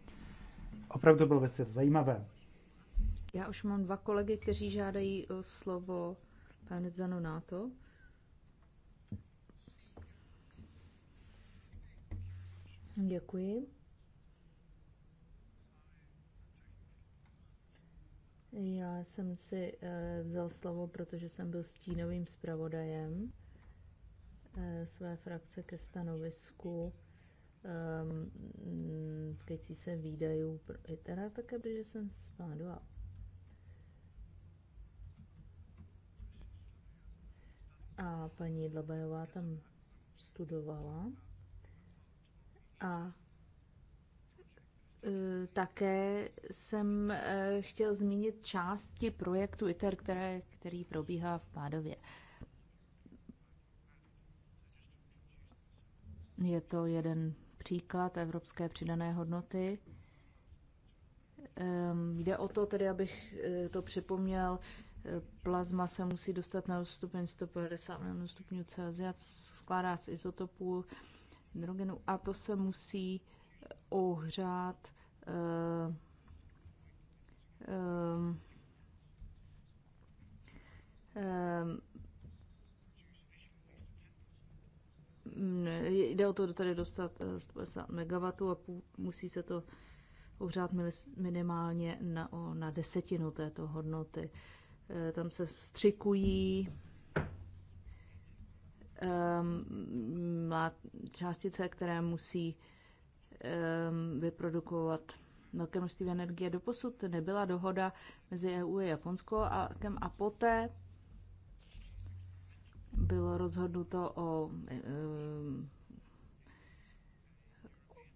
Opravdu to bylo velice zajímavé. Já už mám dva kolegy, kteří žádají o slovo pan Zanonato. Děkuji. Já jsem si eh, vzal slovo, protože jsem byl stínovým zpravodajem eh, své frakce ke stanovisku ehm, týkající se výdajů pro ITERA, také protože jsem spádla. A paní Dlabajová tam studovala. A e, také jsem e, chtěl zmínit části projektu ITER, které, který probíhá v Pádově. Je to jeden příklad evropské přidané hodnoty. Jde o to, tedy abych e, to připomněl, plazma se musí dostat na stupeň 150 stupňů Celsia, skládá z izotopů, hydrogenu a to se musí eh, ohřát uh, um, um, jde o to tady dostat 150 eh, MW a musí se to ohřát minimálně na, o, na desetinu této hodnoty. Eh, tam se vstřikují Ehm, částice, které musí ehm, vyprodukovat velké množství energie. Doposud nebyla dohoda mezi EU a Japonsko a, a poté bylo rozhodnuto o ehm,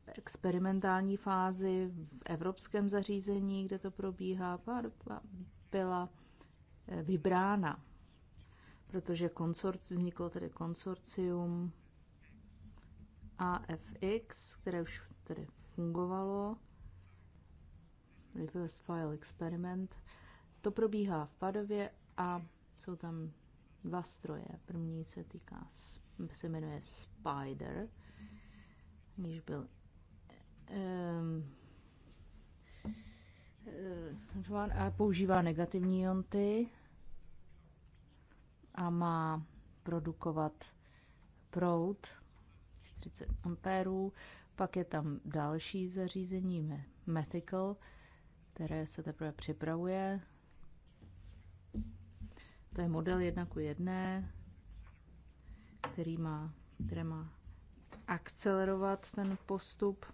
experimentální fázi v evropském zařízení, kde to probíhá, byla eh, vybrána protože konsorci, vzniklo tedy konsorcium AFX, které už tedy fungovalo, Reverse File Experiment. To probíhá v Padově a jsou tam dva stroje. První se týká, se jmenuje Spider, když byl um, a používá negativní jonty, a má produkovat proud 40 ampérů. Pak je tam další zařízení Methical, které se teprve připravuje. To je model 1 k 1, který má, které má akcelerovat ten postup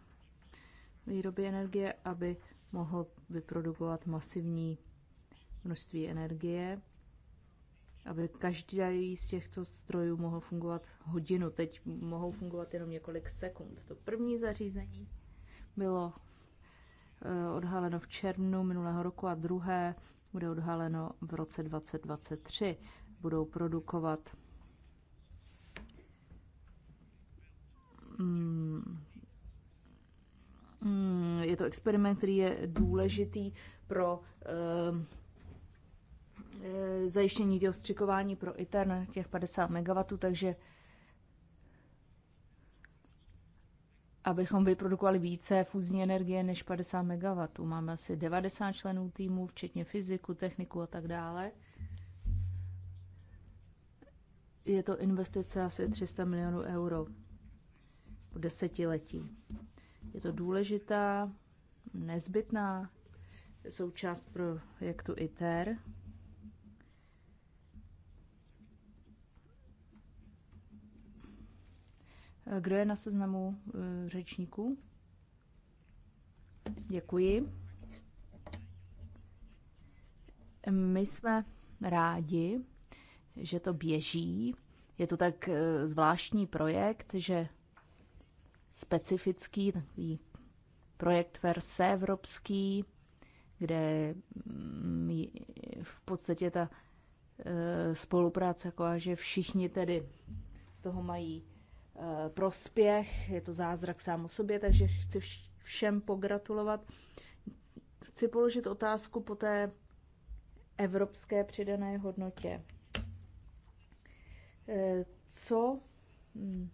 výroby energie, aby mohl vyprodukovat masivní množství energie aby každý z těchto strojů mohl fungovat hodinu. Teď mohou fungovat jenom několik sekund. To první zařízení bylo eh, odhaleno v červnu minulého roku a druhé bude odhaleno v roce 2023. Budou produkovat mm, mm, je to experiment, který je důležitý pro eh, Eh, zajištění toho střikování pro ITER na těch 50 MW, takže abychom vyprodukovali více fúzní energie než 50 MW. Máme asi 90 členů týmu, včetně fyziku, techniku a tak dále. Je to investice asi 300 milionů euro po desetiletí. Je to důležitá, nezbytná součást projektu ITER. Eh, kdo je na seznamu eh, řečníků? Děkuji. My jsme rádi, že to běží. Je to tak eh, zvláštní projekt, že specifický takový projekt verse evropský, kde mm, v podstatě ta spolupráce, jako že všichni tedy z toho mají Eh, prospěch, je to zázrak sám o sobě, takže chci všem pogratulovat. Chci položit otázku po té evropské přidané hodnotě. Eh, co hm,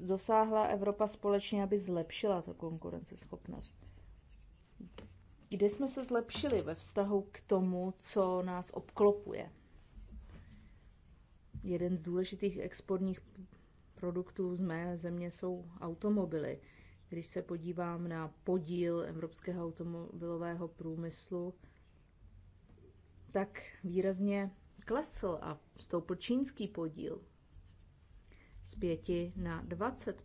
dosáhla Evropa společně, aby zlepšila tu konkurenceschopnost? Kde jsme se zlepšili ve vztahu k tomu, co nás obklopuje? Jeden z důležitých exportních produktů z mé země jsou automobily. Když se podívám na podíl evropského automobilového průmyslu, tak výrazně klesl a stoupl čínský podíl z 5 na 20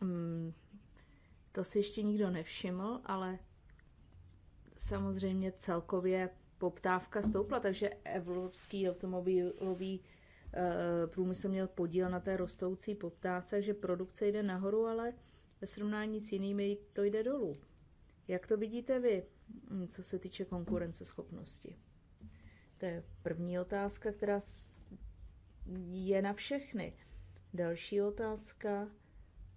hmm, To si ještě nikdo nevšiml, ale samozřejmě celkově poptávka stoupla, takže evropský automobilový Eh, průmysl měl podíl na té rostoucí poptávce, že produkce jde nahoru, ale ve srovnání s jinými to jde dolů. Jak to vidíte vy, hm, co se týče konkurenceschopnosti? To je první otázka, která je na všechny. Další otázka,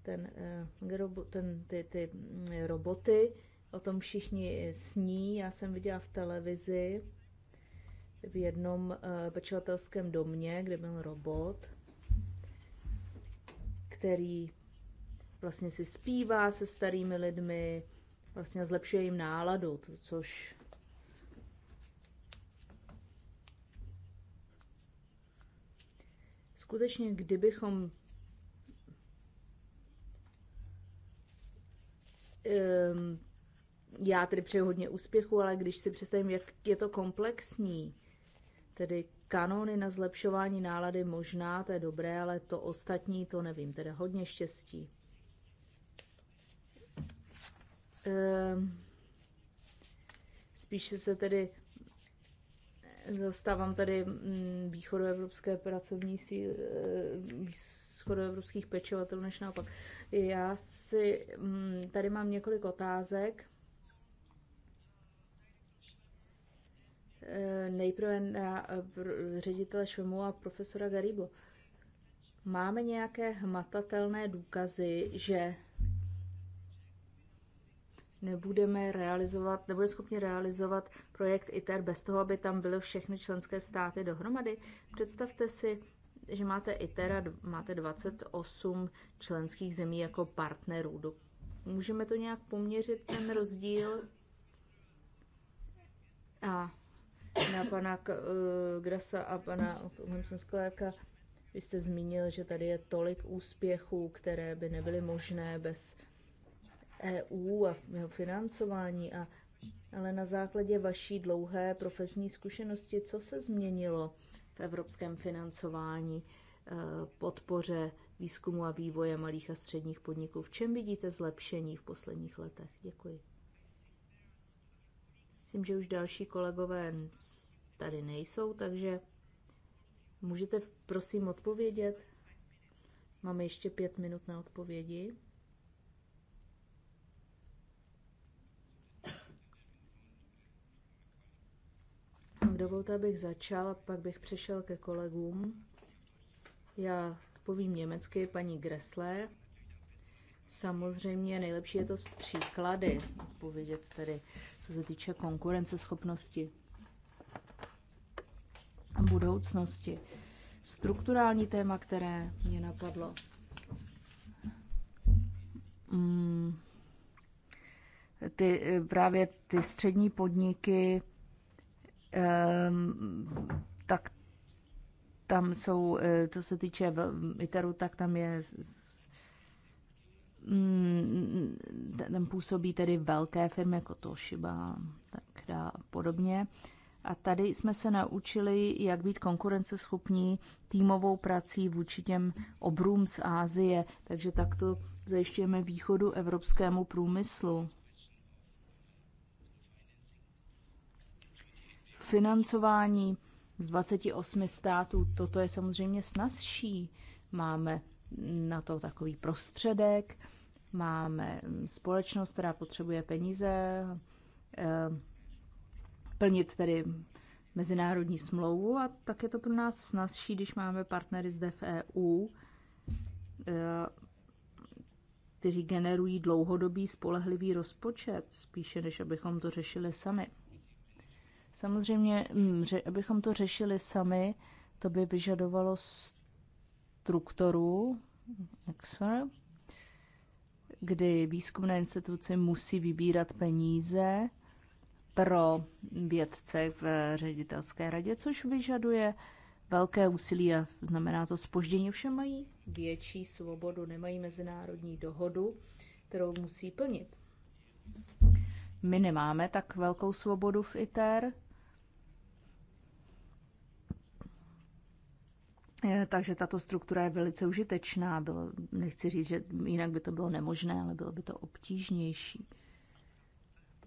ten, eh, ten, ty, ty hm, roboty, o tom všichni sní. Já jsem viděla v televizi v jednom eh, pečovatelském domě, kde byl robot, který vlastně si zpívá se starými lidmi, vlastně zlepšuje jim náladu, To což skutečně, kdybychom ehm, já tedy přeju hodně úspěchu, ale když si představím, jak je to komplexní, Tedy kanony na zlepšování nálady možná, to je dobré, ale to ostatní, to nevím, teda hodně štěstí. Ehm, spíše se tedy eh, zastávám tady mm, východoevropské pracovní síly, eh, východoevropských pečovatelů než naopak. Já si mm, tady mám několik otázek. Eh, nejprve na eh, ředitele Švemu a profesora Garibo. Máme nějaké hmatatelné důkazy, že nebudeme realizovat, nebude schopni realizovat projekt ITER bez toho, aby tam byly všechny členské státy dohromady. Představte si, že máte ITER a máte 28 členských zemí jako partnerů. Můžeme to nějak poměřit, ten rozdíl? A na pana eh, Grasa a pana Hansen Sklárka. Vy jste zmínil, že tady je tolik úspěchů, které by nebyly možné bez EU a jeho financování, a, ale na základě vaší dlouhé profesní zkušenosti, co se změnilo v evropském financování, eh, podpoře výzkumu a vývoje malých a středních podniků? V čem vidíte zlepšení v posledních letech? Děkuji. Myslím, že už další kolegové tady nejsou, takže můžete prosím odpovědět. Máme ještě pět minut na odpovědi. Dovolte, abych začal, pak bych přešel ke kolegům. Já povím německy paní Gressler. Samozřejmě nejlepší je to s příklady, odpovědět tedy co se týče konkurenceschopnosti a budoucnosti. Strukturální téma, které mě napadlo. Mm, ty, právě ty střední podniky, ehm, tak tam jsou, to eh, se týče ITERu, tak tam je tam mm, působí tedy velké firmy jako Toshiba tak dá a podobně. A tady jsme se naučili, jak být konkurenceschopní týmovou prací vůči těm obrům z Ázie, takže takto zajišťujeme východu evropskému průmyslu. Financování z 28 států, toto je samozřejmě snazší. Máme na to takový prostředek, Máme mm, společnost, která potřebuje peníze, eh, plnit tedy mezinárodní smlouvu a tak je to pro nás snazší, když máme partnery zde v EU, eh, kteří generují dlouhodobý spolehlivý rozpočet, spíše než abychom to řešili sami. Samozřejmě, mm, abychom to řešili sami, to by vyžadovalo strukturu, kdy výzkumné instituce musí vybírat peníze pro vědce v ředitelské radě, což vyžaduje velké úsilí a znamená to spoždění. Všem mají větší svobodu, nemají mezinárodní dohodu, kterou musí plnit. My nemáme tak velkou svobodu v ITER, Eh, takže tato struktura je velice užitečná. Bylo, nechci říct, že jinak by to bylo nemožné, ale bylo by to obtížnější.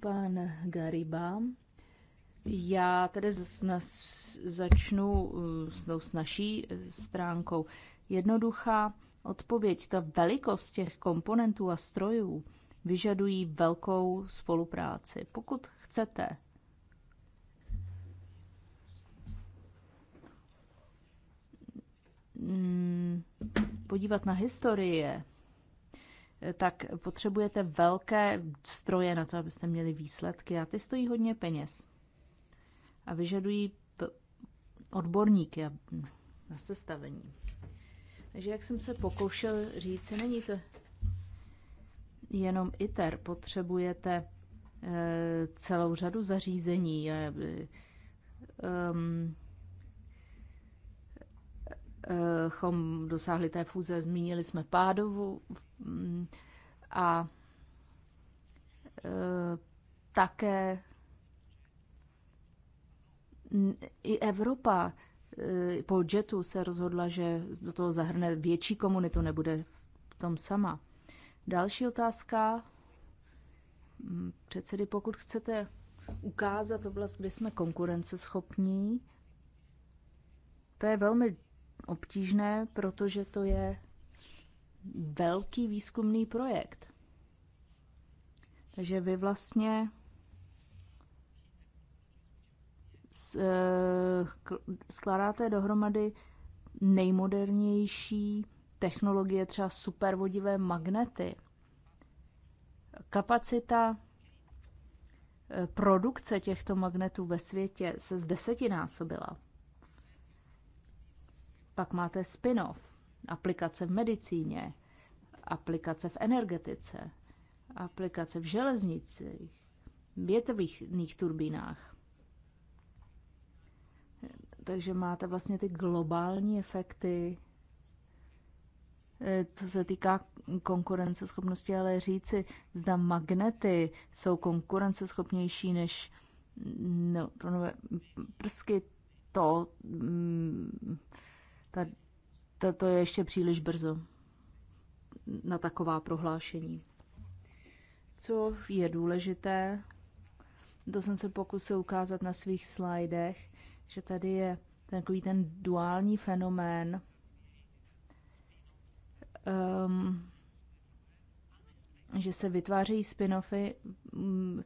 Pan Gariba, já tedy začnu eh, s, tou naší eh, stránkou. Jednoduchá odpověď. Ta velikost těch komponentů a strojů vyžadují velkou spolupráci. Pokud chcete Mm, podívat na historie, eh, tak potřebujete velké stroje na to, abyste měli výsledky a ty stojí hodně peněz. A vyžadují odborníky na sestavení. Takže jak jsem se pokoušel říct, není to jenom ITER, potřebujete eh, celou řadu zařízení, eh, um, chom dosáhli té fúze, zmínili jsme Pádovu mm, a e, také i Evropa e, po jetu se rozhodla, že do toho zahrne větší komunitu, nebude v tom sama. Další otázka mm, předsedy, pokud chcete ukázat oblast, kde jsme konkurenceschopní, to je velmi obtížné, protože to je velký výzkumný projekt. Takže vy vlastně eh, skládáte dohromady nejmodernější technologie, třeba supervodivé magnety. Kapacita eh, produkce těchto magnetů ve světě se zdesetinásobila. Pak máte spin-off, aplikace v medicíně, aplikace v energetice, aplikace v železnici, větrných turbínách. Takže máte vlastně ty globální efekty, eh, co se týká konkurenceschopnosti, ale říci, zda magnety jsou konkurenceschopnější než neutronové prsky, to mm, to je ještě příliš brzo na taková prohlášení. Co je důležité, to jsem se pokusil ukázat na svých slajdech, že tady je takový ten duální fenomén um, že se vytvářejí spin-offy mm,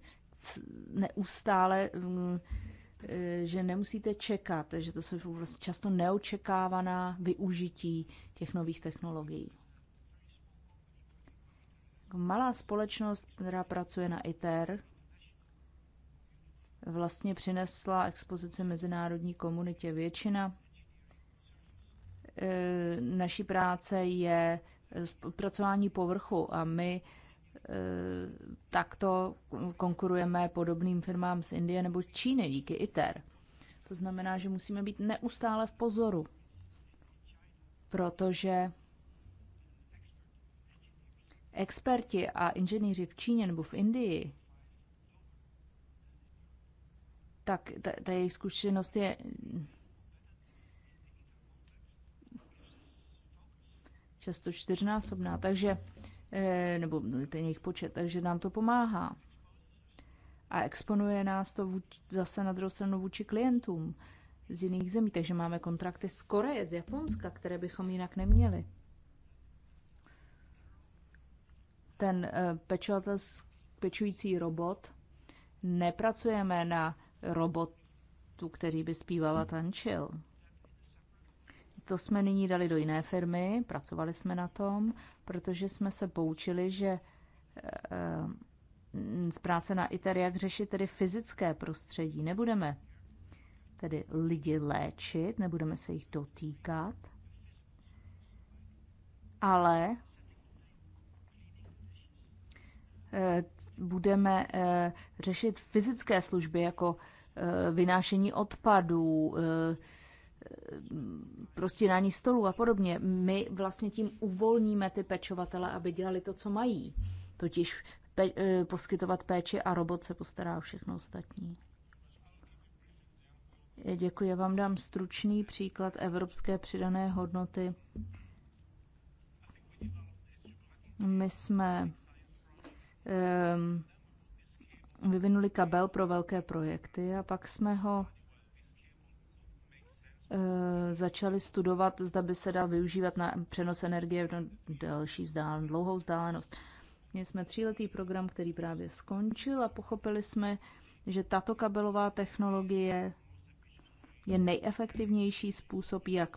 neustále mm, E, že nemusíte čekat, že to jsou vlastně často neočekávaná využití těch nových technologií. Malá společnost, která pracuje na ITER, vlastně přinesla expozici mezinárodní komunitě. Většina e, naší práce je pracování povrchu a my Eh, takto konkurujeme podobným firmám z Indie nebo Číny díky ITER. To znamená, že musíme být neustále v pozoru, protože experti a inženýři v Číně nebo v Indii, tak ta, ta jejich zkušenost je často čtyřnásobná. Takže Eh, nebo ten jejich počet, takže nám to pomáhá. A exponuje nás to zase na druhou stranu vůči klientům z jiných zemí, takže máme kontrakty z Koreje, z Japonska, které bychom jinak neměli. Ten eh, pečující robot, nepracujeme na robotu, který by zpíval a tančil to jsme nyní dali do jiné firmy, pracovali jsme na tom, protože jsme se poučili, že eh, mm, z práce na ITER, jak řešit tedy fyzické prostředí. Nebudeme tedy lidi léčit, nebudeme se jich dotýkat, ale eh, budeme eh, řešit fyzické služby jako vynášení odpadů, Eh, ní stolu a podobně. My vlastně tím uvolníme ty pečovatele, aby dělali to, co mají. Totiž pe- eh, poskytovat péči a robot se postará o všechno ostatní. Eh, děkuji, já vám dám stručný příklad evropské přidané hodnoty. My jsme um, vyvinuli kabel pro velké projekty a pak jsme ho Eh, začali studovat, zda by se dal využívat na přenos energie na no- další vzdálen, dlouhou vzdálenost. Měli jsme tříletý program, který právě skončil a pochopili jsme, že tato kabelová technologie je nejefektivnější způsob, jak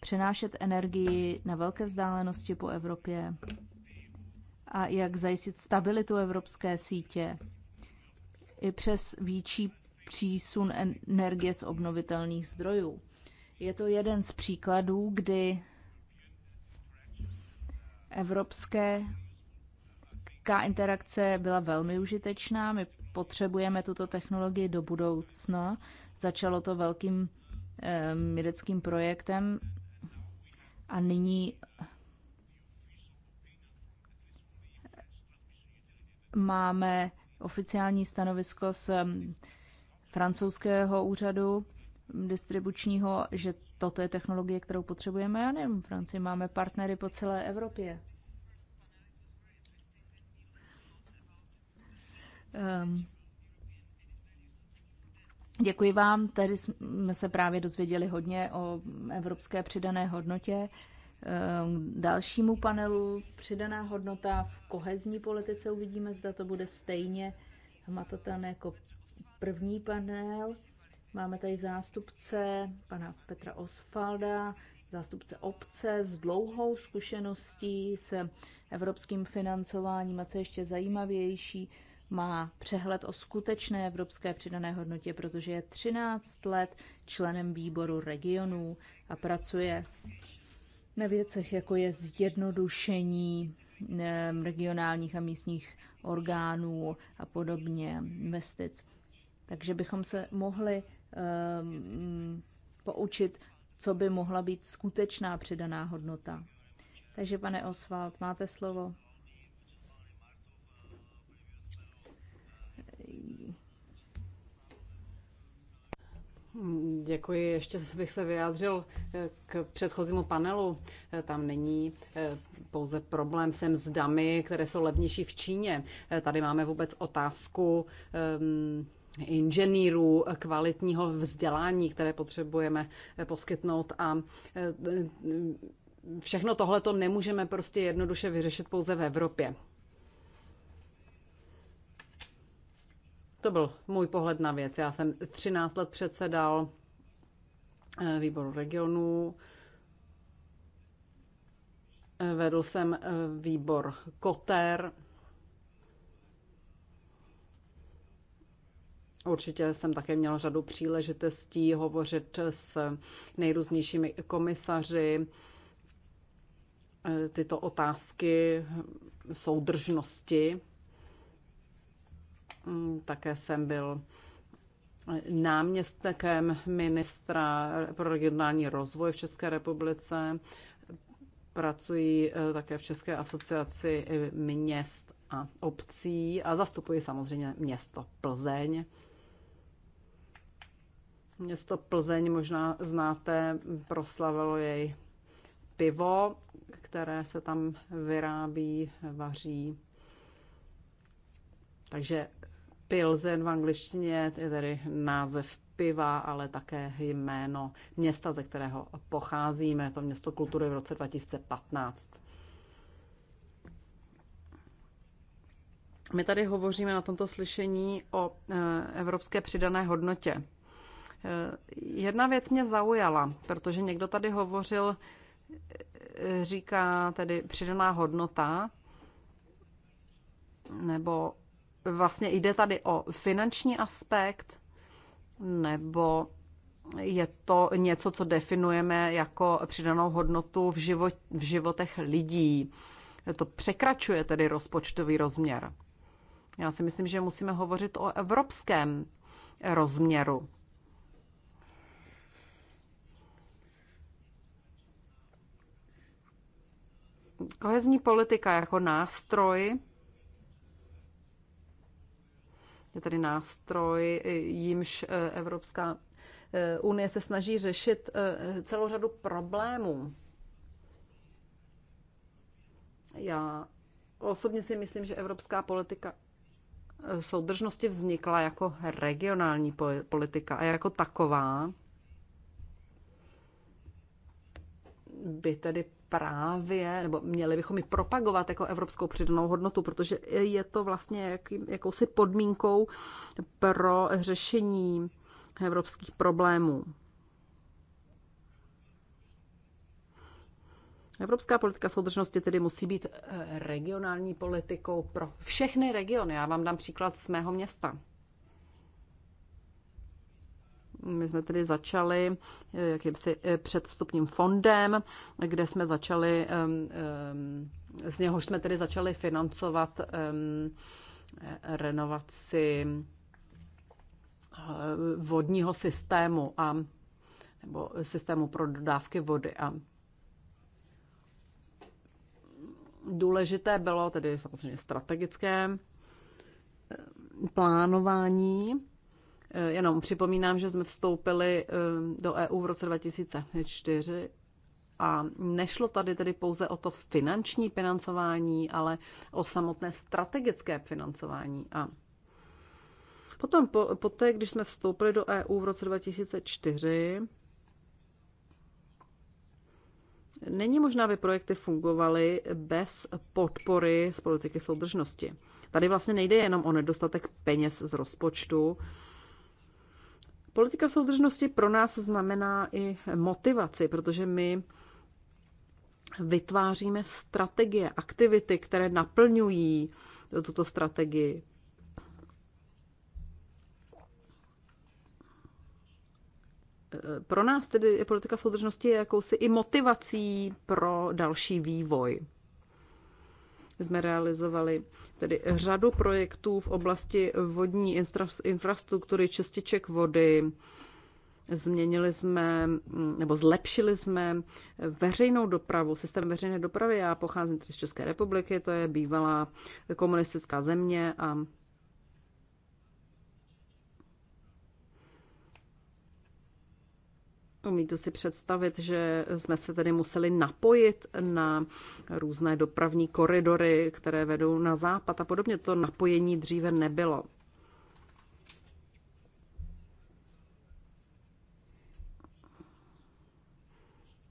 přenášet energii na velké vzdálenosti po Evropě a jak zajistit stabilitu evropské sítě i přes výčí přísun energie z obnovitelných zdrojů. Je to jeden z příkladů, kdy evropské interakce byla velmi užitečná. My potřebujeme tuto technologii do budoucna. Začalo to velkým vědeckým projektem a nyní máme oficiální stanovisko s francouzského úřadu distribučního, že toto je technologie, kterou potřebujeme. Já nevím, v Francii máme partnery po celé Evropě. Um, děkuji vám, tady jsme se právě dozvěděli hodně o evropské přidané hodnotě. Um, dalšímu panelu přidaná hodnota v kohezní politice uvidíme, zda to bude stejně hmatatelné jako první panel. Máme tady zástupce pana Petra Osfalda, zástupce obce s dlouhou zkušeností s evropským financováním a co ještě zajímavější, má přehled o skutečné evropské přidané hodnotě, protože je 13 let členem výboru regionů a pracuje na věcech, jako je zjednodušení eh, regionálních a místních orgánů a podobně investic. Takže bychom se mohli um, poučit, co by mohla být skutečná přidaná hodnota. Takže, pane Oswald, máte slovo. Děkuji. Ještě bych se vyjádřil eh, k předchozímu panelu. Eh, tam není eh, pouze problém se mzdami, které jsou levnější v Číně. Tady máme vůbec otázku um, inženýrů, kvalitního vzdělání, které potřebujeme eh, poskytnout a eh, všechno tohle to nemůžeme prostě jednoduše vyřešit pouze v Evropě. To byl můj pohled na věc. Já jsem 13 let předsedal eh, výboru regionů, vedl jsem výbor Koter, Určitě jsem také měla řadu příležitostí hovořit s nejrůznějšími komisaři. E, tyto otázky soudržnosti. Mm, také jsem byl náměstkem ministra pro regionální rozvoj v České republice. Pracuji e, také v České asociaci e, měst a obcí a zastupuji samozřejmě město Plzeň. Město Plzeň možná znáte, proslavilo jej pivo, které se tam vyrábí, vaří. Takže Pilzen v angličtině je tedy název piva, ale také jméno města, ze kterého pocházíme, to město kultury v roce 2015. My tady hovoříme na tomto slyšení o eh, evropské přidané hodnotě. Eh, jedna věc mě zaujala, protože někdo tady hovořil, eh, říká tedy přidaná hodnota, nebo vlastně jde tady o finanční aspekt, nebo je to něco, co definujeme jako přidanou hodnotu v, život, v životech lidí. To překračuje tedy rozpočtový rozměr. Já si myslím, že musíme hovořit o evropském rozměru. kohezní politika jako nástroj je tedy nástroj, jímž e, Evropská e, unie se snaží řešit e, celou řadu problémů. Já osobně si myslím, že evropská politika soudržnosti vznikla jako regionální politika a jako taková by tedy právě, nebo měli bychom ji propagovat jako evropskou přidanou hodnotu, protože je to vlastně jaký, jakousi podmínkou pro řešení evropských problémů. Evropská politika soudržnosti tedy musí být regionální politikou pro všechny regiony. Já vám dám příklad z mého města. My jsme tedy začali eh, jakýmsi eh, předvstupním fondem, kde jsme začali, z něhož jsme tedy začali financovat eh, renovaci vodního systému a nebo systému pro dodávky vody a důležité bylo tedy samozřejmě strategické plánování Eh, jenom připomínám, že jsme vstoupili eh, do EU v roce 2004 a nešlo tady tedy pouze o to finanční financování, ale o samotné strategické financování. A potom, po, poté, když jsme vstoupili do EU v roce 2004, Není možná, aby projekty fungovaly bez podpory z politiky soudržnosti. Tady vlastně nejde jenom o nedostatek peněz z rozpočtu, Politika soudržnosti pro nás znamená i motivaci, protože my vytváříme strategie, aktivity, které naplňují tuto strategii. Pro nás tedy politika soudržnosti je jakousi i motivací pro další vývoj jsme realizovali tedy řadu projektů v oblasti vodní infrastruktury, čističek vody, Změnili jsme nebo zlepšili jsme veřejnou dopravu, systém veřejné dopravy. Já pocházím tedy z České republiky, to je bývalá komunistická země a Umíte si představit, že jsme se tedy museli napojit na různé dopravní koridory, které vedou na západ a podobně. To napojení dříve nebylo.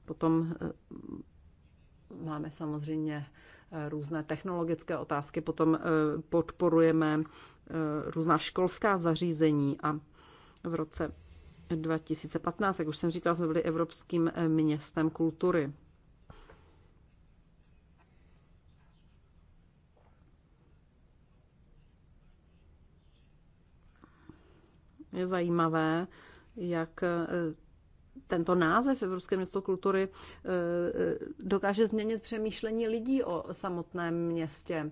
Potom eh, máme samozřejmě eh, různé technologické otázky, potom eh, podporujeme různá školská zařízení a v roce 2015, jak už jsem říkala, jsme byli Evropským eh, městem kultury. Je zajímavé, jak eh, tento název Evropské město kultury eh, dokáže změnit přemýšlení lidí o samotném městě.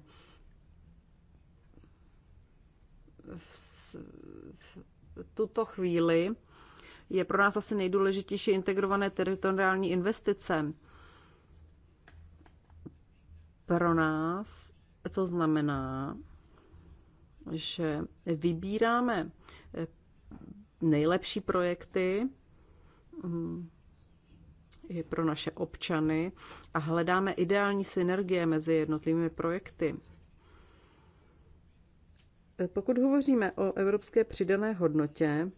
V tuto chvíli je pro nás asi nejdůležitější integrované teritoriální investice. Pro nás to znamená, že vybíráme eh, nejlepší projekty mm, je pro naše občany a hledáme ideální synergie mezi jednotlivými projekty. Eh, pokud hovoříme o evropské přidané hodnotě,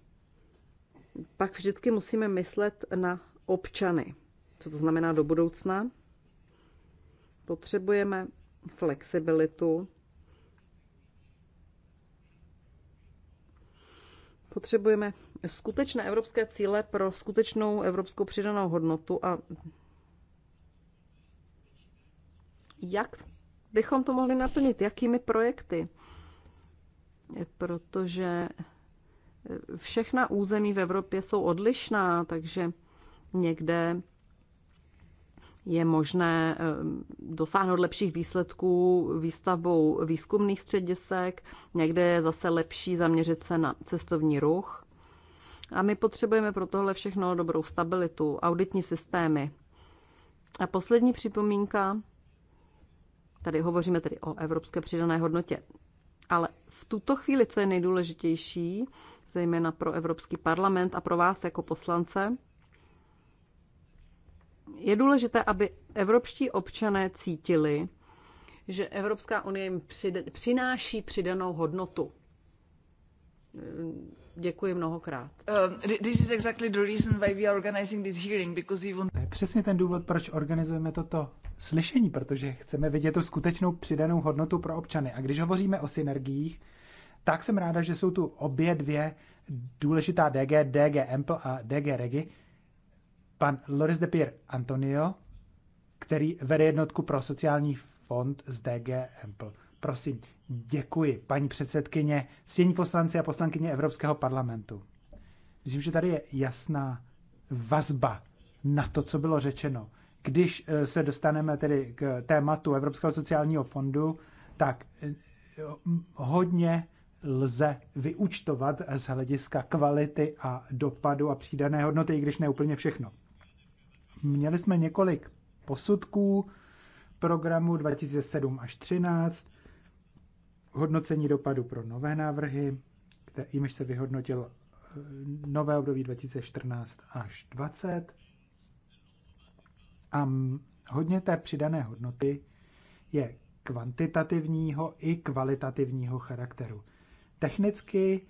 pak vždycky musíme myslet na občany. Co to znamená do budoucna? Potřebujeme flexibilitu, potřebujeme skutečné evropské cíle pro skutečnou evropskou přidanou hodnotu a jak bychom to mohli naplnit, jakými projekty, protože všechna území v Evropě jsou odlišná, takže někde je možné eh, dosáhnout lepších výsledků výstavbou výzkumných středisek, někde je zase lepší zaměřit se na cestovní ruch. A my potřebujeme pro tohle všechno dobrou stabilitu, auditní systémy. A poslední připomínka, tady hovoříme tedy o evropské přidané hodnotě, ale v tuto chvíli, co je nejdůležitější, zejména pro Evropský parlament a pro vás jako poslance. Je důležité, aby evropští občané cítili, že Evropská unie jim přináší přidanou hodnotu. Děkuji mnohokrát. To je přesně ten důvod, proč organizujeme toto slyšení, protože chceme vidět tu skutečnou přidanou hodnotu pro občany. A když hovoříme o synergiích, tak jsem ráda, že jsou tu obě dvě důležitá DG, DG Ample a DG Regi. Pan Loris de Pier Antonio, který vede jednotku pro sociální fond z DG Ample. Prosím, děkuji, paní předsedkyně, stění poslanci a poslankyně Evropského parlamentu. Myslím, že tady je jasná vazba na to, co bylo řečeno. Když eh, se dostaneme tedy k tématu Evropského sociálního fondu, tak eh, hodně lze vyúčtovat z hlediska kvality a dopadu a přídané hodnoty, i když ne úplně všechno. Měli jsme několik posudků programu 2007 až 13, hodnocení dopadu pro nové návrhy, jimž se vyhodnotil eh, nové období 2014 až 20. A hodně té přidané hodnoty je kvantitativního i kvalitativního charakteru. Technicky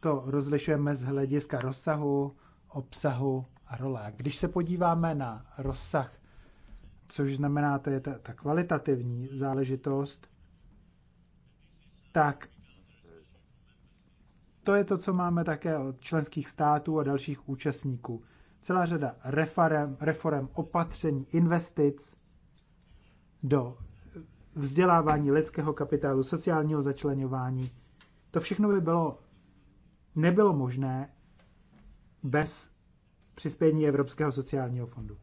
to rozlišujeme z hlediska rozsahu, obsahu a role. Když se podíváme na rozsah, což znamená, to je ta, ta kvalitativní záležitost, tak to je to, co máme také od členských států a dalších účastníků. Celá řada reform, reform opatření, investic do vzdělávání lidského kapitálu, sociálního začlenování, to všechno by bylo, nebylo možné bez přispění Evropského sociálního fondu.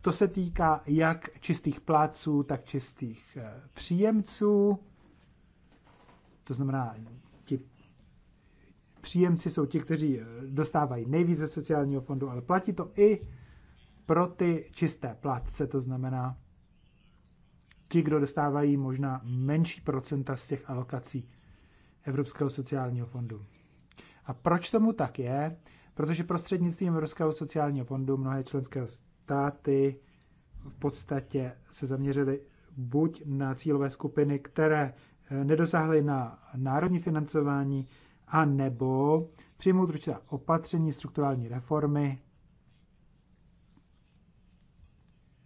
To se týká jak čistých pláců, tak čistých eh, příjemců. To znamená, ti příjemci jsou ti, kteří eh, dostávají nejvíce sociálního fondu, ale platí to i pro ty čisté plátce, to znamená ti, kdo dostávají možná menší procenta z těch alokací Evropského sociálního fondu. A proč tomu tak je? Protože prostřednictvím Evropského sociálního fondu mnohé členské státy v podstatě se zaměřily buď na cílové skupiny, které eh, nedosáhly na národní financování, a nebo přijmout určitá opatření strukturální reformy,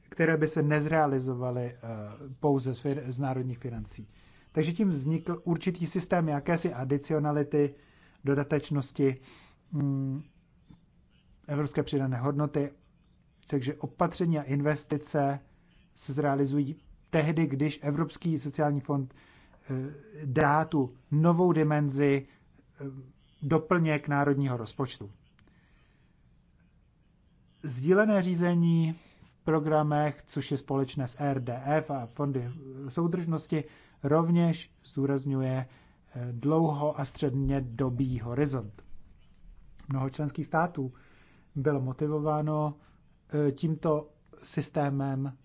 které by se nezrealizovaly eh, pouze z národních financí. Takže tím vznikl určitý systém jakési adicionality, dodatečnosti mm, evropské přidané hodnoty. Takže opatření a investice se zrealizují tehdy, když Evropský sociální fond eh, dá tu novou dimenzi eh, doplněk národního rozpočtu. Sdílené řízení v programech, což je společné s RDF a fondy soudržnosti, rovněž zúrazňuje eh, dlouho a středně dobý horizont. Mnoho členských států bylo motivováno eh, tímto systémem,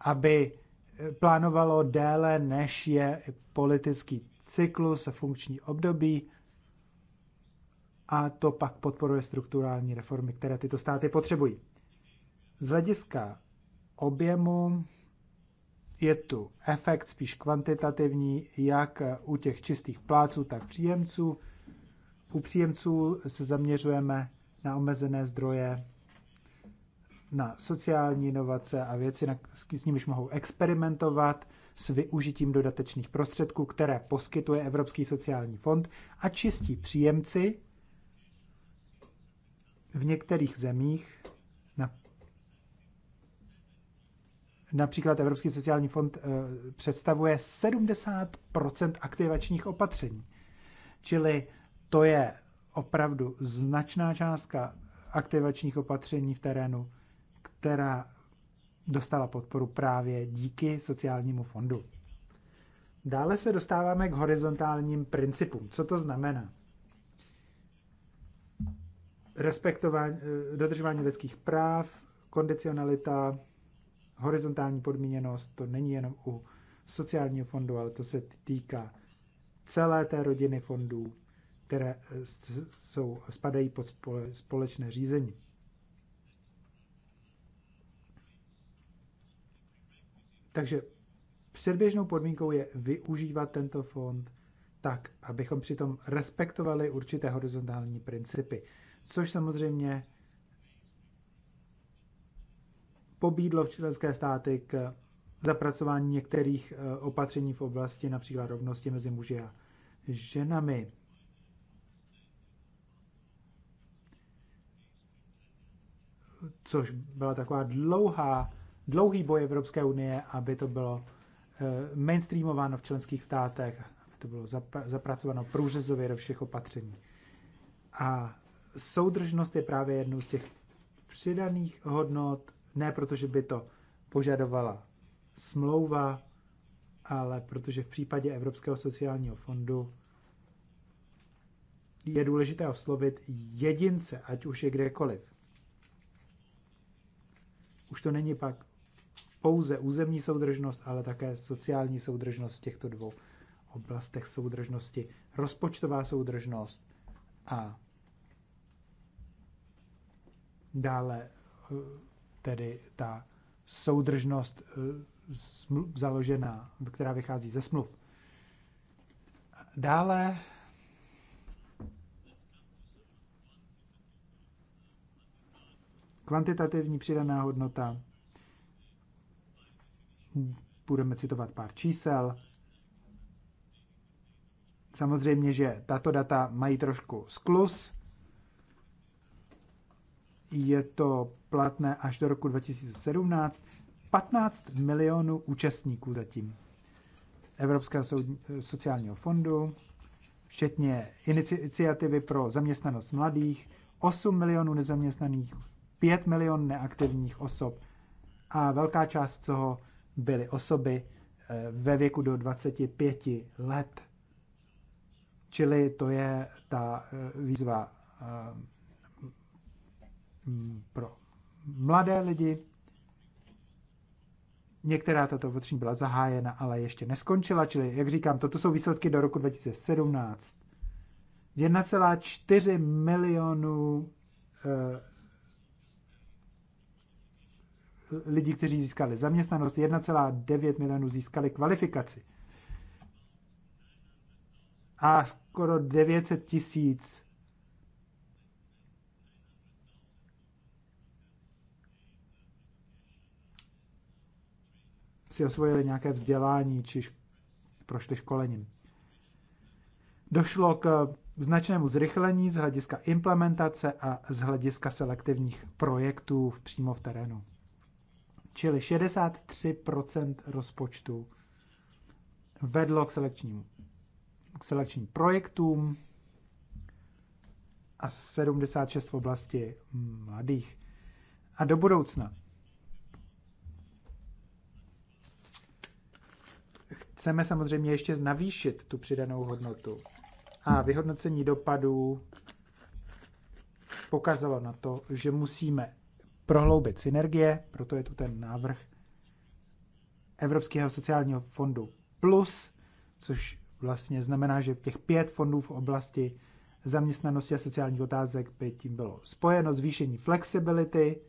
aby eh, plánovalo déle, než je politický cyklus a funkční období, a to pak podporuje strukturální reformy, které tyto státy potřebují. Z hlediska objemu je tu efekt spíš kvantitativní, jak u těch čistých pláců, tak příjemců. U příjemců se zaměřujeme na omezené zdroje, na sociální inovace a věci, s nimiž mohou experimentovat s využitím dodatečných prostředků, které poskytuje Evropský sociální fond a čistí příjemci v některých zemích Například Evropský sociální fond eh, představuje 70 aktivačních opatření. Čili to je opravdu značná částka aktivačních opatření v terénu, která dostala podporu právě díky sociálnímu fondu. Dále se dostáváme k horizontálním principům. Co to znamená? Respektování, eh, dodržování lidských práv, kondicionalita, horizontální podmíněnost, to není jenom u sociálního fondu, ale to se týká celé té rodiny fondů, které eh, jsou, spadají pod společné řízení. Takže předběžnou podmínkou je využívat tento fond tak, abychom přitom respektovali určité horizontální principy, což samozřejmě pobídlo v členské státy k zapracování některých eh, opatření v oblasti například rovnosti mezi muži a ženami. Což byla taková dlouhá, dlouhý boj Evropské unie, aby to bylo eh, mainstreamováno v členských státech, aby to bylo zapracováno průřezově do všech opatření. A soudržnost je právě jednou z těch přidaných hodnot ne protože by to požadovala smlouva, ale protože v případě Evropského sociálního fondu je důležité oslovit jedince, ať už je kdekoliv. Už to není pak pouze územní soudržnost, ale také sociální soudržnost v těchto dvou oblastech soudržnosti, rozpočtová soudržnost a dále eh, tedy ta soudržnost eh, založená, která vychází ze smluv. Dále kvantitativní přidaná hodnota. Budeme citovat pár čísel. Samozřejmě, že tato data mají trošku sklus, je to platné až do roku 2017, 15 milionů účastníků zatím. Evropského sociálního fondu, včetně iniciativy pro zaměstnanost mladých, 8 milionů nezaměstnaných, 5 milionů neaktivních osob a velká část toho byly osoby eh, ve věku do 25 let. Čili to je ta eh, výzva eh, pro mladé lidi. Některá tato opatření byla zahájena, ale ještě neskončila, čili, jak říkám, toto jsou výsledky do roku 2017. 1,4 milionu e, lidí, kteří získali zaměstnanost, 1,9 milionů získali kvalifikaci. A skoro 900 tisíc si osvojili nějaké vzdělání či prošli školením. Došlo k značnému zrychlení z hlediska implementace a z hlediska selektivních projektů v přímo v terénu. Čili 63% rozpočtu vedlo k selekčním, k selekčním projektům a 76 v oblasti mladých. A do budoucna chceme samozřejmě ještě navýšit tu přidanou hodnotu. A hmm. vyhodnocení dopadů pokazalo na to, že musíme prohloubit synergie, proto je tu ten návrh Evropského sociálního fondu plus, což vlastně znamená, že těch pět fondů v oblasti zaměstnanosti a sociálních otázek by tím bylo spojeno zvýšení flexibility,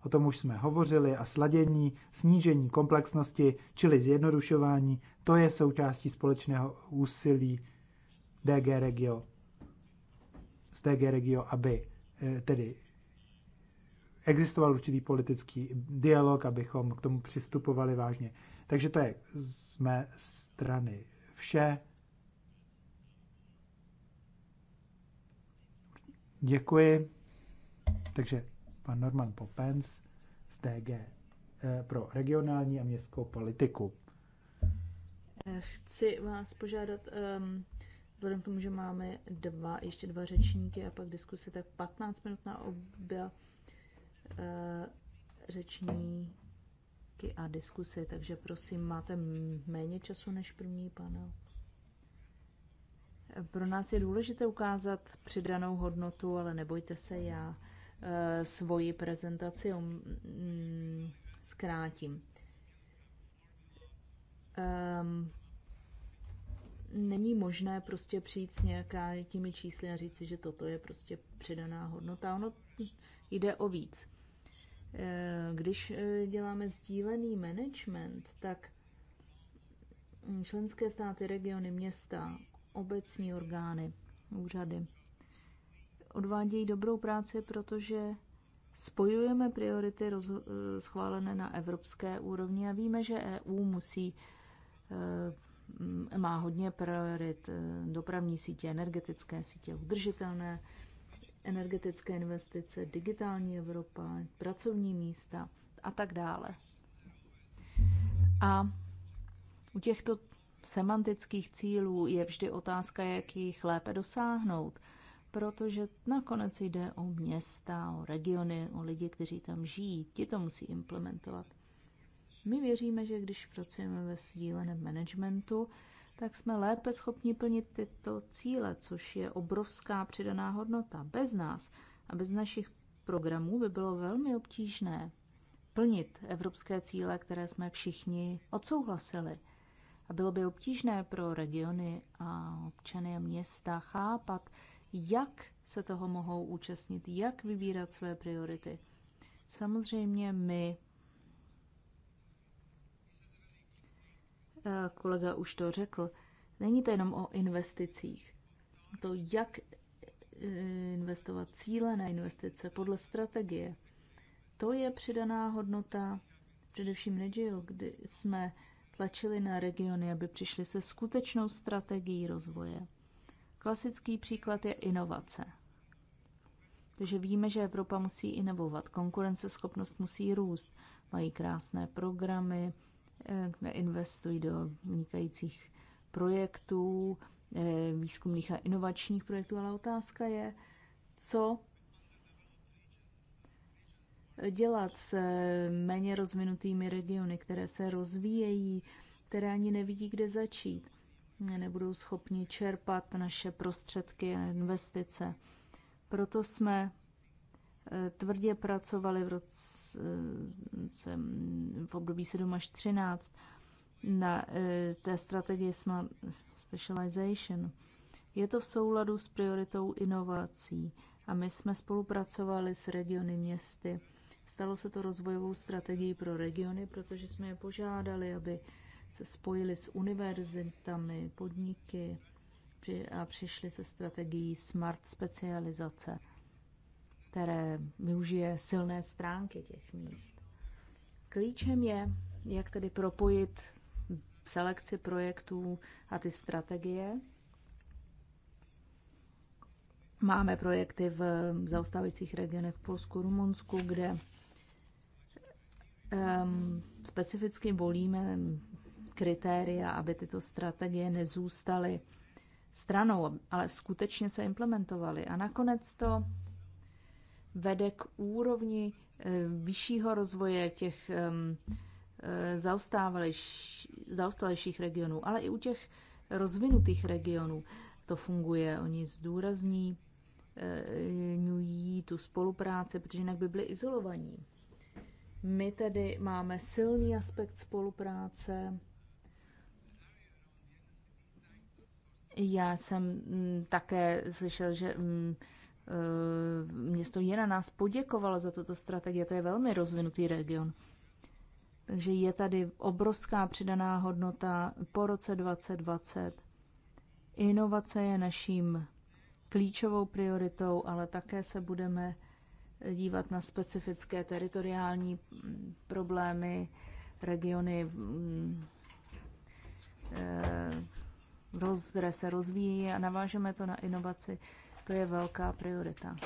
o tom už jsme hovořili, a sladění, snížení komplexnosti, čili zjednodušování, to je součástí společného úsilí DG Regio, z DG Regio, aby eh, tedy existoval určitý politický dialog, abychom k tomu přistupovali vážně. Takže to je z mé strany vše. Děkuji. Takže pan Norman Popens z DG eh, pro regionální a městskou politiku. Eh, chci vás požádat, um, vzhledem k tomu, že máme dva, ještě dva řečníky a pak diskusi, tak 15 minut na obě uh, řečníky a diskusy, takže prosím, máte méně času než první panel. Pro nás je důležité ukázat přidanou hodnotu, ale nebojte se, já Eh, svoji prezentaci um, mm, zkrátím. Ehm, není možné prostě přijít s nějakými čísly a říci, že toto je prostě přidaná hodnota. Ono jde o víc. Eh, když eh, děláme sdílený management, tak mm, členské státy, regiony, města, obecní orgány, úřady odvádějí dobrou práci, protože spojujeme priority eh, schválené na evropské úrovni a víme, že EU musí eh, má hodně priorit eh, dopravní sítě, energetické sítě, udržitelné energetické investice, digitální Evropa, pracovní místa a tak dále. A u těchto semantických cílů je vždy otázka, jak jich lépe dosáhnout – protože nakonec jde o města, o regiony, o lidi, kteří tam žijí. Ti to musí implementovat. My věříme, že když pracujeme ve sdíleném managementu, tak jsme lépe schopni plnit tyto cíle, což je obrovská přidaná hodnota. Bez nás a bez našich programů by bylo velmi obtížné plnit evropské cíle, které jsme všichni odsouhlasili. A bylo by obtížné pro regiony a občany a města chápat, jak se toho mohou účastnit, jak vybírat své priority. Samozřejmě my, eh, kolega už to řekl, není to jenom o investicích. To, jak eh, investovat cílené investice podle strategie, to je přidaná hodnota především Regio, kdy jsme tlačili na regiony, aby přišli se skutečnou strategií rozvoje. Klasický příklad je inovace. Takže víme, že Evropa musí inovovat, konkurenceschopnost musí růst, mají krásné programy, eh, investují do vynikajících projektů, eh, výzkumných a inovačních projektů, ale otázka je, co dělat s eh, méně rozvinutými regiony, které se rozvíjejí, které ani nevidí, kde začít nebudou schopni čerpat naše prostředky a investice. Proto jsme eh, tvrdě pracovali v, roce, eh, v období 7 až 13 na eh, té strategii Smart Specialization. Je to v souladu s prioritou inovací a my jsme spolupracovali s regiony městy. Stalo se to rozvojovou strategií pro regiony, protože jsme je požádali, aby se spojili s univerzitami, podniky a přišli se strategií smart specializace, které využije silné stránky těch míst. Klíčem je, jak tedy propojit selekci projektů a ty strategie. Máme projekty v zaostávajících regionech v Polsku, Rumunsku, kde um, specificky volíme kritéria, aby tyto strategie nezůstaly stranou, ale skutečně se implementovaly. A nakonec to vede k úrovni eh, vyššího rozvoje těch eh, zaostalejších regionů, ale i u těch rozvinutých regionů to funguje. Oni zdůrazní eh, nují tu spolupráci, protože jinak by byli izolovaní. My tedy máme silný aspekt spolupráce, Já jsem mm, také slyšel, že mm, eh, město Jena nás poděkovalo za tuto strategii. To je velmi rozvinutý region. Takže je tady obrovská přidaná hodnota po roce 2020. Inovace je naším klíčovou prioritou, ale také se budeme dívat na specifické teritoriální mm, problémy, regiony, eh, roz, které se rozvíjí a navážeme to na inovaci, to je velká priorita.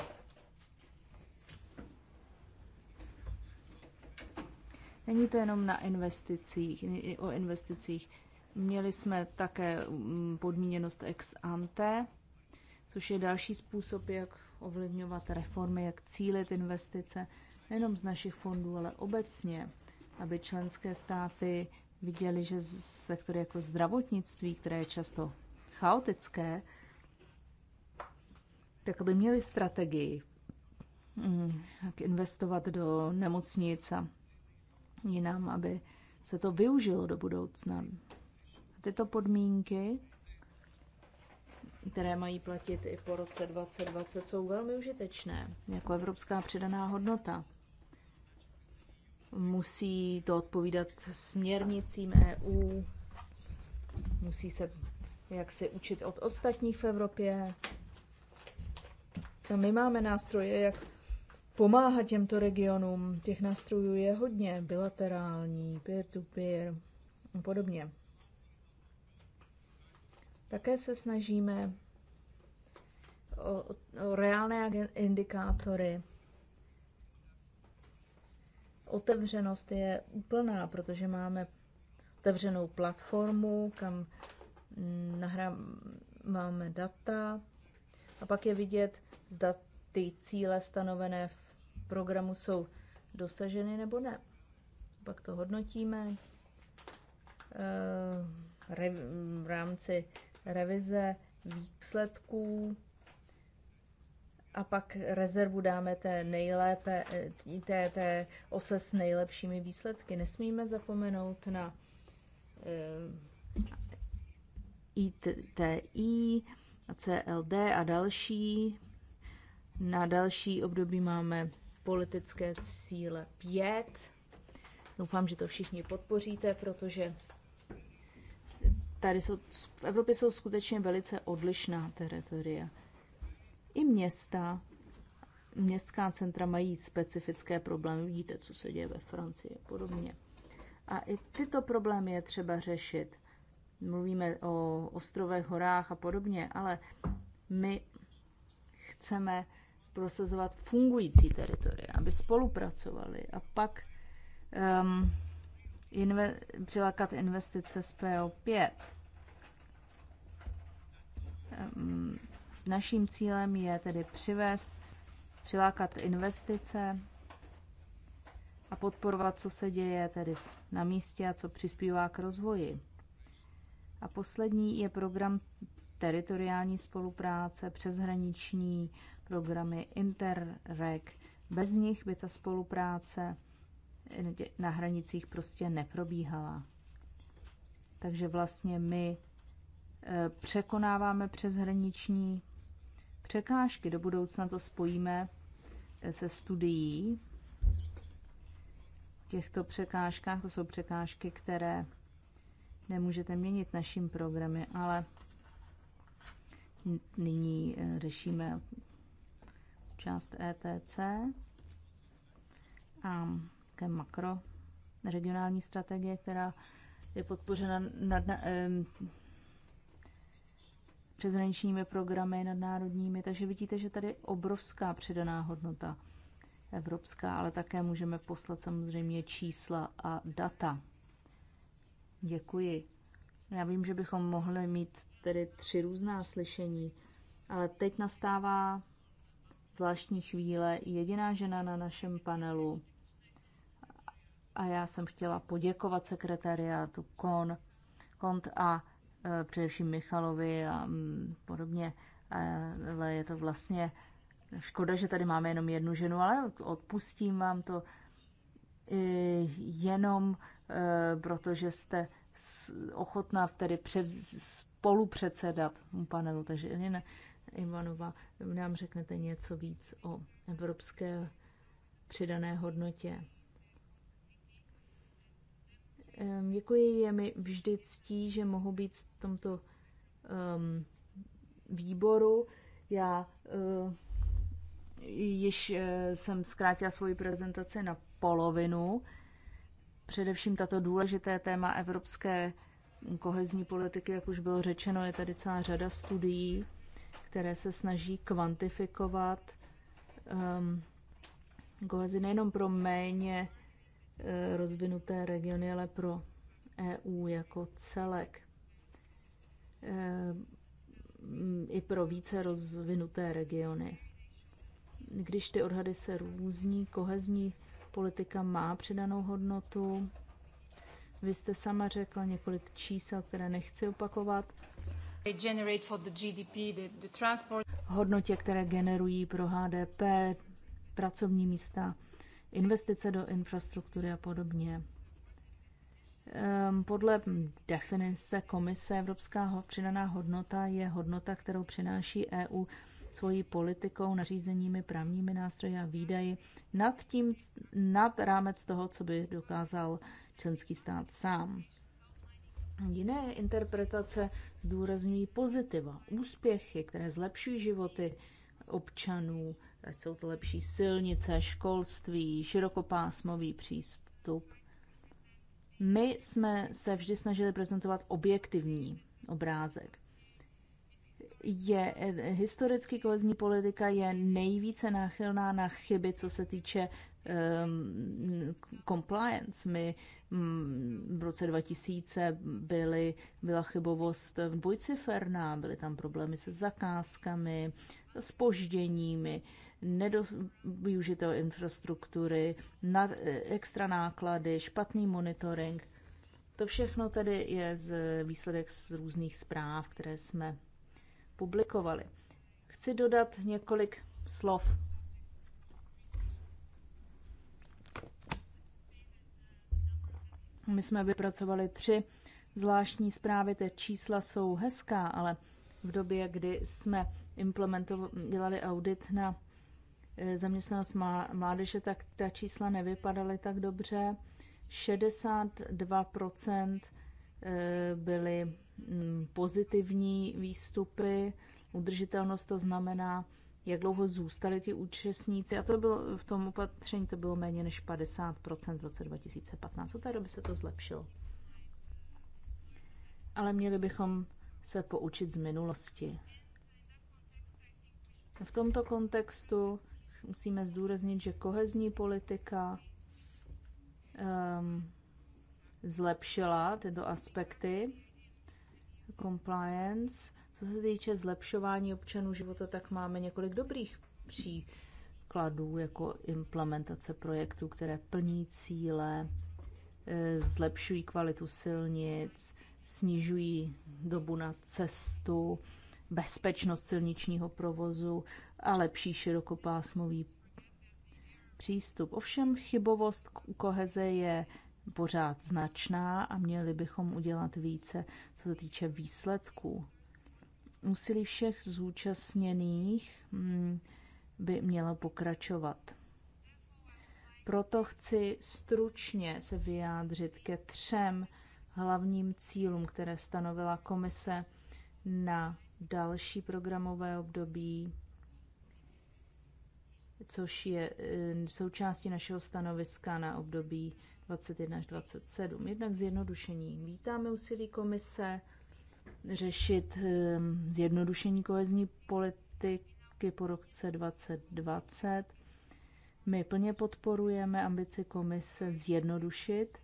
Není to jenom na investicích, o investicích. Měli jsme také mm, podmíněnost ex ante, což je další způsob, jak ovlivňovat reformy, jak cílit investice, nejenom z našich fondů, ale obecně, aby členské státy viděli, že sektor jako zdravotnictví, které je často chaotické, tak aby měli strategii, mm, jak investovat do nemocnic a jinam, aby se to využilo do budoucna. Tyto podmínky, které mají platit i po roce 2020, jsou velmi užitečné jako evropská přidaná hodnota musí to odpovídat směrnicím EU, musí se jak se učit od ostatních v Evropě. A my máme nástroje, jak pomáhat těmto regionům. Těch nástrojů je hodně, bilaterální, peer-to-peer a podobně. Také se snažíme o, o reálné indikátory, otevřenost je úplná, protože máme otevřenou platformu, kam mm, nahráváme data a pak je vidět, zda ty cíle stanovené v programu jsou dosaženy nebo ne. Pak to hodnotíme eh, v rámci revize výsledků a pak rezervu dáme té nejlépe, eh, té, té ose s nejlepšími výsledky. Nesmíme zapomenout na ITI, eh, CLD a další. Na další období máme politické cíle 5. Doufám, že to všichni podpoříte, protože tady jsou, v Evropě jsou skutečně velice odlišná teritoria. I města, městská centra mají specifické problémy. Vidíte, co se děje ve Francii a podobně. A i tyto problémy je třeba řešit. Mluvíme o ostrovech, horách a podobně, ale my chceme prosazovat fungující teritorie, aby spolupracovali a pak um, inve- přilákat investice z PO5. Um, Naším cílem je tedy přivést, přilákat investice a podporovat, co se děje tedy na místě a co přispívá k rozvoji. A poslední je program teritoriální spolupráce, přeshraniční programy Interreg. Bez nich by ta spolupráce na hranicích prostě neprobíhala. Takže vlastně my eh, překonáváme přeshraniční překážky. Do budoucna to spojíme se studií. V těchto překážkách, to jsou překážky, které nemůžete měnit naším programy, ale nyní eh, řešíme část ETC a také makro regionální strategie, která je podpořena nad, eh, přeshraničními programy, nadnárodními, takže vidíte, že tady je obrovská přidaná hodnota evropská, ale také můžeme poslat samozřejmě čísla a data. Děkuji. Já vím, že bychom mohli mít tedy tři různá slyšení, ale teď nastává zvláštní chvíle jediná žena na našem panelu. A já jsem chtěla poděkovat sekretariátu KON, KONT a Eh, především Michalovi a mm, podobně. Ale je to vlastně škoda, že tady máme jenom jednu ženu, ale odpustím vám to jenom eh, protože jste ochotná tedy předsedat panelu. Takže Elina Ivanova, nám řeknete něco víc o evropské přidané hodnotě. Děkuji, je mi vždy ctí, že mohu být v tomto um, výboru. Já uh, již uh, jsem zkrátila svoji prezentaci na polovinu. Především tato důležité téma evropské kohezní politiky, jak už bylo řečeno, je tady celá řada studií, které se snaží kvantifikovat um, kohezi nejenom pro méně Eh, rozvinuté regiony, ale pro EU jako celek. Eh, I pro více rozvinuté regiony. Když ty odhady se různí, kohezní politika má přidanou hodnotu. Vy jste sama řekla několik čísel, které nechci opakovat. Hodnotě, které generují pro HDP, pracovní místa, investice do infrastruktury a podobně. Ehm, podle definice Komise Evropská přidaná hodnota je hodnota, kterou přináší EU svojí politikou, nařízeními, právními nástroji a výdaji nad, tím, nad rámec toho, co by dokázal členský stát sám. Jiné interpretace zdůrazňují pozitiva, úspěchy, které zlepšují životy občanů, ať jsou to lepší silnice, školství, širokopásmový přístup. My jsme se vždy snažili prezentovat objektivní obrázek. Je, historicky kohezní politika je nejvíce náchylná na chyby, co se týče um, compliance. My um, v roce 2000 byly, byla chybovost dvojciferná, byly tam problémy se zakázkami, spožděními. Uh, nedovyužité infrastruktury, nad, eh, extra náklady, špatný monitoring. To všechno tedy je z výsledek z různých zpráv, které jsme publikovali. Chci dodat několik slov. My jsme vypracovali tři zvláštní zprávy, ty čísla jsou hezká, ale v době, kdy jsme dělali audit na Eh, zaměstnanost mládeže, tak ta čísla nevypadaly tak dobře. 62% eh, byly mm, pozitivní výstupy, udržitelnost to znamená, jak dlouho zůstali ti účastníci. A to bylo v tom opatření to bylo méně než 50% v roce 2015. Od té doby se to zlepšilo. Ale měli bychom se poučit z minulosti. V tomto kontextu musíme zdůraznit, že kohezní politika um, zlepšila tyto aspekty compliance. Co se týče zlepšování občanů života, tak máme několik dobrých příkladů, jako implementace projektů, které plní cíle, e, zlepšují kvalitu silnic, snižují dobu na cestu, bezpečnost silničního provozu, a lepší širokopásmový přístup. Ovšem chybovost u koheze je pořád značná a měli bychom udělat více, co se týče výsledků. Úsilí všech zúčastněných hmm, by mělo pokračovat. Proto chci stručně se vyjádřit ke třem hlavním cílům, které stanovila komise na další programové období což je eh, součástí našeho stanoviska na období 21 až 27. Jednak zjednodušení. Vítáme úsilí komise řešit ehm, zjednodušení kohezní politiky po roce 2020. My plně podporujeme ambici komise zjednodušit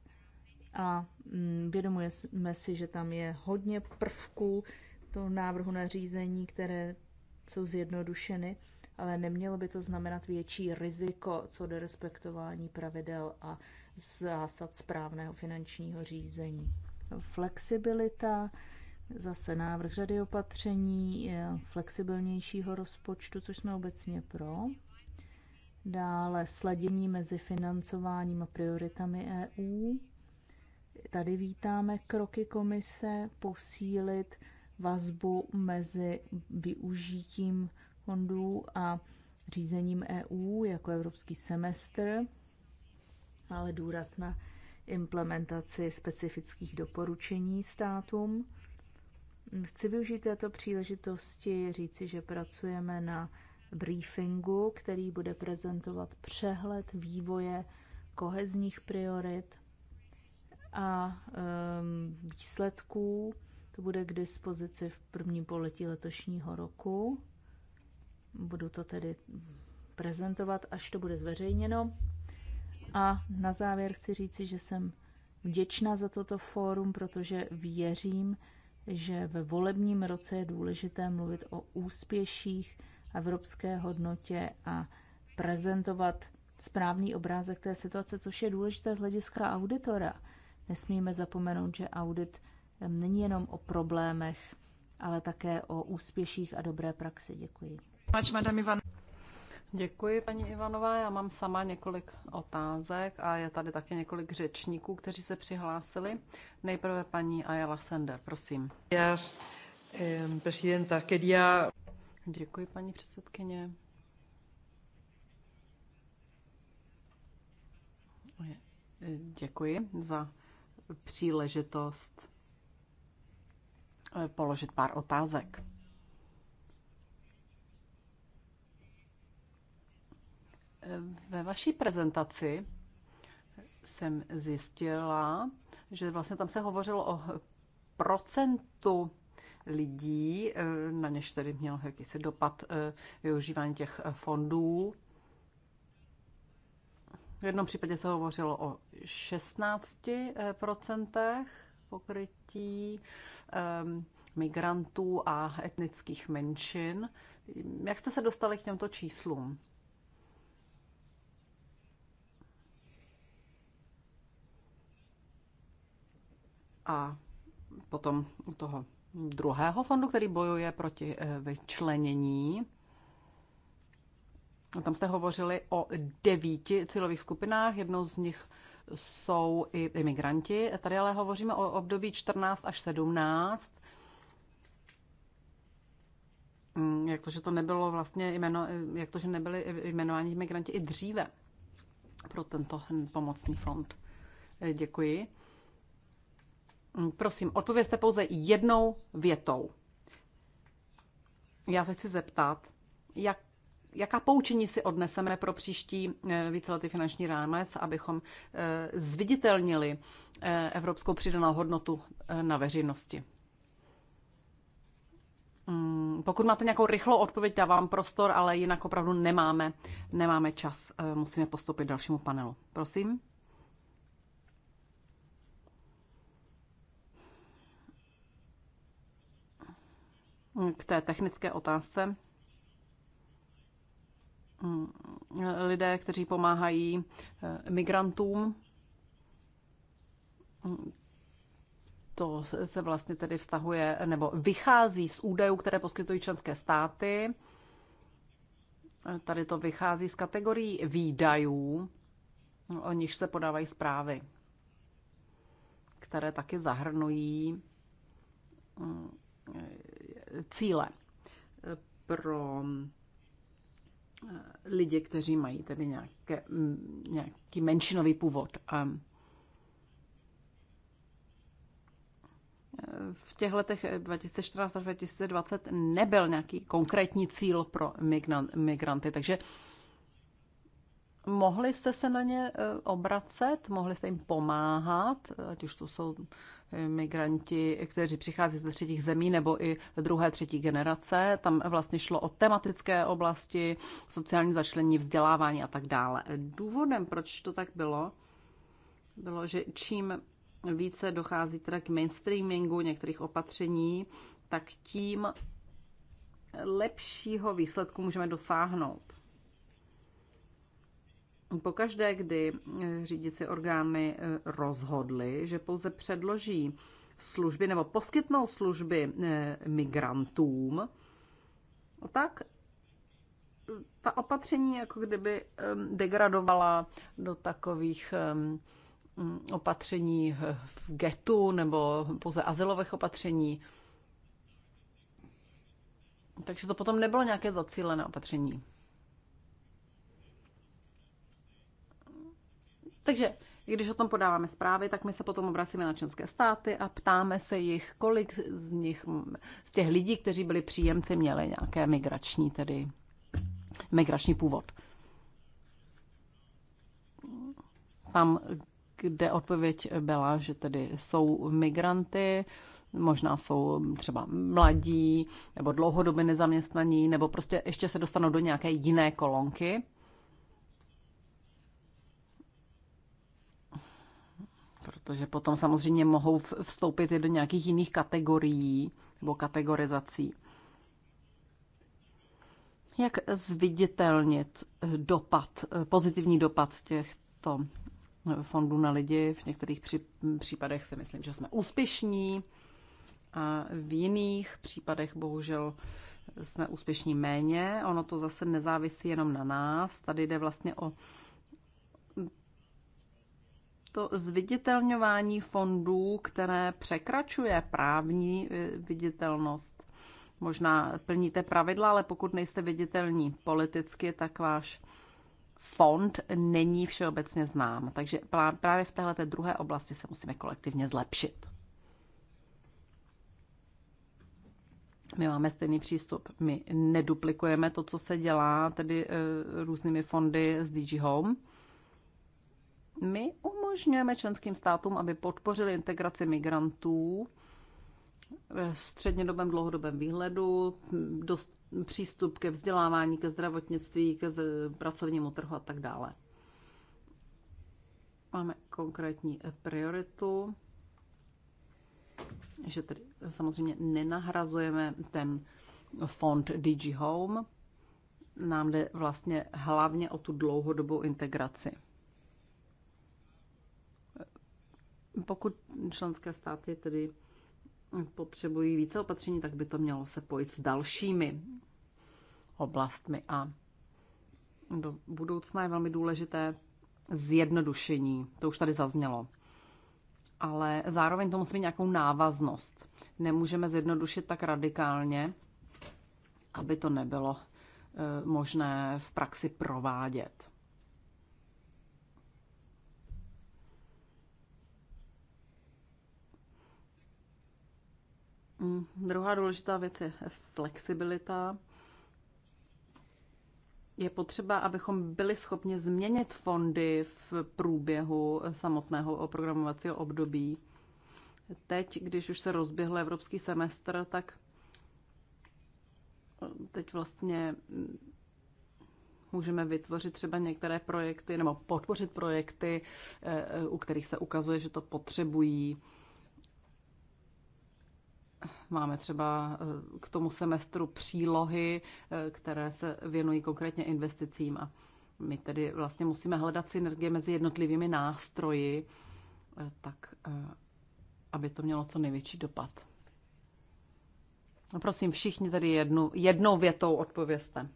a mm, vědomujeme si, že tam je hodně prvků toho návrhu na řízení, které jsou zjednodušeny ale nemělo by to znamenat větší riziko co do respektování pravidel a zásad správného finančního řízení. Flexibilita, zase návrh řady opatření, flexibilnějšího rozpočtu, což jsme obecně pro. Dále sladění mezi financováním a prioritami EU. Tady vítáme kroky komise posílit vazbu mezi využitím fondů a řízením EU jako evropský semestr, ale důraz na implementaci specifických doporučení státům. Chci využít této příležitosti říci, že pracujeme na briefingu, který bude prezentovat přehled vývoje kohezních priorit a um, výsledků. To bude k dispozici v prvním poletí letošního roku. Budu to tedy prezentovat, až to bude zveřejněno. A na závěr chci říci, že jsem vděčná za toto fórum, protože věřím, že ve volebním roce je důležité mluvit o úspěších evropské hodnotě a prezentovat správný obrázek té situace, což je důležité z hlediska auditora. Nesmíme zapomenout, že audit není jenom o problémech, ale také o úspěších a dobré praxi. Děkuji. Děkuji, paní Ivanová. Já mám sama několik otázek a je tady také několik řečníků, kteří se přihlásili. Nejprve paní Ayala Sender, prosím. Děkuji, paní předsedkyně. Děkuji za příležitost eh, položit pár otázek. Ve vaší prezentaci jsem zjistila, že vlastně tam se hovořilo o procentu lidí, na něž tedy měl jakýsi dopad eh, využívání těch eh, fondů. V jednom případě se hovořilo o 16% eh, pokrytí ehm, migrantů a etnických menšin. Jak jste se dostali k těmto číslům? A potom u toho druhého fondu, který bojuje proti eh, vyčlenění, tam jste hovořili o devíti cílových skupinách, jednou z nich jsou i imigranti. Tady ale hovoříme o období 14 až 17. Mm, jak to, že to nebylo vlastně jméno, eh, jak to, že nebyli jmenováni imigranti i dříve pro tento pomocný fond. Eh, děkuji. Mm, prosím, odpovězte pouze jednou větou. Já se chci zeptat, jak, jaká poučení si odneseme pro příští eh, víceletý finanční rámec, abychom eh, zviditelnili eh, evropskou přidanou hodnotu na veřejnosti. Mm, pokud máte nějakou rychlou odpověď, dávám prostor, ale jinak opravdu nemáme, nemáme čas. Musíme postoupit dalšímu panelu. Prosím. k té technické otázce. Lidé, kteří pomáhají eh, migrantům, to se vlastně tedy vztahuje nebo vychází z údajů, které poskytují členské státy. Tady to vychází z kategorií výdajů, o nichž se podávají zprávy, které taky zahrnují mm, cíle pro eh, lidi, kteří mají tedy nějaké, nějaký menšinový původ. Eh, v těch letech 2014 až 2020 nebyl nějaký konkrétní cíl pro migranty, takže Mohli jste se na ně e, obracet, mohli jste jim pomáhat, ať už to jsou e, migranti, kteří přichází ze třetích zemí nebo i druhé, třetí generace. Tam vlastně šlo o tematické oblasti, sociální začlení, vzdělávání a tak dále. Důvodem, proč to tak bylo, bylo, že čím více dochází teda k mainstreamingu některých opatření, tak tím lepšího výsledku můžeme dosáhnout. Pokaždé, kdy eh, řídící orgány eh, rozhodly, že pouze předloží služby nebo poskytnou služby eh, migrantům, tak ta opatření jako kdyby degradovala do takových mm, opatření v getu nebo pouze azylových opatření. Takže to potom nebylo nějaké zacílené opatření. Takže když o tom podáváme zprávy, tak my se potom obracíme na členské státy a ptáme se jich, kolik z nich, z těch lidí, kteří byli příjemci, měli nějaké migrační, tedy migrační původ. Tam, kde odpověď byla, že tedy jsou migranty, možná jsou třeba mladí nebo dlouhodobě nezaměstnaní, nebo prostě ještě se dostanou do nějaké jiné kolonky, protože potom samozřejmě mohou vstoupit i do nějakých jiných kategorií nebo kategorizací. Jak zviditelnit dopad, pozitivní dopad těchto fondů na lidi? V některých případech si myslím, že jsme úspěšní a v jiných případech bohužel jsme úspěšní méně. Ono to zase nezávisí jenom na nás. Tady jde vlastně o to zviditelňování fondů, které překračuje právní eh, viditelnost. Možná plníte pravidla, ale pokud nejste viditelní politicky, tak váš fond není všeobecně znám. Takže právě v této druhé oblasti se musíme kolektivně zlepšit. My máme stejný přístup. My neduplikujeme to, co se dělá tedy eh, různými fondy z DG Home. My um umožňujeme členským státům, aby podpořili integraci migrantů ve střednědobém dlouhodobém výhledu, dost, přístup ke vzdělávání, ke zdravotnictví, ke z pracovnímu trhu a tak dále. Máme konkrétní prioritu, že tedy samozřejmě nenahrazujeme ten fond DG Home, nám jde vlastně hlavně o tu dlouhodobou integraci. Pokud členské státy tedy potřebují více opatření, tak by to mělo se pojít s dalšími oblastmi. A do budoucna je velmi důležité zjednodušení. To už tady zaznělo. Ale zároveň to musí mít nějakou návaznost. Nemůžeme zjednodušit tak radikálně, aby to nebylo eh, možné v praxi provádět. Mm, druhá důležitá věc je flexibilita. Je potřeba, abychom byli schopni změnit fondy v průběhu samotného programovacího období. Teď, když už se rozběhl evropský semestr, tak teď vlastně můžeme vytvořit třeba některé projekty nebo podpořit projekty, eh, eh, u kterých se ukazuje, že to potřebují Máme třeba eh, k tomu semestru přílohy, eh, které se věnují konkrétně investicím a my tedy vlastně musíme hledat synergie mezi jednotlivými nástroji, eh, tak aby to mělo co největší dopad. No prosím, všichni tady jednu, jednou větou odpověste.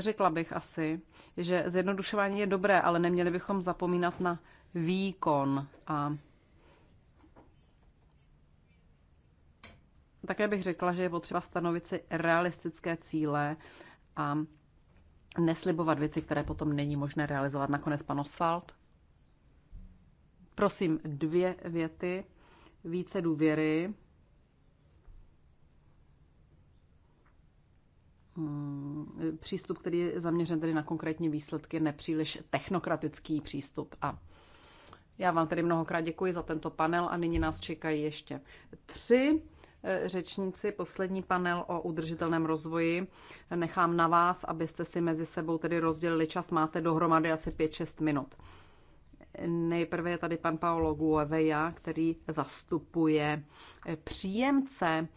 řekla bych asi, že zjednodušování je dobré, ale neměli bychom zapomínat na výkon a Také bych řekla, že je potřeba stanovit si realistické cíle a neslibovat věci, které potom není možné realizovat. Nakonec pan Osvald. Prosím, dvě věty. Více důvěry. Mm, přístup, který je zaměřen tedy na konkrétní výsledky, nepříliš technokratický přístup. A já vám tedy mnohokrát děkuji za tento panel a nyní nás čekají ještě tři e, řečníci. Poslední panel o udržitelném rozvoji nechám na vás, abyste si mezi sebou tedy rozdělili čas. Máte dohromady asi 5-6 minut. Nejprve je tady pan Paolo Gueveja, který zastupuje příjemce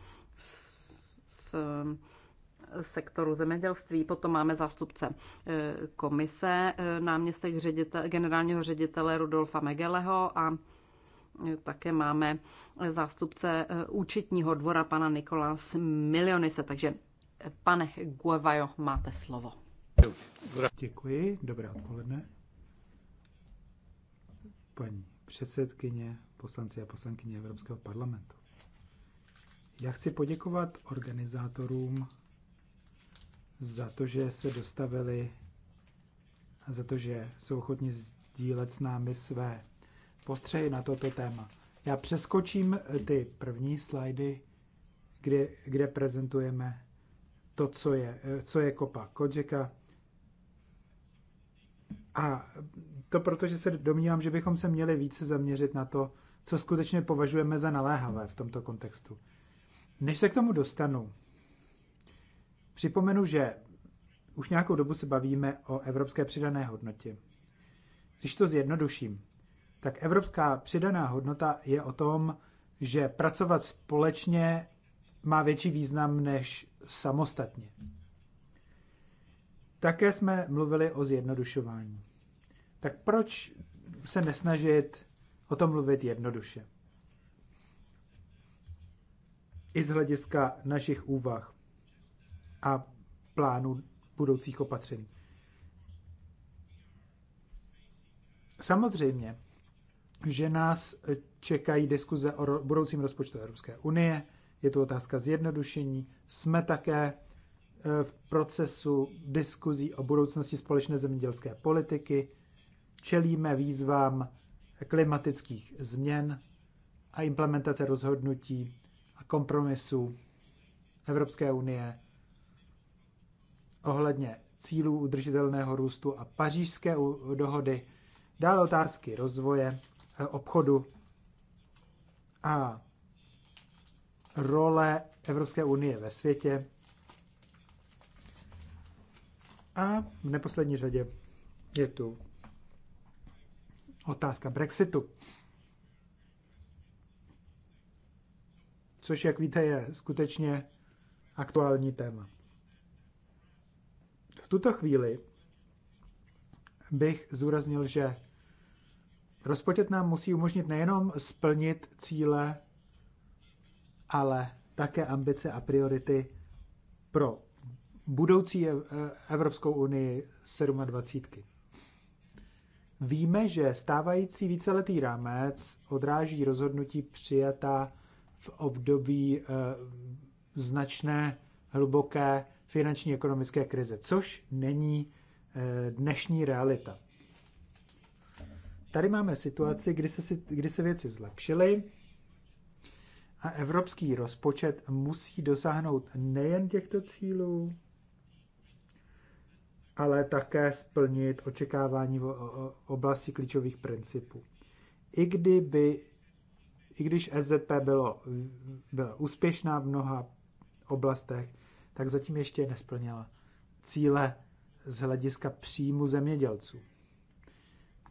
v, v sektoru zemědělství. Potom máme zástupce e, komise, e, náměstek ředitel, generálního ředitele Rudolfa Megeleho a e, také máme zástupce účetního dvora pana Nikolás Milionise. Takže pane Guevajo, máte slovo. Děkuji, dobré odpoledne. Paní předsedkyně, poslanci a poslankyně Evropského parlamentu. Já chci poděkovat organizátorům za to, že se dostavili a za to, že jsou ochotni sdílet s námi své postřeji na toto téma. Já přeskočím eh, ty první slajdy, kde, kde prezentujeme to, co je, eh, co je kopa Kodžeka. A to proto, že se domnívám, že bychom se měli více zaměřit na to, co skutečně považujeme za naléhavé v tomto kontextu. Než se k tomu dostanu, Připomenu, že už nějakou dobu se bavíme o evropské přidané hodnotě. Když to zjednoduším, tak evropská přidaná hodnota je o tom, že pracovat společně má větší význam než samostatně. Také jsme mluvili o zjednodušování. Tak proč se nesnažit o tom mluvit jednoduše? I z hlediska našich úvah a plánu budoucích opatření. Samozřejmě, že nás čekají diskuze o budoucím rozpočtu Evropské unie, je to otázka zjednodušení, jsme také e, v procesu diskuzí o budoucnosti společné zemědělské politiky, čelíme výzvám klimatických změn a implementace rozhodnutí a kompromisů Evropské unie ohledně cílů udržitelného růstu a pařížské dohody, dále otázky rozvoje, eh, obchodu a role Evropské unie ve světě a v neposlední řadě je tu otázka Brexitu. Což, jak víte, je skutečně aktuální téma. V tuto chvíli bych zúraznil, že rozpočet nám musí umožnit nejenom splnit cíle, ale také ambice a priority pro budoucí Evropskou unii 27. Víme, že stávající víceletý rámec odráží rozhodnutí přijatá v období eh, značné, hluboké finanční ekonomické krize, což není eh, dnešní realita. Tady máme situaci, kdy se, kdy se věci zlepšily a evropský rozpočet musí dosáhnout nejen těchto cílů, ale také splnit očekávání v oblasti klíčových principů. I, kdyby, i když SZP bylo, byla úspěšná v mnoha oblastech, tak zatím ještě nesplnila cíle z hlediska příjmu zemědělců.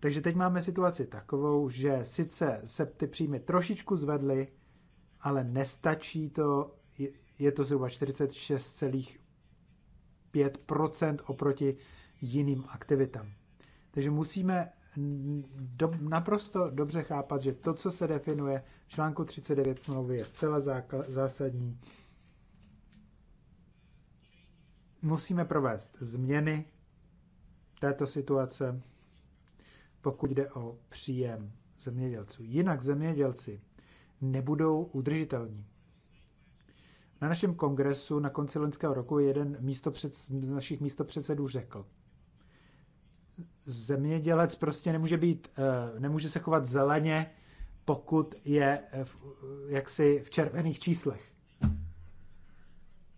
Takže teď máme situaci takovou, že sice se ty příjmy trošičku zvedly, ale nestačí to, je to zhruba 46,5% oproti jiným aktivitám. Takže musíme do, naprosto dobře chápat, že to, co se definuje v článku 39 smlouvy, je zcela zásadní musíme provést změny této situace, pokud jde o příjem zemědělců. Jinak zemědělci nebudou udržitelní. Na našem kongresu na konci loňského roku jeden místopřed, z našich místopředsedů řekl, zemědělec prostě nemůže být, eh, nemůže se chovat zeleně, pokud je v, jaksi v červených číslech.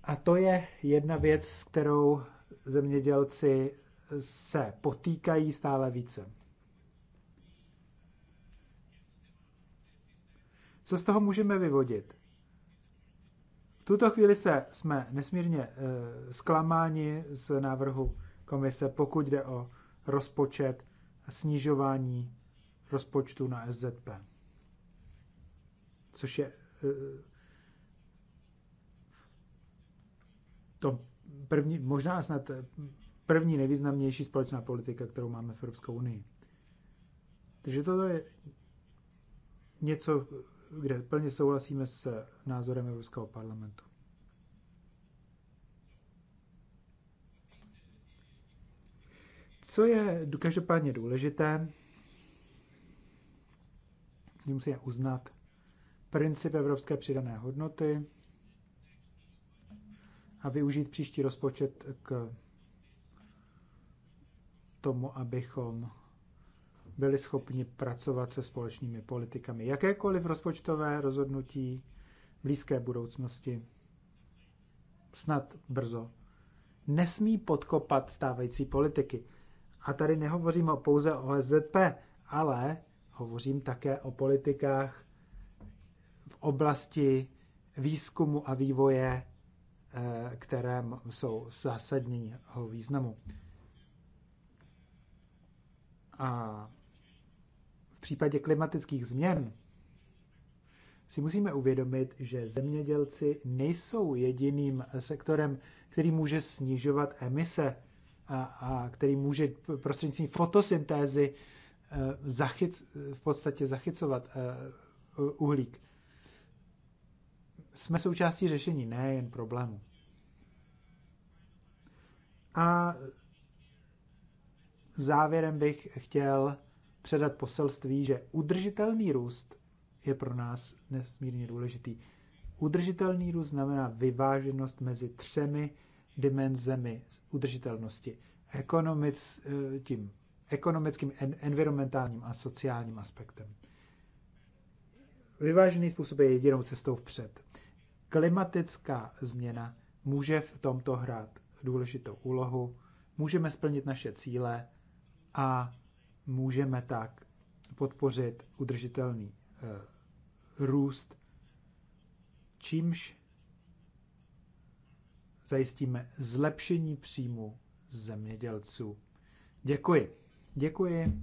A to je jedna věc, s kterou zemědělci se potýkají stále více. Co z toho můžeme vyvodit? V tuto chvíli se, jsme nesmírně e, zklamáni z návrhu komise, pokud jde o rozpočet a snižování rozpočtu na SZP. Což je e, to první, možná snad první nejvýznamnější společná politika, kterou máme v Evropské unii. Takže to je něco, kde plně souhlasíme s názorem Evropského parlamentu. Co je každopádně důležité, musíme uznat princip evropské přidané hodnoty, a využít příští rozpočet k tomu, abychom byli schopni pracovat se společnými politikami. Jakékoliv rozpočtové rozhodnutí blízké budoucnosti, snad brzo, nesmí podkopat stávající politiky. A tady nehovořím pouze o SZP, ale hovořím také o politikách v oblasti výzkumu a vývoje, Eh, které jsou zásadního významu. A v případě klimatických změn si musíme uvědomit, že zemědělci nejsou jediným sektorem, který může snižovat emise a, a který může prostřednictvím fotosyntézy eh, zachyt, v podstatě zachycovat eh, uhlík jsme součástí řešení, ne jen problému. A závěrem bych chtěl předat poselství, že udržitelný růst je pro nás nesmírně důležitý. Udržitelný růst znamená vyváženost mezi třemi dimenzemi udržitelnosti. Ekonomic, eh, tím ekonomickým, environmentálním a sociálním aspektem. Vyvážený způsob je jedinou cestou vpřed. Klimatická změna může v tomto hrát důležitou úlohu, můžeme splnit naše cíle a můžeme tak podpořit udržitelný e, růst, čímž zajistíme zlepšení příjmu zemědělců. Děkuji. Děkuji.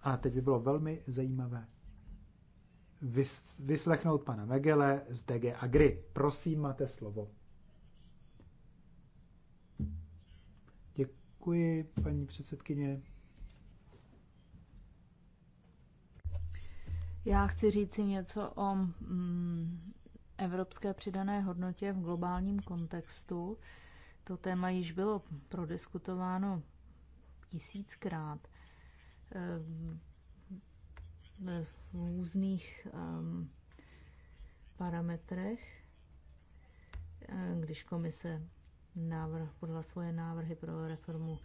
A teď by bylo velmi zajímavé vys, vyslechnout pana Megele z DG Agri. Prosím, máte slovo. Děkuji, paní předsedkyně. Já chci říci něco o mm, evropské přidané hodnotě v globálním kontextu. To téma již bylo prodiskutováno tisíckrát. Ehm, různých um, parametrech, eh, když komise návrh, podala svoje návrhy pro reformu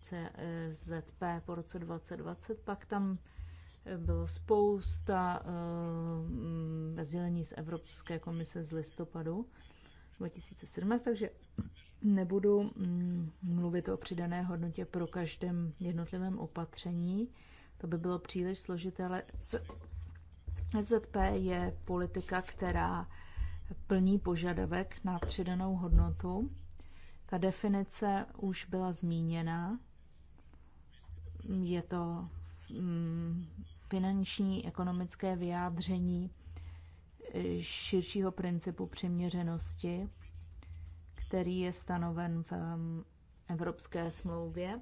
CZP e po roce 2020, pak tam eh, bylo spousta uh, sdělení z Evropské komise z listopadu 2017, takže nebudu mm, mluvit o přidané hodnotě pro každém jednotlivém opatření. To by bylo příliš složité, ale SZP je politika, která plní požadavek na přidanou hodnotu. Ta definice už byla zmíněna. Je to mm, finanční, ekonomické vyjádření eh, širšího principu přiměřenosti, který je stanoven v mm, Evropské smlouvě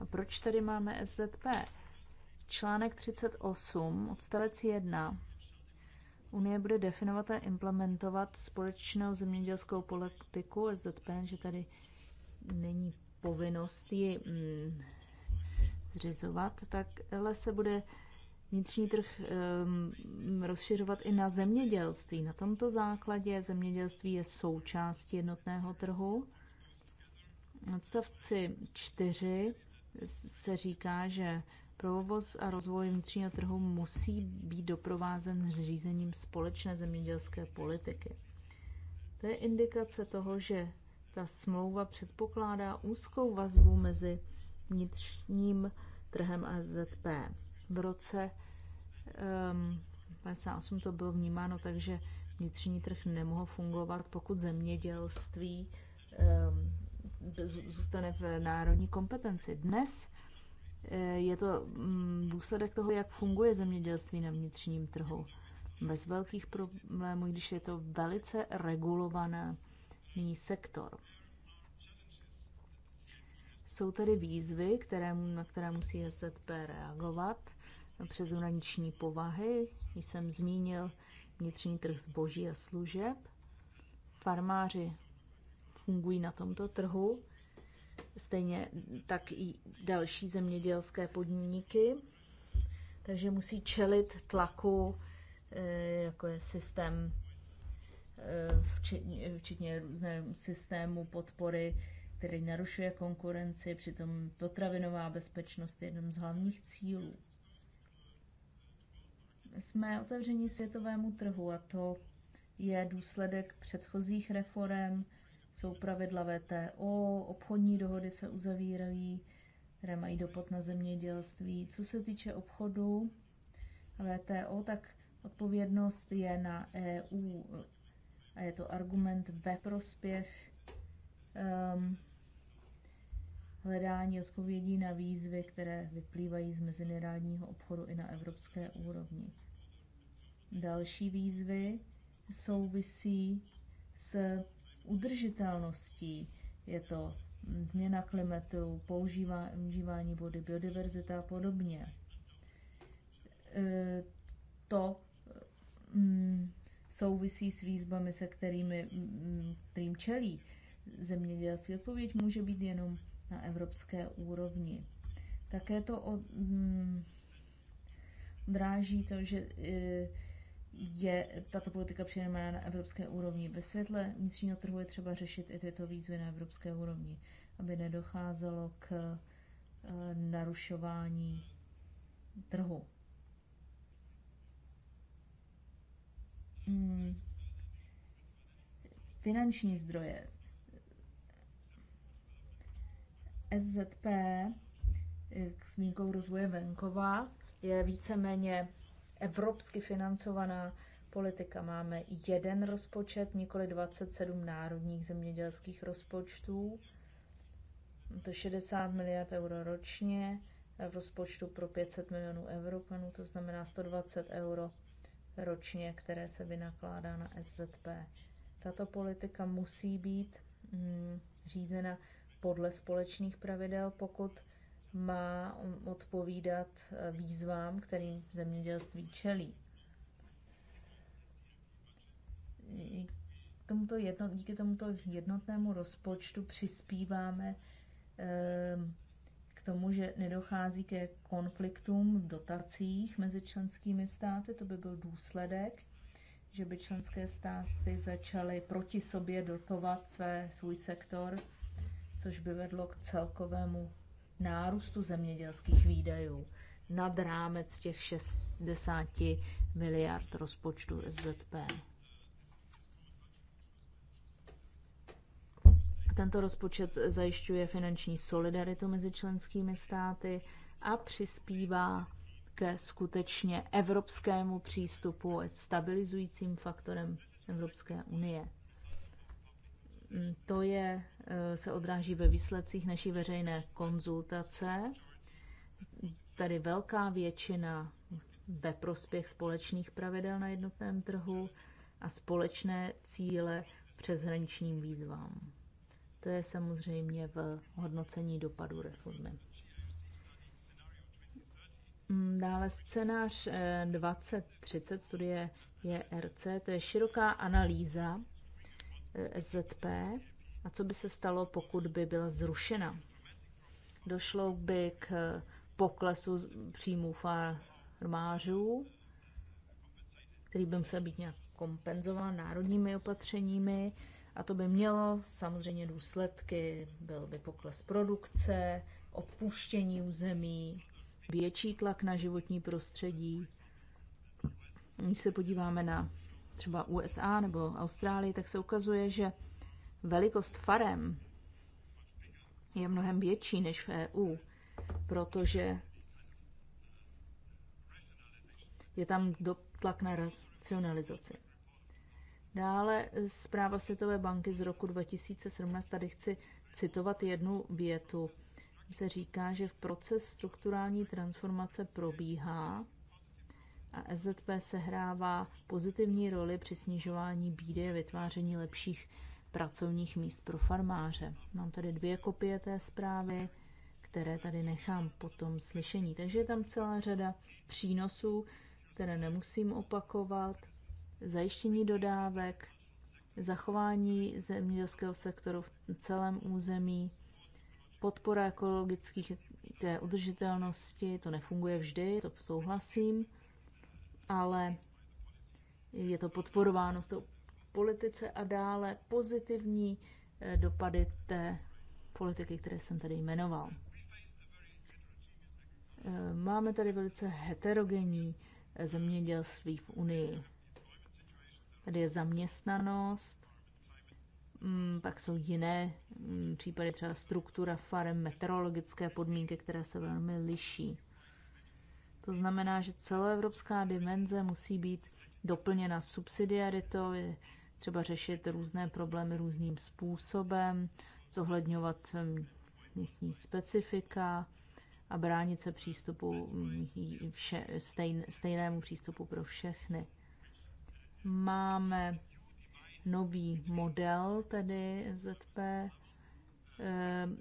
a proč tady máme SZP? Článek 38, odstavec 1. Unie bude definovat a implementovat společnou zemědělskou politiku SZP, že tady není povinnost ji mm, zřizovat, tak ale se bude vnitřní trh um, rozšiřovat i na zemědělství. Na tomto základě zemědělství je součástí jednotného trhu. Odstavci 4 se říká, že provoz a rozvoj vnitřního trhu musí být doprovázen řízením společné zemědělské politiky. To je indikace toho, že ta smlouva předpokládá úzkou vazbu mezi vnitřním trhem a ZP. V roce 1958 um, ehm, to bylo vnímáno tak, že vnitřní trh nemohl fungovat, pokud zemědělství um, zůstane v národní kompetenci. Dnes eh, je to mm, důsledek toho, jak funguje zemědělství na vnitřním trhu. Bez velkých problémů, když je to velice regulovaný sektor. Jsou tady výzvy, které, na které musí SZP reagovat přeshraniční povahy, jsem zmínil vnitřní trh zboží a služeb. Farmáři fungují na tomto trhu, stejně tak i další zemědělské podniky, takže musí čelit tlaku, eh, jako je systém, eh, včetně, včetně různé systému podpory, který narušuje konkurenci, přitom potravinová bezpečnost je jedním z hlavních cílů. Jsme otevření světovému trhu a to je důsledek předchozích reform, jsou pravidla VTO, obchodní dohody se uzavírají, které mají dopad na zemědělství. Co se týče obchodu VTO, tak odpovědnost je na EU a je to argument ve prospěch um, hledání odpovědí na výzvy, které vyplývají z mezinárodního obchodu i na evropské úrovni. Další výzvy souvisí s udržitelností. Je to hm, změna klimatu, používání vody, biodiverzita a podobně. E, to hm, souvisí s výzvami, se kterými, hm, kterým čelí zemědělství. Odpověď může být jenom na evropské úrovni. Také to odráží to, že e, je tato politika přijímána na evropské úrovni. Ve světle vnitřního trhu je třeba řešit i tyto výzvy na evropské úrovni, aby nedocházelo k eh, narušování trhu. Hmm. Finanční zdroje. SZP eh, s výjimkou rozvoje venkova je víceméně evropsky financovaná politika. Máme jeden rozpočet, nikoli 27 národních zemědělských rozpočtů. To 60 miliard euro ročně v rozpočtu pro 500 milionů Evropanů, to znamená 120 euro ročně, které se vynakládá na SZP. Tato politika musí být mm, řízena podle společných pravidel, pokud má odpovídat eh, výzvám, kterým zemědělství čelí. Tomuto jedno, díky tomuto jednotnému rozpočtu přispíváme ehm, k tomu, že nedochází ke konfliktům v dotacích mezi členskými státy. To by byl důsledek, že by členské státy začaly proti sobě dotovat své, svůj sektor, což by vedlo k celkovému nárůstu zemědělských výdajů nad rámec těch 60 miliard rozpočtu SZP. Tento rozpočet zajišťuje finanční solidaritu mezi členskými státy a přispívá ke skutečně evropskému přístupu stabilizujícím faktorem Evropské unie. To je, eh, se odráží ve výsledcích naší veřejné konzultace. Tady velká většina ve prospěch společných pravidel na jednotném trhu a společné cíle přes hraničním výzvám. To je samozřejmě v hodnocení dopadu reformy. Mm, dále scénář 2030 eh, studie JRC, to je široká analýza SZP a co by se stalo, pokud by byla zrušena. Došlo by k poklesu příjmů farmářů, který by musel být nějak kompenzován národními opatřeními a to by mělo samozřejmě důsledky, byl by pokles produkce, opuštění území, větší tlak na životní prostředí. Když se podíváme na třeba USA nebo Austrálii, tak se ukazuje, že velikost farem je mnohem větší než v EU, protože je tam tlak na racionalizaci. Dále zpráva Světové banky z roku 2017, tady chci citovat jednu větu. Se říká, že v proces strukturální transformace probíhá a se sehrává pozitivní roli při snižování bídy a vytváření lepších pracovních míst pro farmáře. Mám tady dvě kopie té zprávy, které tady nechám po tom slyšení. Takže je tam celá řada přínosů, které nemusím opakovat. Zajištění dodávek, zachování zemědělského sektoru v celém území, podpora ekologických té udržitelnosti, to nefunguje vždy, to souhlasím ale je to podporováno s tou politice a dále pozitivní eh, dopady té politiky, které jsem tady jmenoval. Eh, máme tady velice heterogenní eh, zemědělství v Unii. Tady je zaměstnanost, mm, pak jsou jiné mm, případy, třeba struktura farem, meteorologické podmínky, které se velmi liší. To znamená, že celoevropská dimenze musí být doplněna subsidiaritou, třeba řešit různé problémy různým způsobem, zohledňovat hm, místní specifika a bránit se přístupu hm, vše, stejn, stejnému přístupu pro všechny. Máme nový model tedy ZP, hm,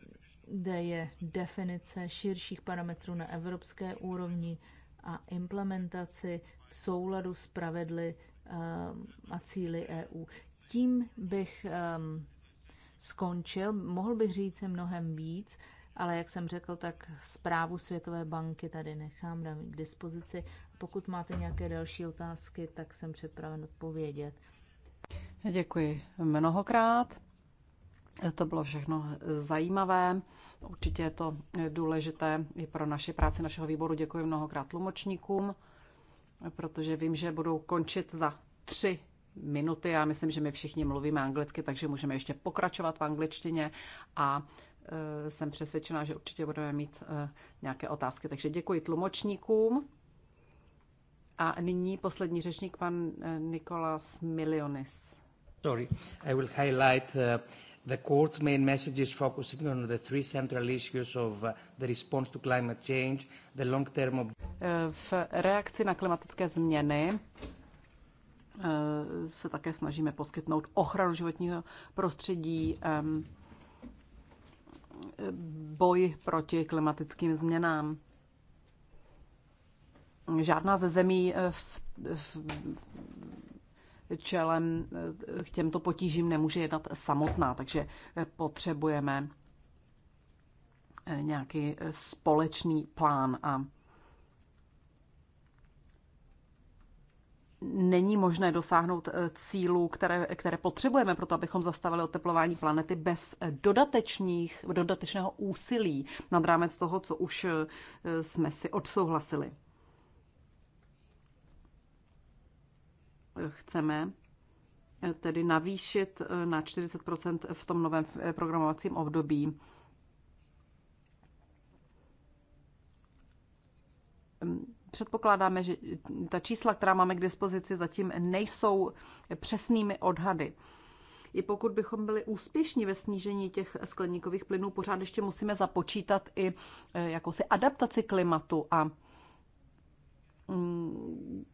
kde je definice širších parametrů na evropské úrovni a implementaci v souladu s pravidly eh, a cíly EU. Tím bych ehm, skončil. Mohl bych říct mnohem víc, ale jak jsem řekl, tak zprávu Světové banky tady nechám, dám k dispozici. Pokud máte nějaké další otázky, tak jsem připraven odpovědět. Děkuji mnohokrát. To bylo všechno zajímavé. Určitě je to důležité i pro naši práci našeho výboru. Děkuji mnohokrát tlumočníkům, protože vím, že budou končit za tři minuty. Já myslím, že my všichni mluvíme anglicky, takže můžeme ještě pokračovat v angličtině a e, jsem přesvědčená, že určitě budeme mít e, nějaké otázky. Takže děkuji tlumočníkům. A nyní poslední řečník, pan e, Nikolas Milionis. Sorry, I will highlight uh... The court's main message is focusing on the three central issues of uh, the response to climate change, the long-term eh, V reakci na klimatické změny eh, se také snažíme poskytnout ochranu životního prostředí, boj proti klimatickým změnám. Žádná ze zemí eh, v, v, čelem eh, k těmto potížím nemůže jednat samotná, takže eh, potřebujeme eh, nějaký společný plán a není možné dosáhnout cílů, které, které potřebujeme pro to, abychom zastavili oteplování planety bez dodatečných, dodatečného úsilí nad rámec toho, co už jsme si odsouhlasili. chceme eh, tedy navýšit eh, na 40 v tom novém eh, programovacím období. Ehm, předpokládáme, že ta čísla, která máme k dispozici, zatím nejsou přesnými odhady. I pokud bychom byli úspěšní ve snížení těch skleníkových plynů, pořád ještě musíme započítat i jakousi adaptaci klimatu a mm,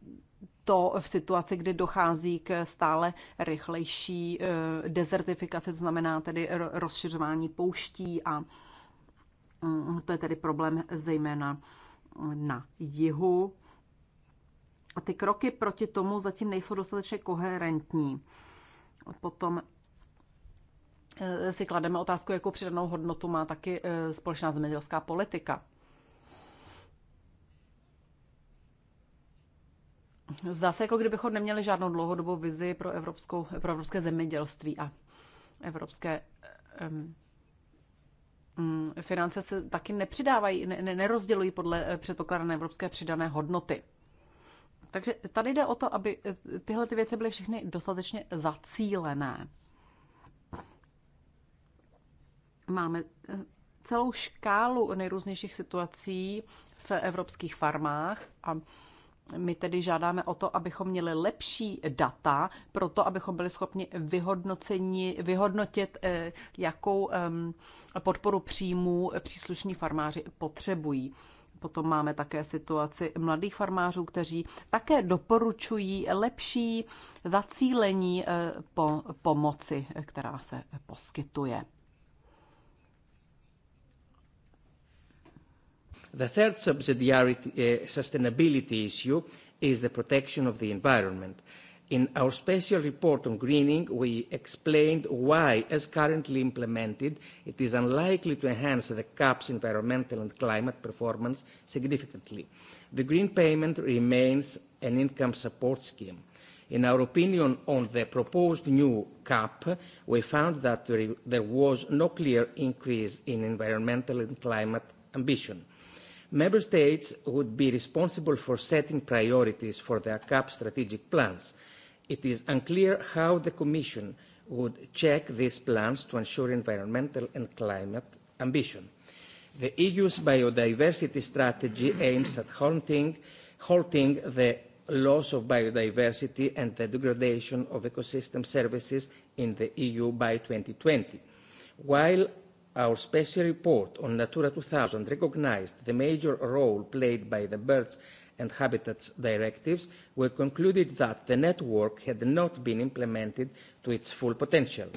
to v situaci, kdy dochází k stále rychlejší eh, dezertifikaci, to znamená tedy rozšiřování pouští a mm, to je tedy problém zejména na jihu. A ty kroky proti tomu zatím nejsou dostatečně koherentní. Potom eh, si klademe otázku, jakou přidanou hodnotu má taky eh, společná zemědělská politika. Zdá se, jako kdybychom neměli žádnou dlouhodobou vizi pro, evropskou, pro evropské zemědělství a evropské um, finance se taky nepřidávají, ne, nerozdělují podle eh, předpokládané evropské přidané hodnoty. Takže tady jde o to, aby eh, tyhle ty věci byly všechny dostatečně zacílené. Máme eh, celou škálu nejrůznějších situací v evropských farmách a my tedy žádáme o to, abychom měli lepší data, proto abychom byli schopni vyhodnocení, vyhodnotit, eh, jakou podporu příjmů příslušní farmáři potřebují. Potom máme také situaci mladých farmářů, kteří také doporučují lepší zacílení eh, po pomoci, eh, která se poskytuje. The third subsidiarity, uh, sustainability issue is the protection of the environment. In our special report on greening, we explained why, as currently implemented, it is unlikely to enhance the CAP's environmental and climate performance significantly. The green payment remains an income support scheme. In our opinion on the proposed new CAP, we found that there was no clear increase in environmental and climate ambition. Member States would be responsible for setting priorities for their CAP strategic plans. It is unclear how the Commission would check these plans to ensure environmental and climate ambition. The EU's biodiversity strategy aims at halting, halting the loss of biodiversity and the degradation of ecosystem services in the EU by 2020, while Our special report on Natura 2000 recognized the major role played by the Birds and Habitats directives, we concluded that the network had not been implemented to its full potential.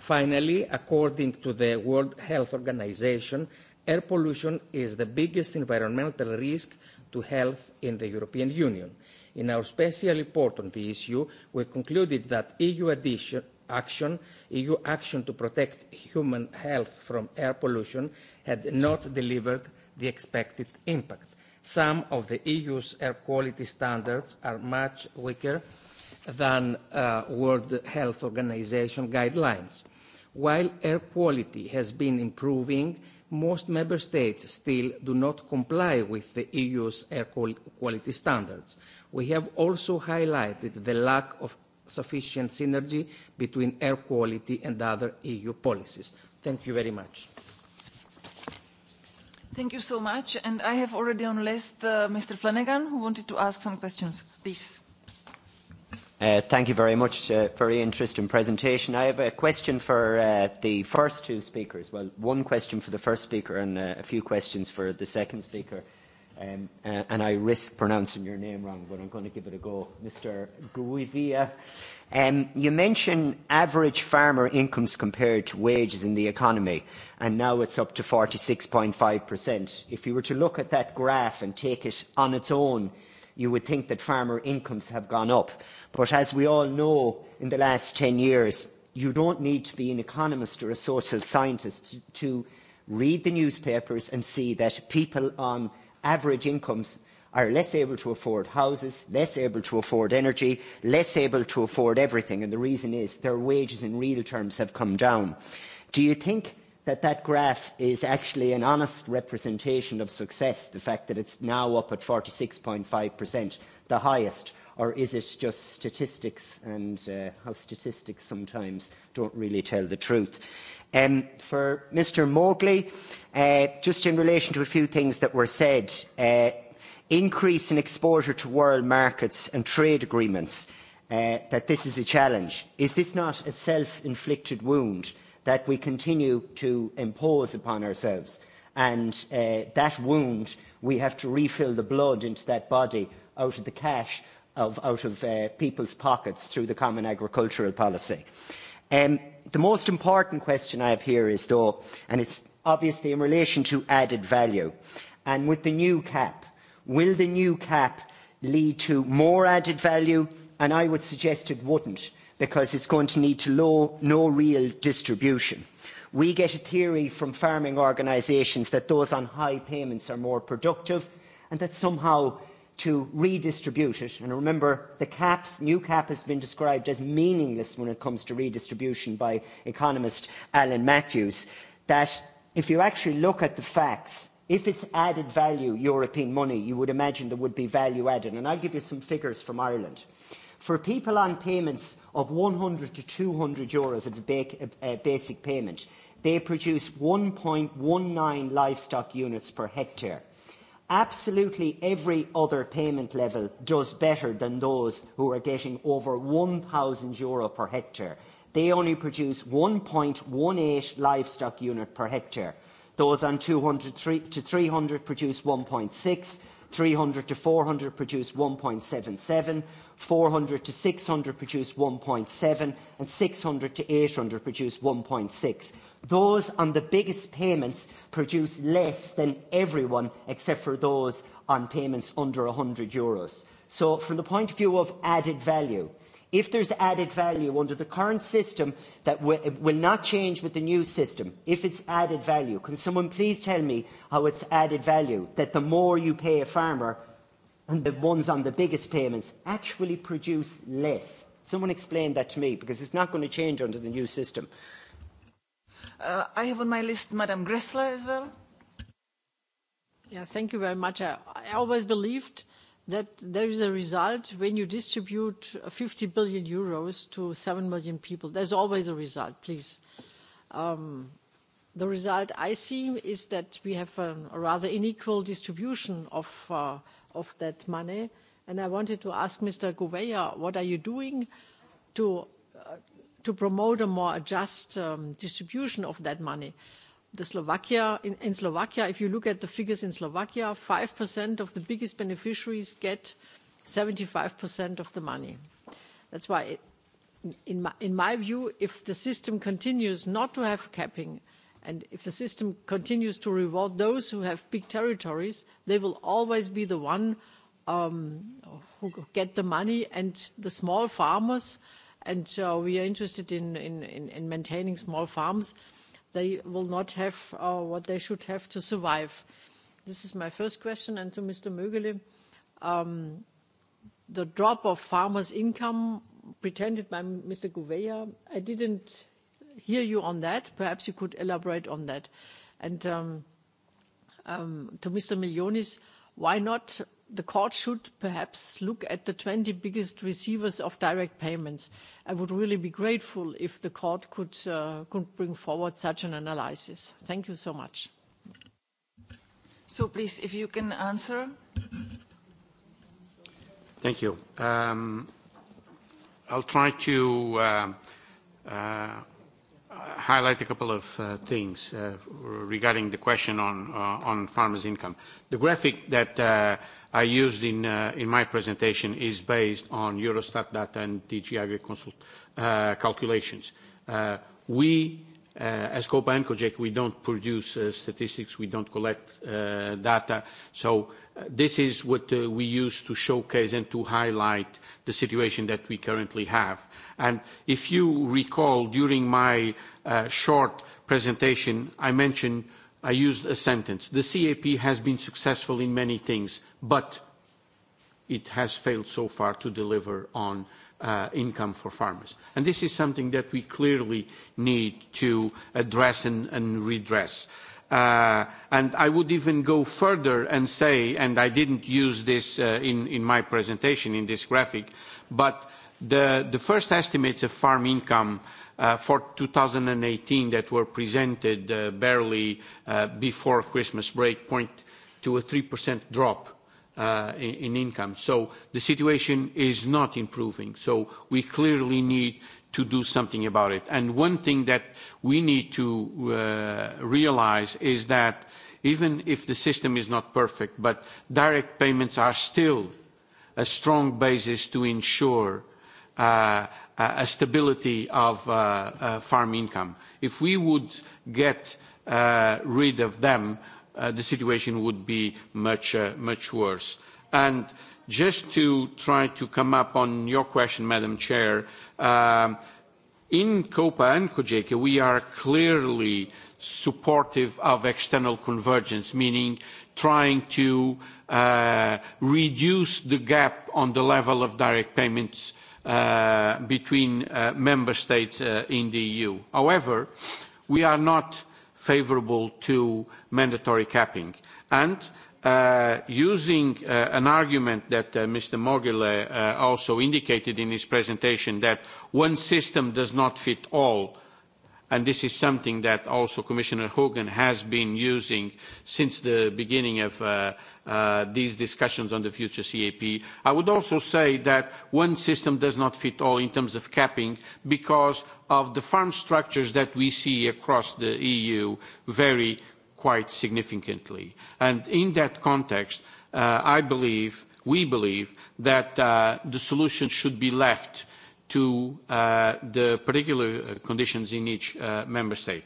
Finally, according to the World Health Organization, air pollution is the biggest environmental risk to health in the European Union. In our special report on the issue, we concluded that EU addition, action, EU action to protect human health from air pollution had not delivered the expected impact. Some of the EU's air quality standards are much weaker than uh, World Health Organization guidelines. While air quality has been improving, most member states still do not comply with the EU's air quality standards. We have also highlighted the lack of sufficient synergy between air quality and other EU policies. Thank you very much. Thank you so much. And I have already on list uh, Mr. Flanagan, who wanted to ask some questions. Please. Uh, thank you very much. Uh, very interesting presentation. I have a question for uh, the first two speakers. Well, one question for the first speaker and uh, a few questions for the second speaker. Um, uh, and I risk pronouncing your name wrong, but I'm going to give it a go. Mr. Guivia, um, you mentioned average farmer incomes compared to wages in the economy, and now it's up to 46.5%. If you were to look at that graph and take it on its own, you would think that farmer incomes have gone up. But as we all know, in the last 10 years, you don't need to be an economist or a social scientist to read the newspapers and see that people on average incomes are less able to afford houses, less able to afford energy, less able to afford everything. And the reason is their wages in real terms have come down. Do you think that that graph is actually an honest representation of success, the fact that it's now up at 46.5%, the highest? Or is it just statistics and uh, how statistics sometimes don't really tell the truth? Um, for Mr Mowgli, uh, just in relation to a few things that were said, uh, increase in exposure to world markets and trade agreements, uh, that this is a challenge. Is this not a self-inflicted wound that we continue to impose upon ourselves? And uh, that wound, we have to refill the blood into that body out of the cash of, out of uh, people's pockets through the common agricultural policy. Uh, Um, the most important question I have here is, though, and it's obviously in relation to added value. And with the new cap, will the new cap lead to more added value? And I would suggest it wouldn't, because it's going to need to low, no real distribution. We get a theory from farming organisations that those on high payments are more productive and that somehow to redistribute it. And remember, the caps, new cap has been described as meaningless when it comes to redistribution by economist Alan Matthews, that if you actually look at the facts, if it's added value European money, you would imagine there would be value added. And I'll give you some figures from Ireland. For people on payments of 100 to 200 euros of a basic payment, they produce 1.19 livestock units per hectare absolutely every other payment level does better than those who are getting over €1,000 euro per hectare. They only produce 1.18 livestock unit per hectare. Those on 200 to 300 produce 1.6, 300 to 400 produce 1.77, 400 to 600 produce 1.7, and 600 to 800 produce 1.6. Those on the biggest payments produce less than everyone except for those on payments under 100 euros. So from the point of view of added value, if there's added value under the current system that will not change with the new system, if it's added value, can someone please tell me how it's added value that the more you pay a farmer and the ones on the biggest payments actually produce less? Someone explain that to me because it's not going to change under the new system. Uh, I have on my list Madame Gressler as well. Yeah, thank you very much. I, I always believed that there is a result when you distribute 50 uh, billion euros to 7 million people. There's always a result, please. Um, the result I see is that we have a, a rather unequal distribution of, uh, of that money. And I wanted to ask Mr. Gouveia, what are you doing to to promote a more just um, distribution of that money. The Slovakia, in, in Slovakia, if you look at the figures in Slovakia, 5% of the biggest beneficiaries get 75% of the money. That's why, it, in, my, in my view, if the system continues not to have capping, and if the system continues to reward those who have big territories, they will always be the one um, who get the money, and the small farmers – And so we are interested in, in, in maintaining small farms. They will not have uh, what they should have to survive. This is my first question. And to Mr. Mögele, um, the drop of farmers' income pretended by Mr. Gouveia, I didn't hear you on that. Perhaps you could elaborate on that. And um, um, to Mr. Milionis, why not the court should perhaps look at the 20 biggest receivers of direct payments. I would really be grateful if the court could, uh, could bring forward such an analysis. Thank you so much. So please, if you can answer. Thank you. Um, I'll try to uh, uh, highlight a couple of uh, things uh, regarding the question on, uh, on farmers' income. The graphic that I used in, in my presentation is based on Eurostat data and DG Agriconsult calculations. We, as Copa and Cogeco, we don't produce statistics, we don't collect data, so This is what uh, we use to showcase and to highlight the situation that we currently have. if you recall, during my uh, short presentation, I mentioned, I used a sentence. The CAP has been successful in many things, but it has failed so far to deliver on uh, income for farmers. this is something that we clearly need to address and, redress. Uh, and I would even go further and say, and I didn't use this uh, in, in my presentation, in this graphic, but the, the first estimates of farm income uh, for 2018 that were presented uh, barely uh, before Christmas break point to a 3% drop in, in income. So the situation is not improving. So we clearly need to do something about it. And one thing that we need to uh, realize is that even if the system is not perfect, but direct payments are still a strong basis to ensure uh, a stability of uh, uh, farm income. If we would get uh, rid of them, uh, the situation would be much, uh, much worse. And just to try to come up on your question, Madam Chair, Um, in COPA and COGECA, we are clearly supportive of external convergence, meaning trying to uh, reduce the gap on the level of direct payments uh, between uh, member states uh, in the EU. However, we are not favorable to mandatory capping, and Uh, using uh, an argument that uh, Mr. Mogile uh, also indicated in his presentation that one system does not fit all, and this is something that also Commissioner Hogan has been using since the beginning of uh, these discussions on the future CAP. I would also say that one system does not fit all in terms of capping because of the farm structures that we see across the EU vary quite significantly. And in that context, uh, I believe, we believe, that uh, the solution should be left to uh, the particular uh, conditions in each uh, member state.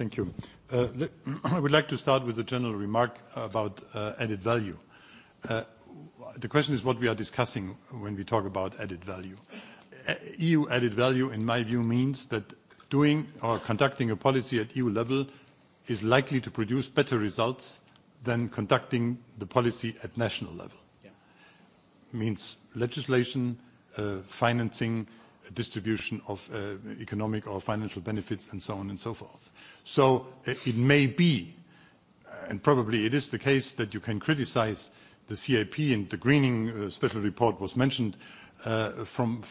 thank you. Uh, I would like to start with a general remark about uh, added value. Uh, the question is what we are discussing when we talk about added value. EU added value, in my view, means that doing or conducting a policy at EU level is likely to produce better results than conducting the policy at national level. Yeah. Means legislation, uh, financing, distribution of uh, economic or financial benefits, and so on and so forth. So uh, it may be, and probably it is the case, that you can criticize the CAP, and the greening special report was mentioned, Uh, from,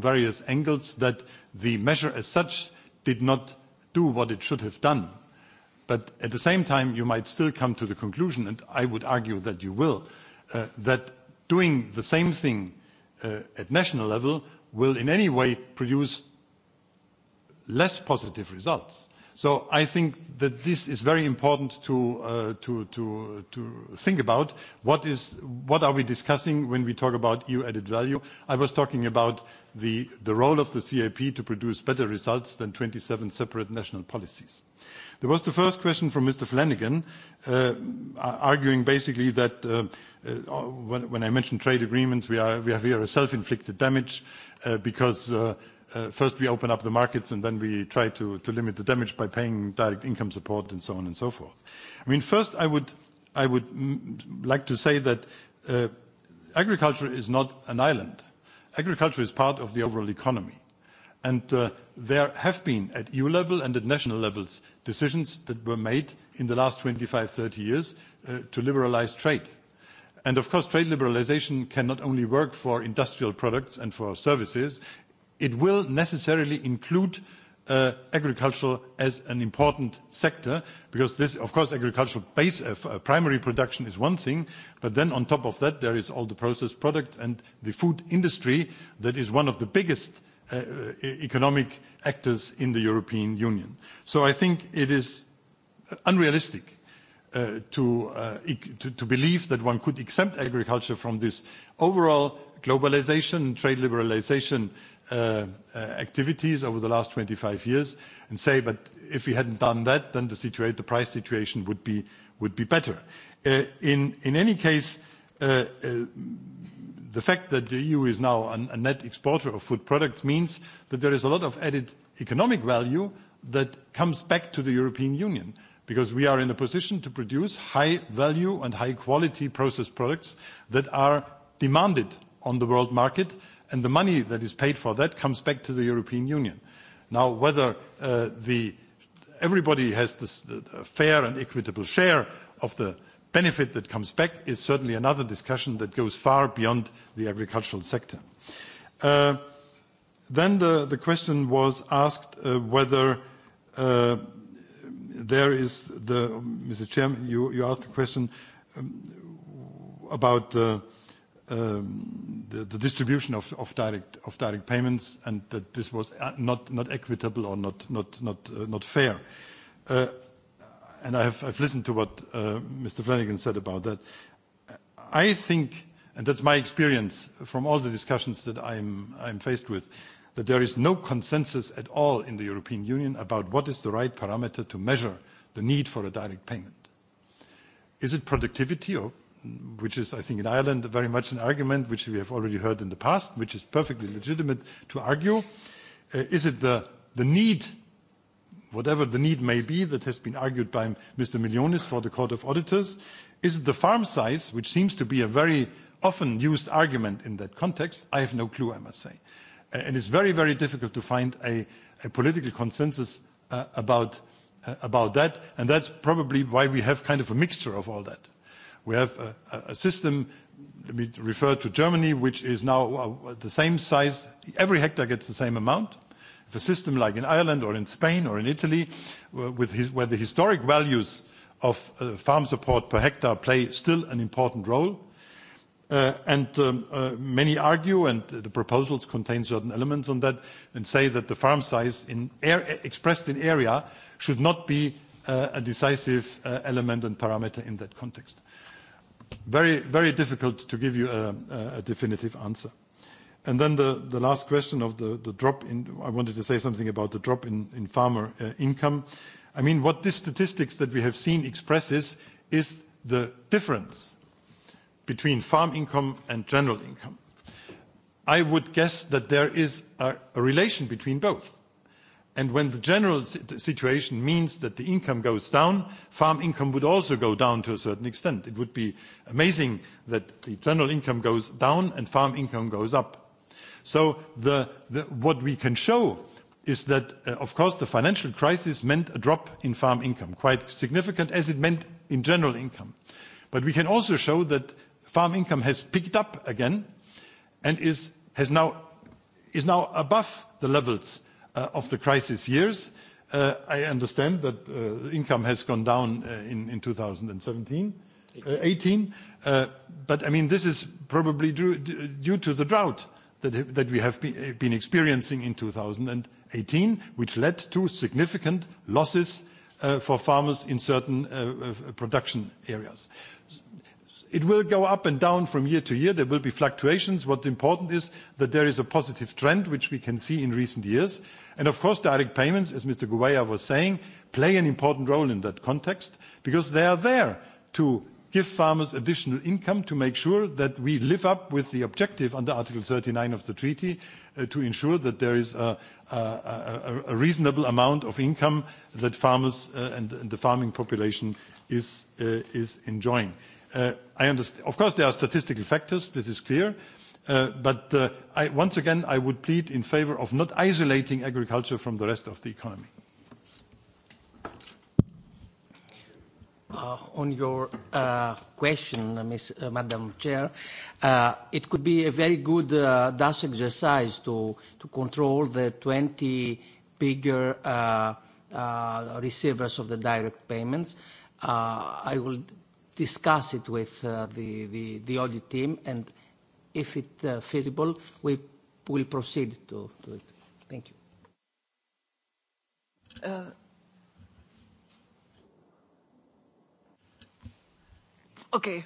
various angles that the measure as such did not do what it should have done. But at the same time, you might still come to the conclusion, and I would argue that you will, uh, that doing the same thing uh, at national level will in any way produce less positive results. So I think that this is very important to, uh, to, to, to think about. What, is, what are we discussing when we talk about EU added value? I was talking about the, the role of the CAP to produce better results than 27 separate national policies. There was the first question from Mr. Flanagan, uh, arguing basically that uh, when, I mentioned trade agreements, we have here a self-inflicted damage because Uh, first we open up the markets and then we try to, limit the damage by paying direct income support and so on and so forth. I mean, first I would, like to say that uh, agriculture is not an island. Agriculture is part of the overall economy. Uh, there have been at EU level and at national levels decisions that were made in the last 25, 30 years to liberalize trade. of course, trade liberalization can not only work for industrial products and for services, it will necessarily include uh, agricultural as an important sector because this, of course, agricultural base uh, uh primary production is one thing, but then on top of that, there is all the processed products and the food industry that is one of the biggest uh, uh, economic actors in the European Union. So I think it is uh, unrealistic Uh, to, uh, e-, to, to believe that one could exempt agriculture from this overall globalization, trade liberalization Uh, uh, activities over the last 25 years and say, "But if we hadn't done that, then the, price situation would be, better." Uh, in any case, the fact that the EU is now a net exporter of food products means that there is a lot of added economic value that comes back to the European Union because we are in a position to produce high value and high quality processed products that are demanded on the world market and the money that is paid for that comes back to the European Union. Now, whether uh, the, everybody has this fair and equitable share of the benefit that comes back is certainly another discussion that goes far beyond the agricultural sector. Uh, then the, the question was asked uh, whether uh, there is the, Mr. Chairman, you, you asked the question um, about uh, Um, the, distribution of, direct, payments and that this was uh, not, equitable or not, uh, fair. Uh, and I have, I've listened to what Mr. Flanagan said about that. I think, and that's my experience from all the discussions that I'm faced with, that there is no consensus at all in the European Union about what is the right parameter to measure the need for a direct payment. Is it productivity or which is, I think, in Ireland, very much an argument which we have already heard in the past, which is perfectly legitimate to argue. Uh, is it the, the need, whatever the need may be, that has been argued by Mr. Milionis for the Court of Auditors? Is it the farm size, which seems to be a very often used argument in that context? I have no clue, I must say. Uh, and it's very, very difficult to find a, a political consensus uh, about, uh, about that. And that's probably why we have kind of a mixture of all that. We have a, system, let me refer to Germany, which is now uh, the same size. Every hectare gets the same amount. If a system like in Ireland or in Spain or in Italy, uh, where the historic values of uh, farm support per hectare play still an important role. and um, many argue, and the proposals contain certain elements on that, and say that the farm size expressed in area should not be a decisive element and parameter in that context. Very, very difficult to give you a, definitive answer. And then the, last question of the, drop in... I wanted to say something about the drop in, farmer uh, income. I mean, what the statistics that we have seen expresses is the difference between farm income and general income. I would guess that there is a relation between both. And when the general situation means that the income goes down, farm income would also go down to a certain extent. It would be amazing that the general income goes down and farm income goes up. So the, the, what we can show is that, uh, of course, the financial crisis meant a drop in farm income, quite significant, as it meant in general income. But we can also show that farm income has picked up again and is, has now, is now above the levels Uh, of the crisis years. Uh, I understand that uh, income has gone down in, 2017, 18. But I mean, this is probably due, to the drought that we have been experiencing in 2018, which led to significant losses for farmers in certain production areas. It will go up and down from year to year. There will be fluctuations. What's important is that there is a positive trend, which we can see in recent years. And of course, direct payments, as Mr. Gouveia was saying, play an important role in that context because they are there to give farmers additional income to make sure that we live up with the objective under Article 39 of the treaty uh, to ensure that there is a, reasonable amount of income that farmers uh, and, the farming population is uh, enjoying. Uh, of course, there are statistical factors, this is clear. Uh, but uh, once again, I would plead in favor of not isolating agriculture from the rest of the economy. on your question, Ms. Madam Chair, it could be a very good uh, DAS exercise to, control the 20 bigger receivers of the direct payments. I will discuss it with uh, the, the, the audit team, and if it uh, feasible, we will proceed to, to it. Thank you. Uh, okay.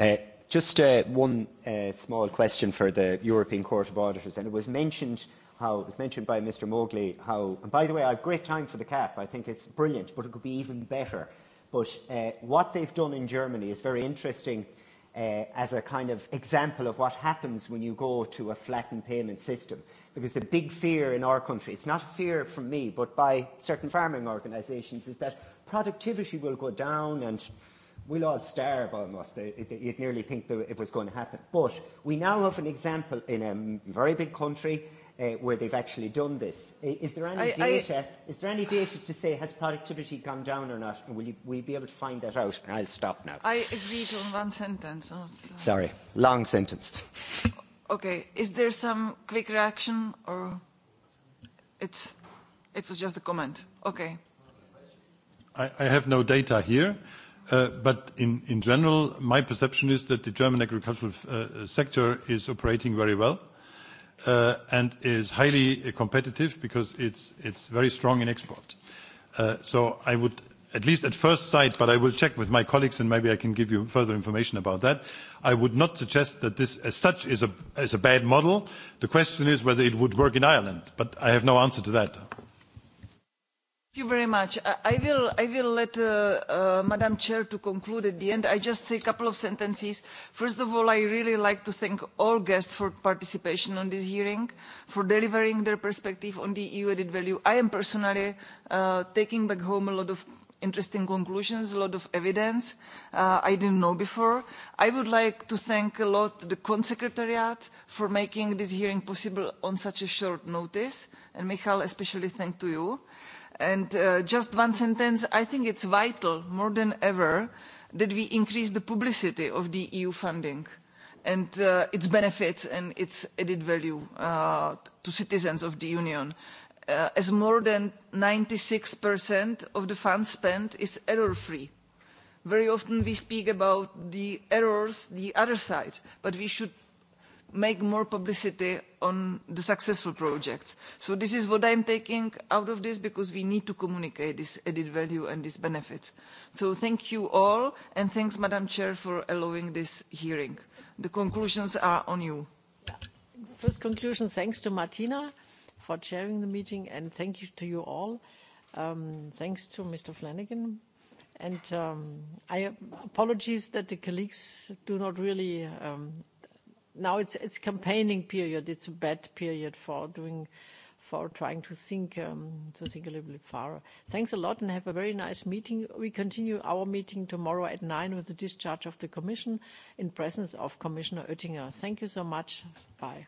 Uh, just uh, one uh, small question for the European Court of Auditors, and it was mentioned how it was mentioned by Mr. Mowgli how, and by the way, I have great time for the cap. I think it's brilliant, but it could be even better. But uh, what they've done in Germany is very interesting uh, as a kind of example of what happens when you go to a flattened payment system. Because the big fear in our country, it's not a fear from me, but by certain farming organisations, is that productivity will go down and we'll all starve almost. You'd nearly think that it was going to happen. But we now have an example in a very big country uh, where they've actually done this. Is there any I, data? I, is there any data to say has productivity gone down or not? And will you will you be able to find that out? I'll stop now. I agreed on one sentence. Oh, uh, sorry. sorry, long sentence. Okay, is there some quick reaction or it's it was just a comment? Okay. I, I have no data here. Uh, but in, in general, my perception is that the German agricultural uh, sector is operating very well Uh, and is highly competitive because it's, very strong in export. Uh, so I would, at least at first sight, but I will check with my colleagues and maybe I can give you further information about that. I would not suggest that this as such is a bad model. The question is whether it would work in Ireland, but I have no answer to that. Thank you very much. I will, I will let uh, uh, Madam Chair to conclude at the end. I just say a couple of sentences. First of all, I really like to thank all guests for participation on this hearing, for delivering their perspective on the EU added value. I am personally uh, taking back home a lot of interesting conclusions, a lot of evidence uh, I didn't know before. I would like to thank a lot the Consecretariat for making this hearing possible on such a short notice. And Michal, especially thank to you. And uh, just one sentence, I think it's vital more than ever that we increase the publicity of the EU funding and uh, its benefits and its added value uh, to citizens of the Union. Uh, as more than 96% of the funds spent is error-free. Very often we speak about the errors, the other side, but we should make more publicity on the successful projects. So this is what I'm taking out of this because we need to communicate this added value and these benefits. So thank you all and thanks Madam Chair for allowing this hearing. The conclusions are on you. First conclusion, thanks to Martina for chairing the meeting and thank you to you all. Um, thanks to Mr. Flanagan. And um, I apologies that the colleagues do not really um, now it's it's campaigning period. It's a bad period for doing for trying to think um, to think a little bit far. Thanks a lot and have a very nice meeting. We continue our meeting tomorrow at nine with the discharge of the Commission in presence of Commissioner Oettinger. Thank you so much. Bye.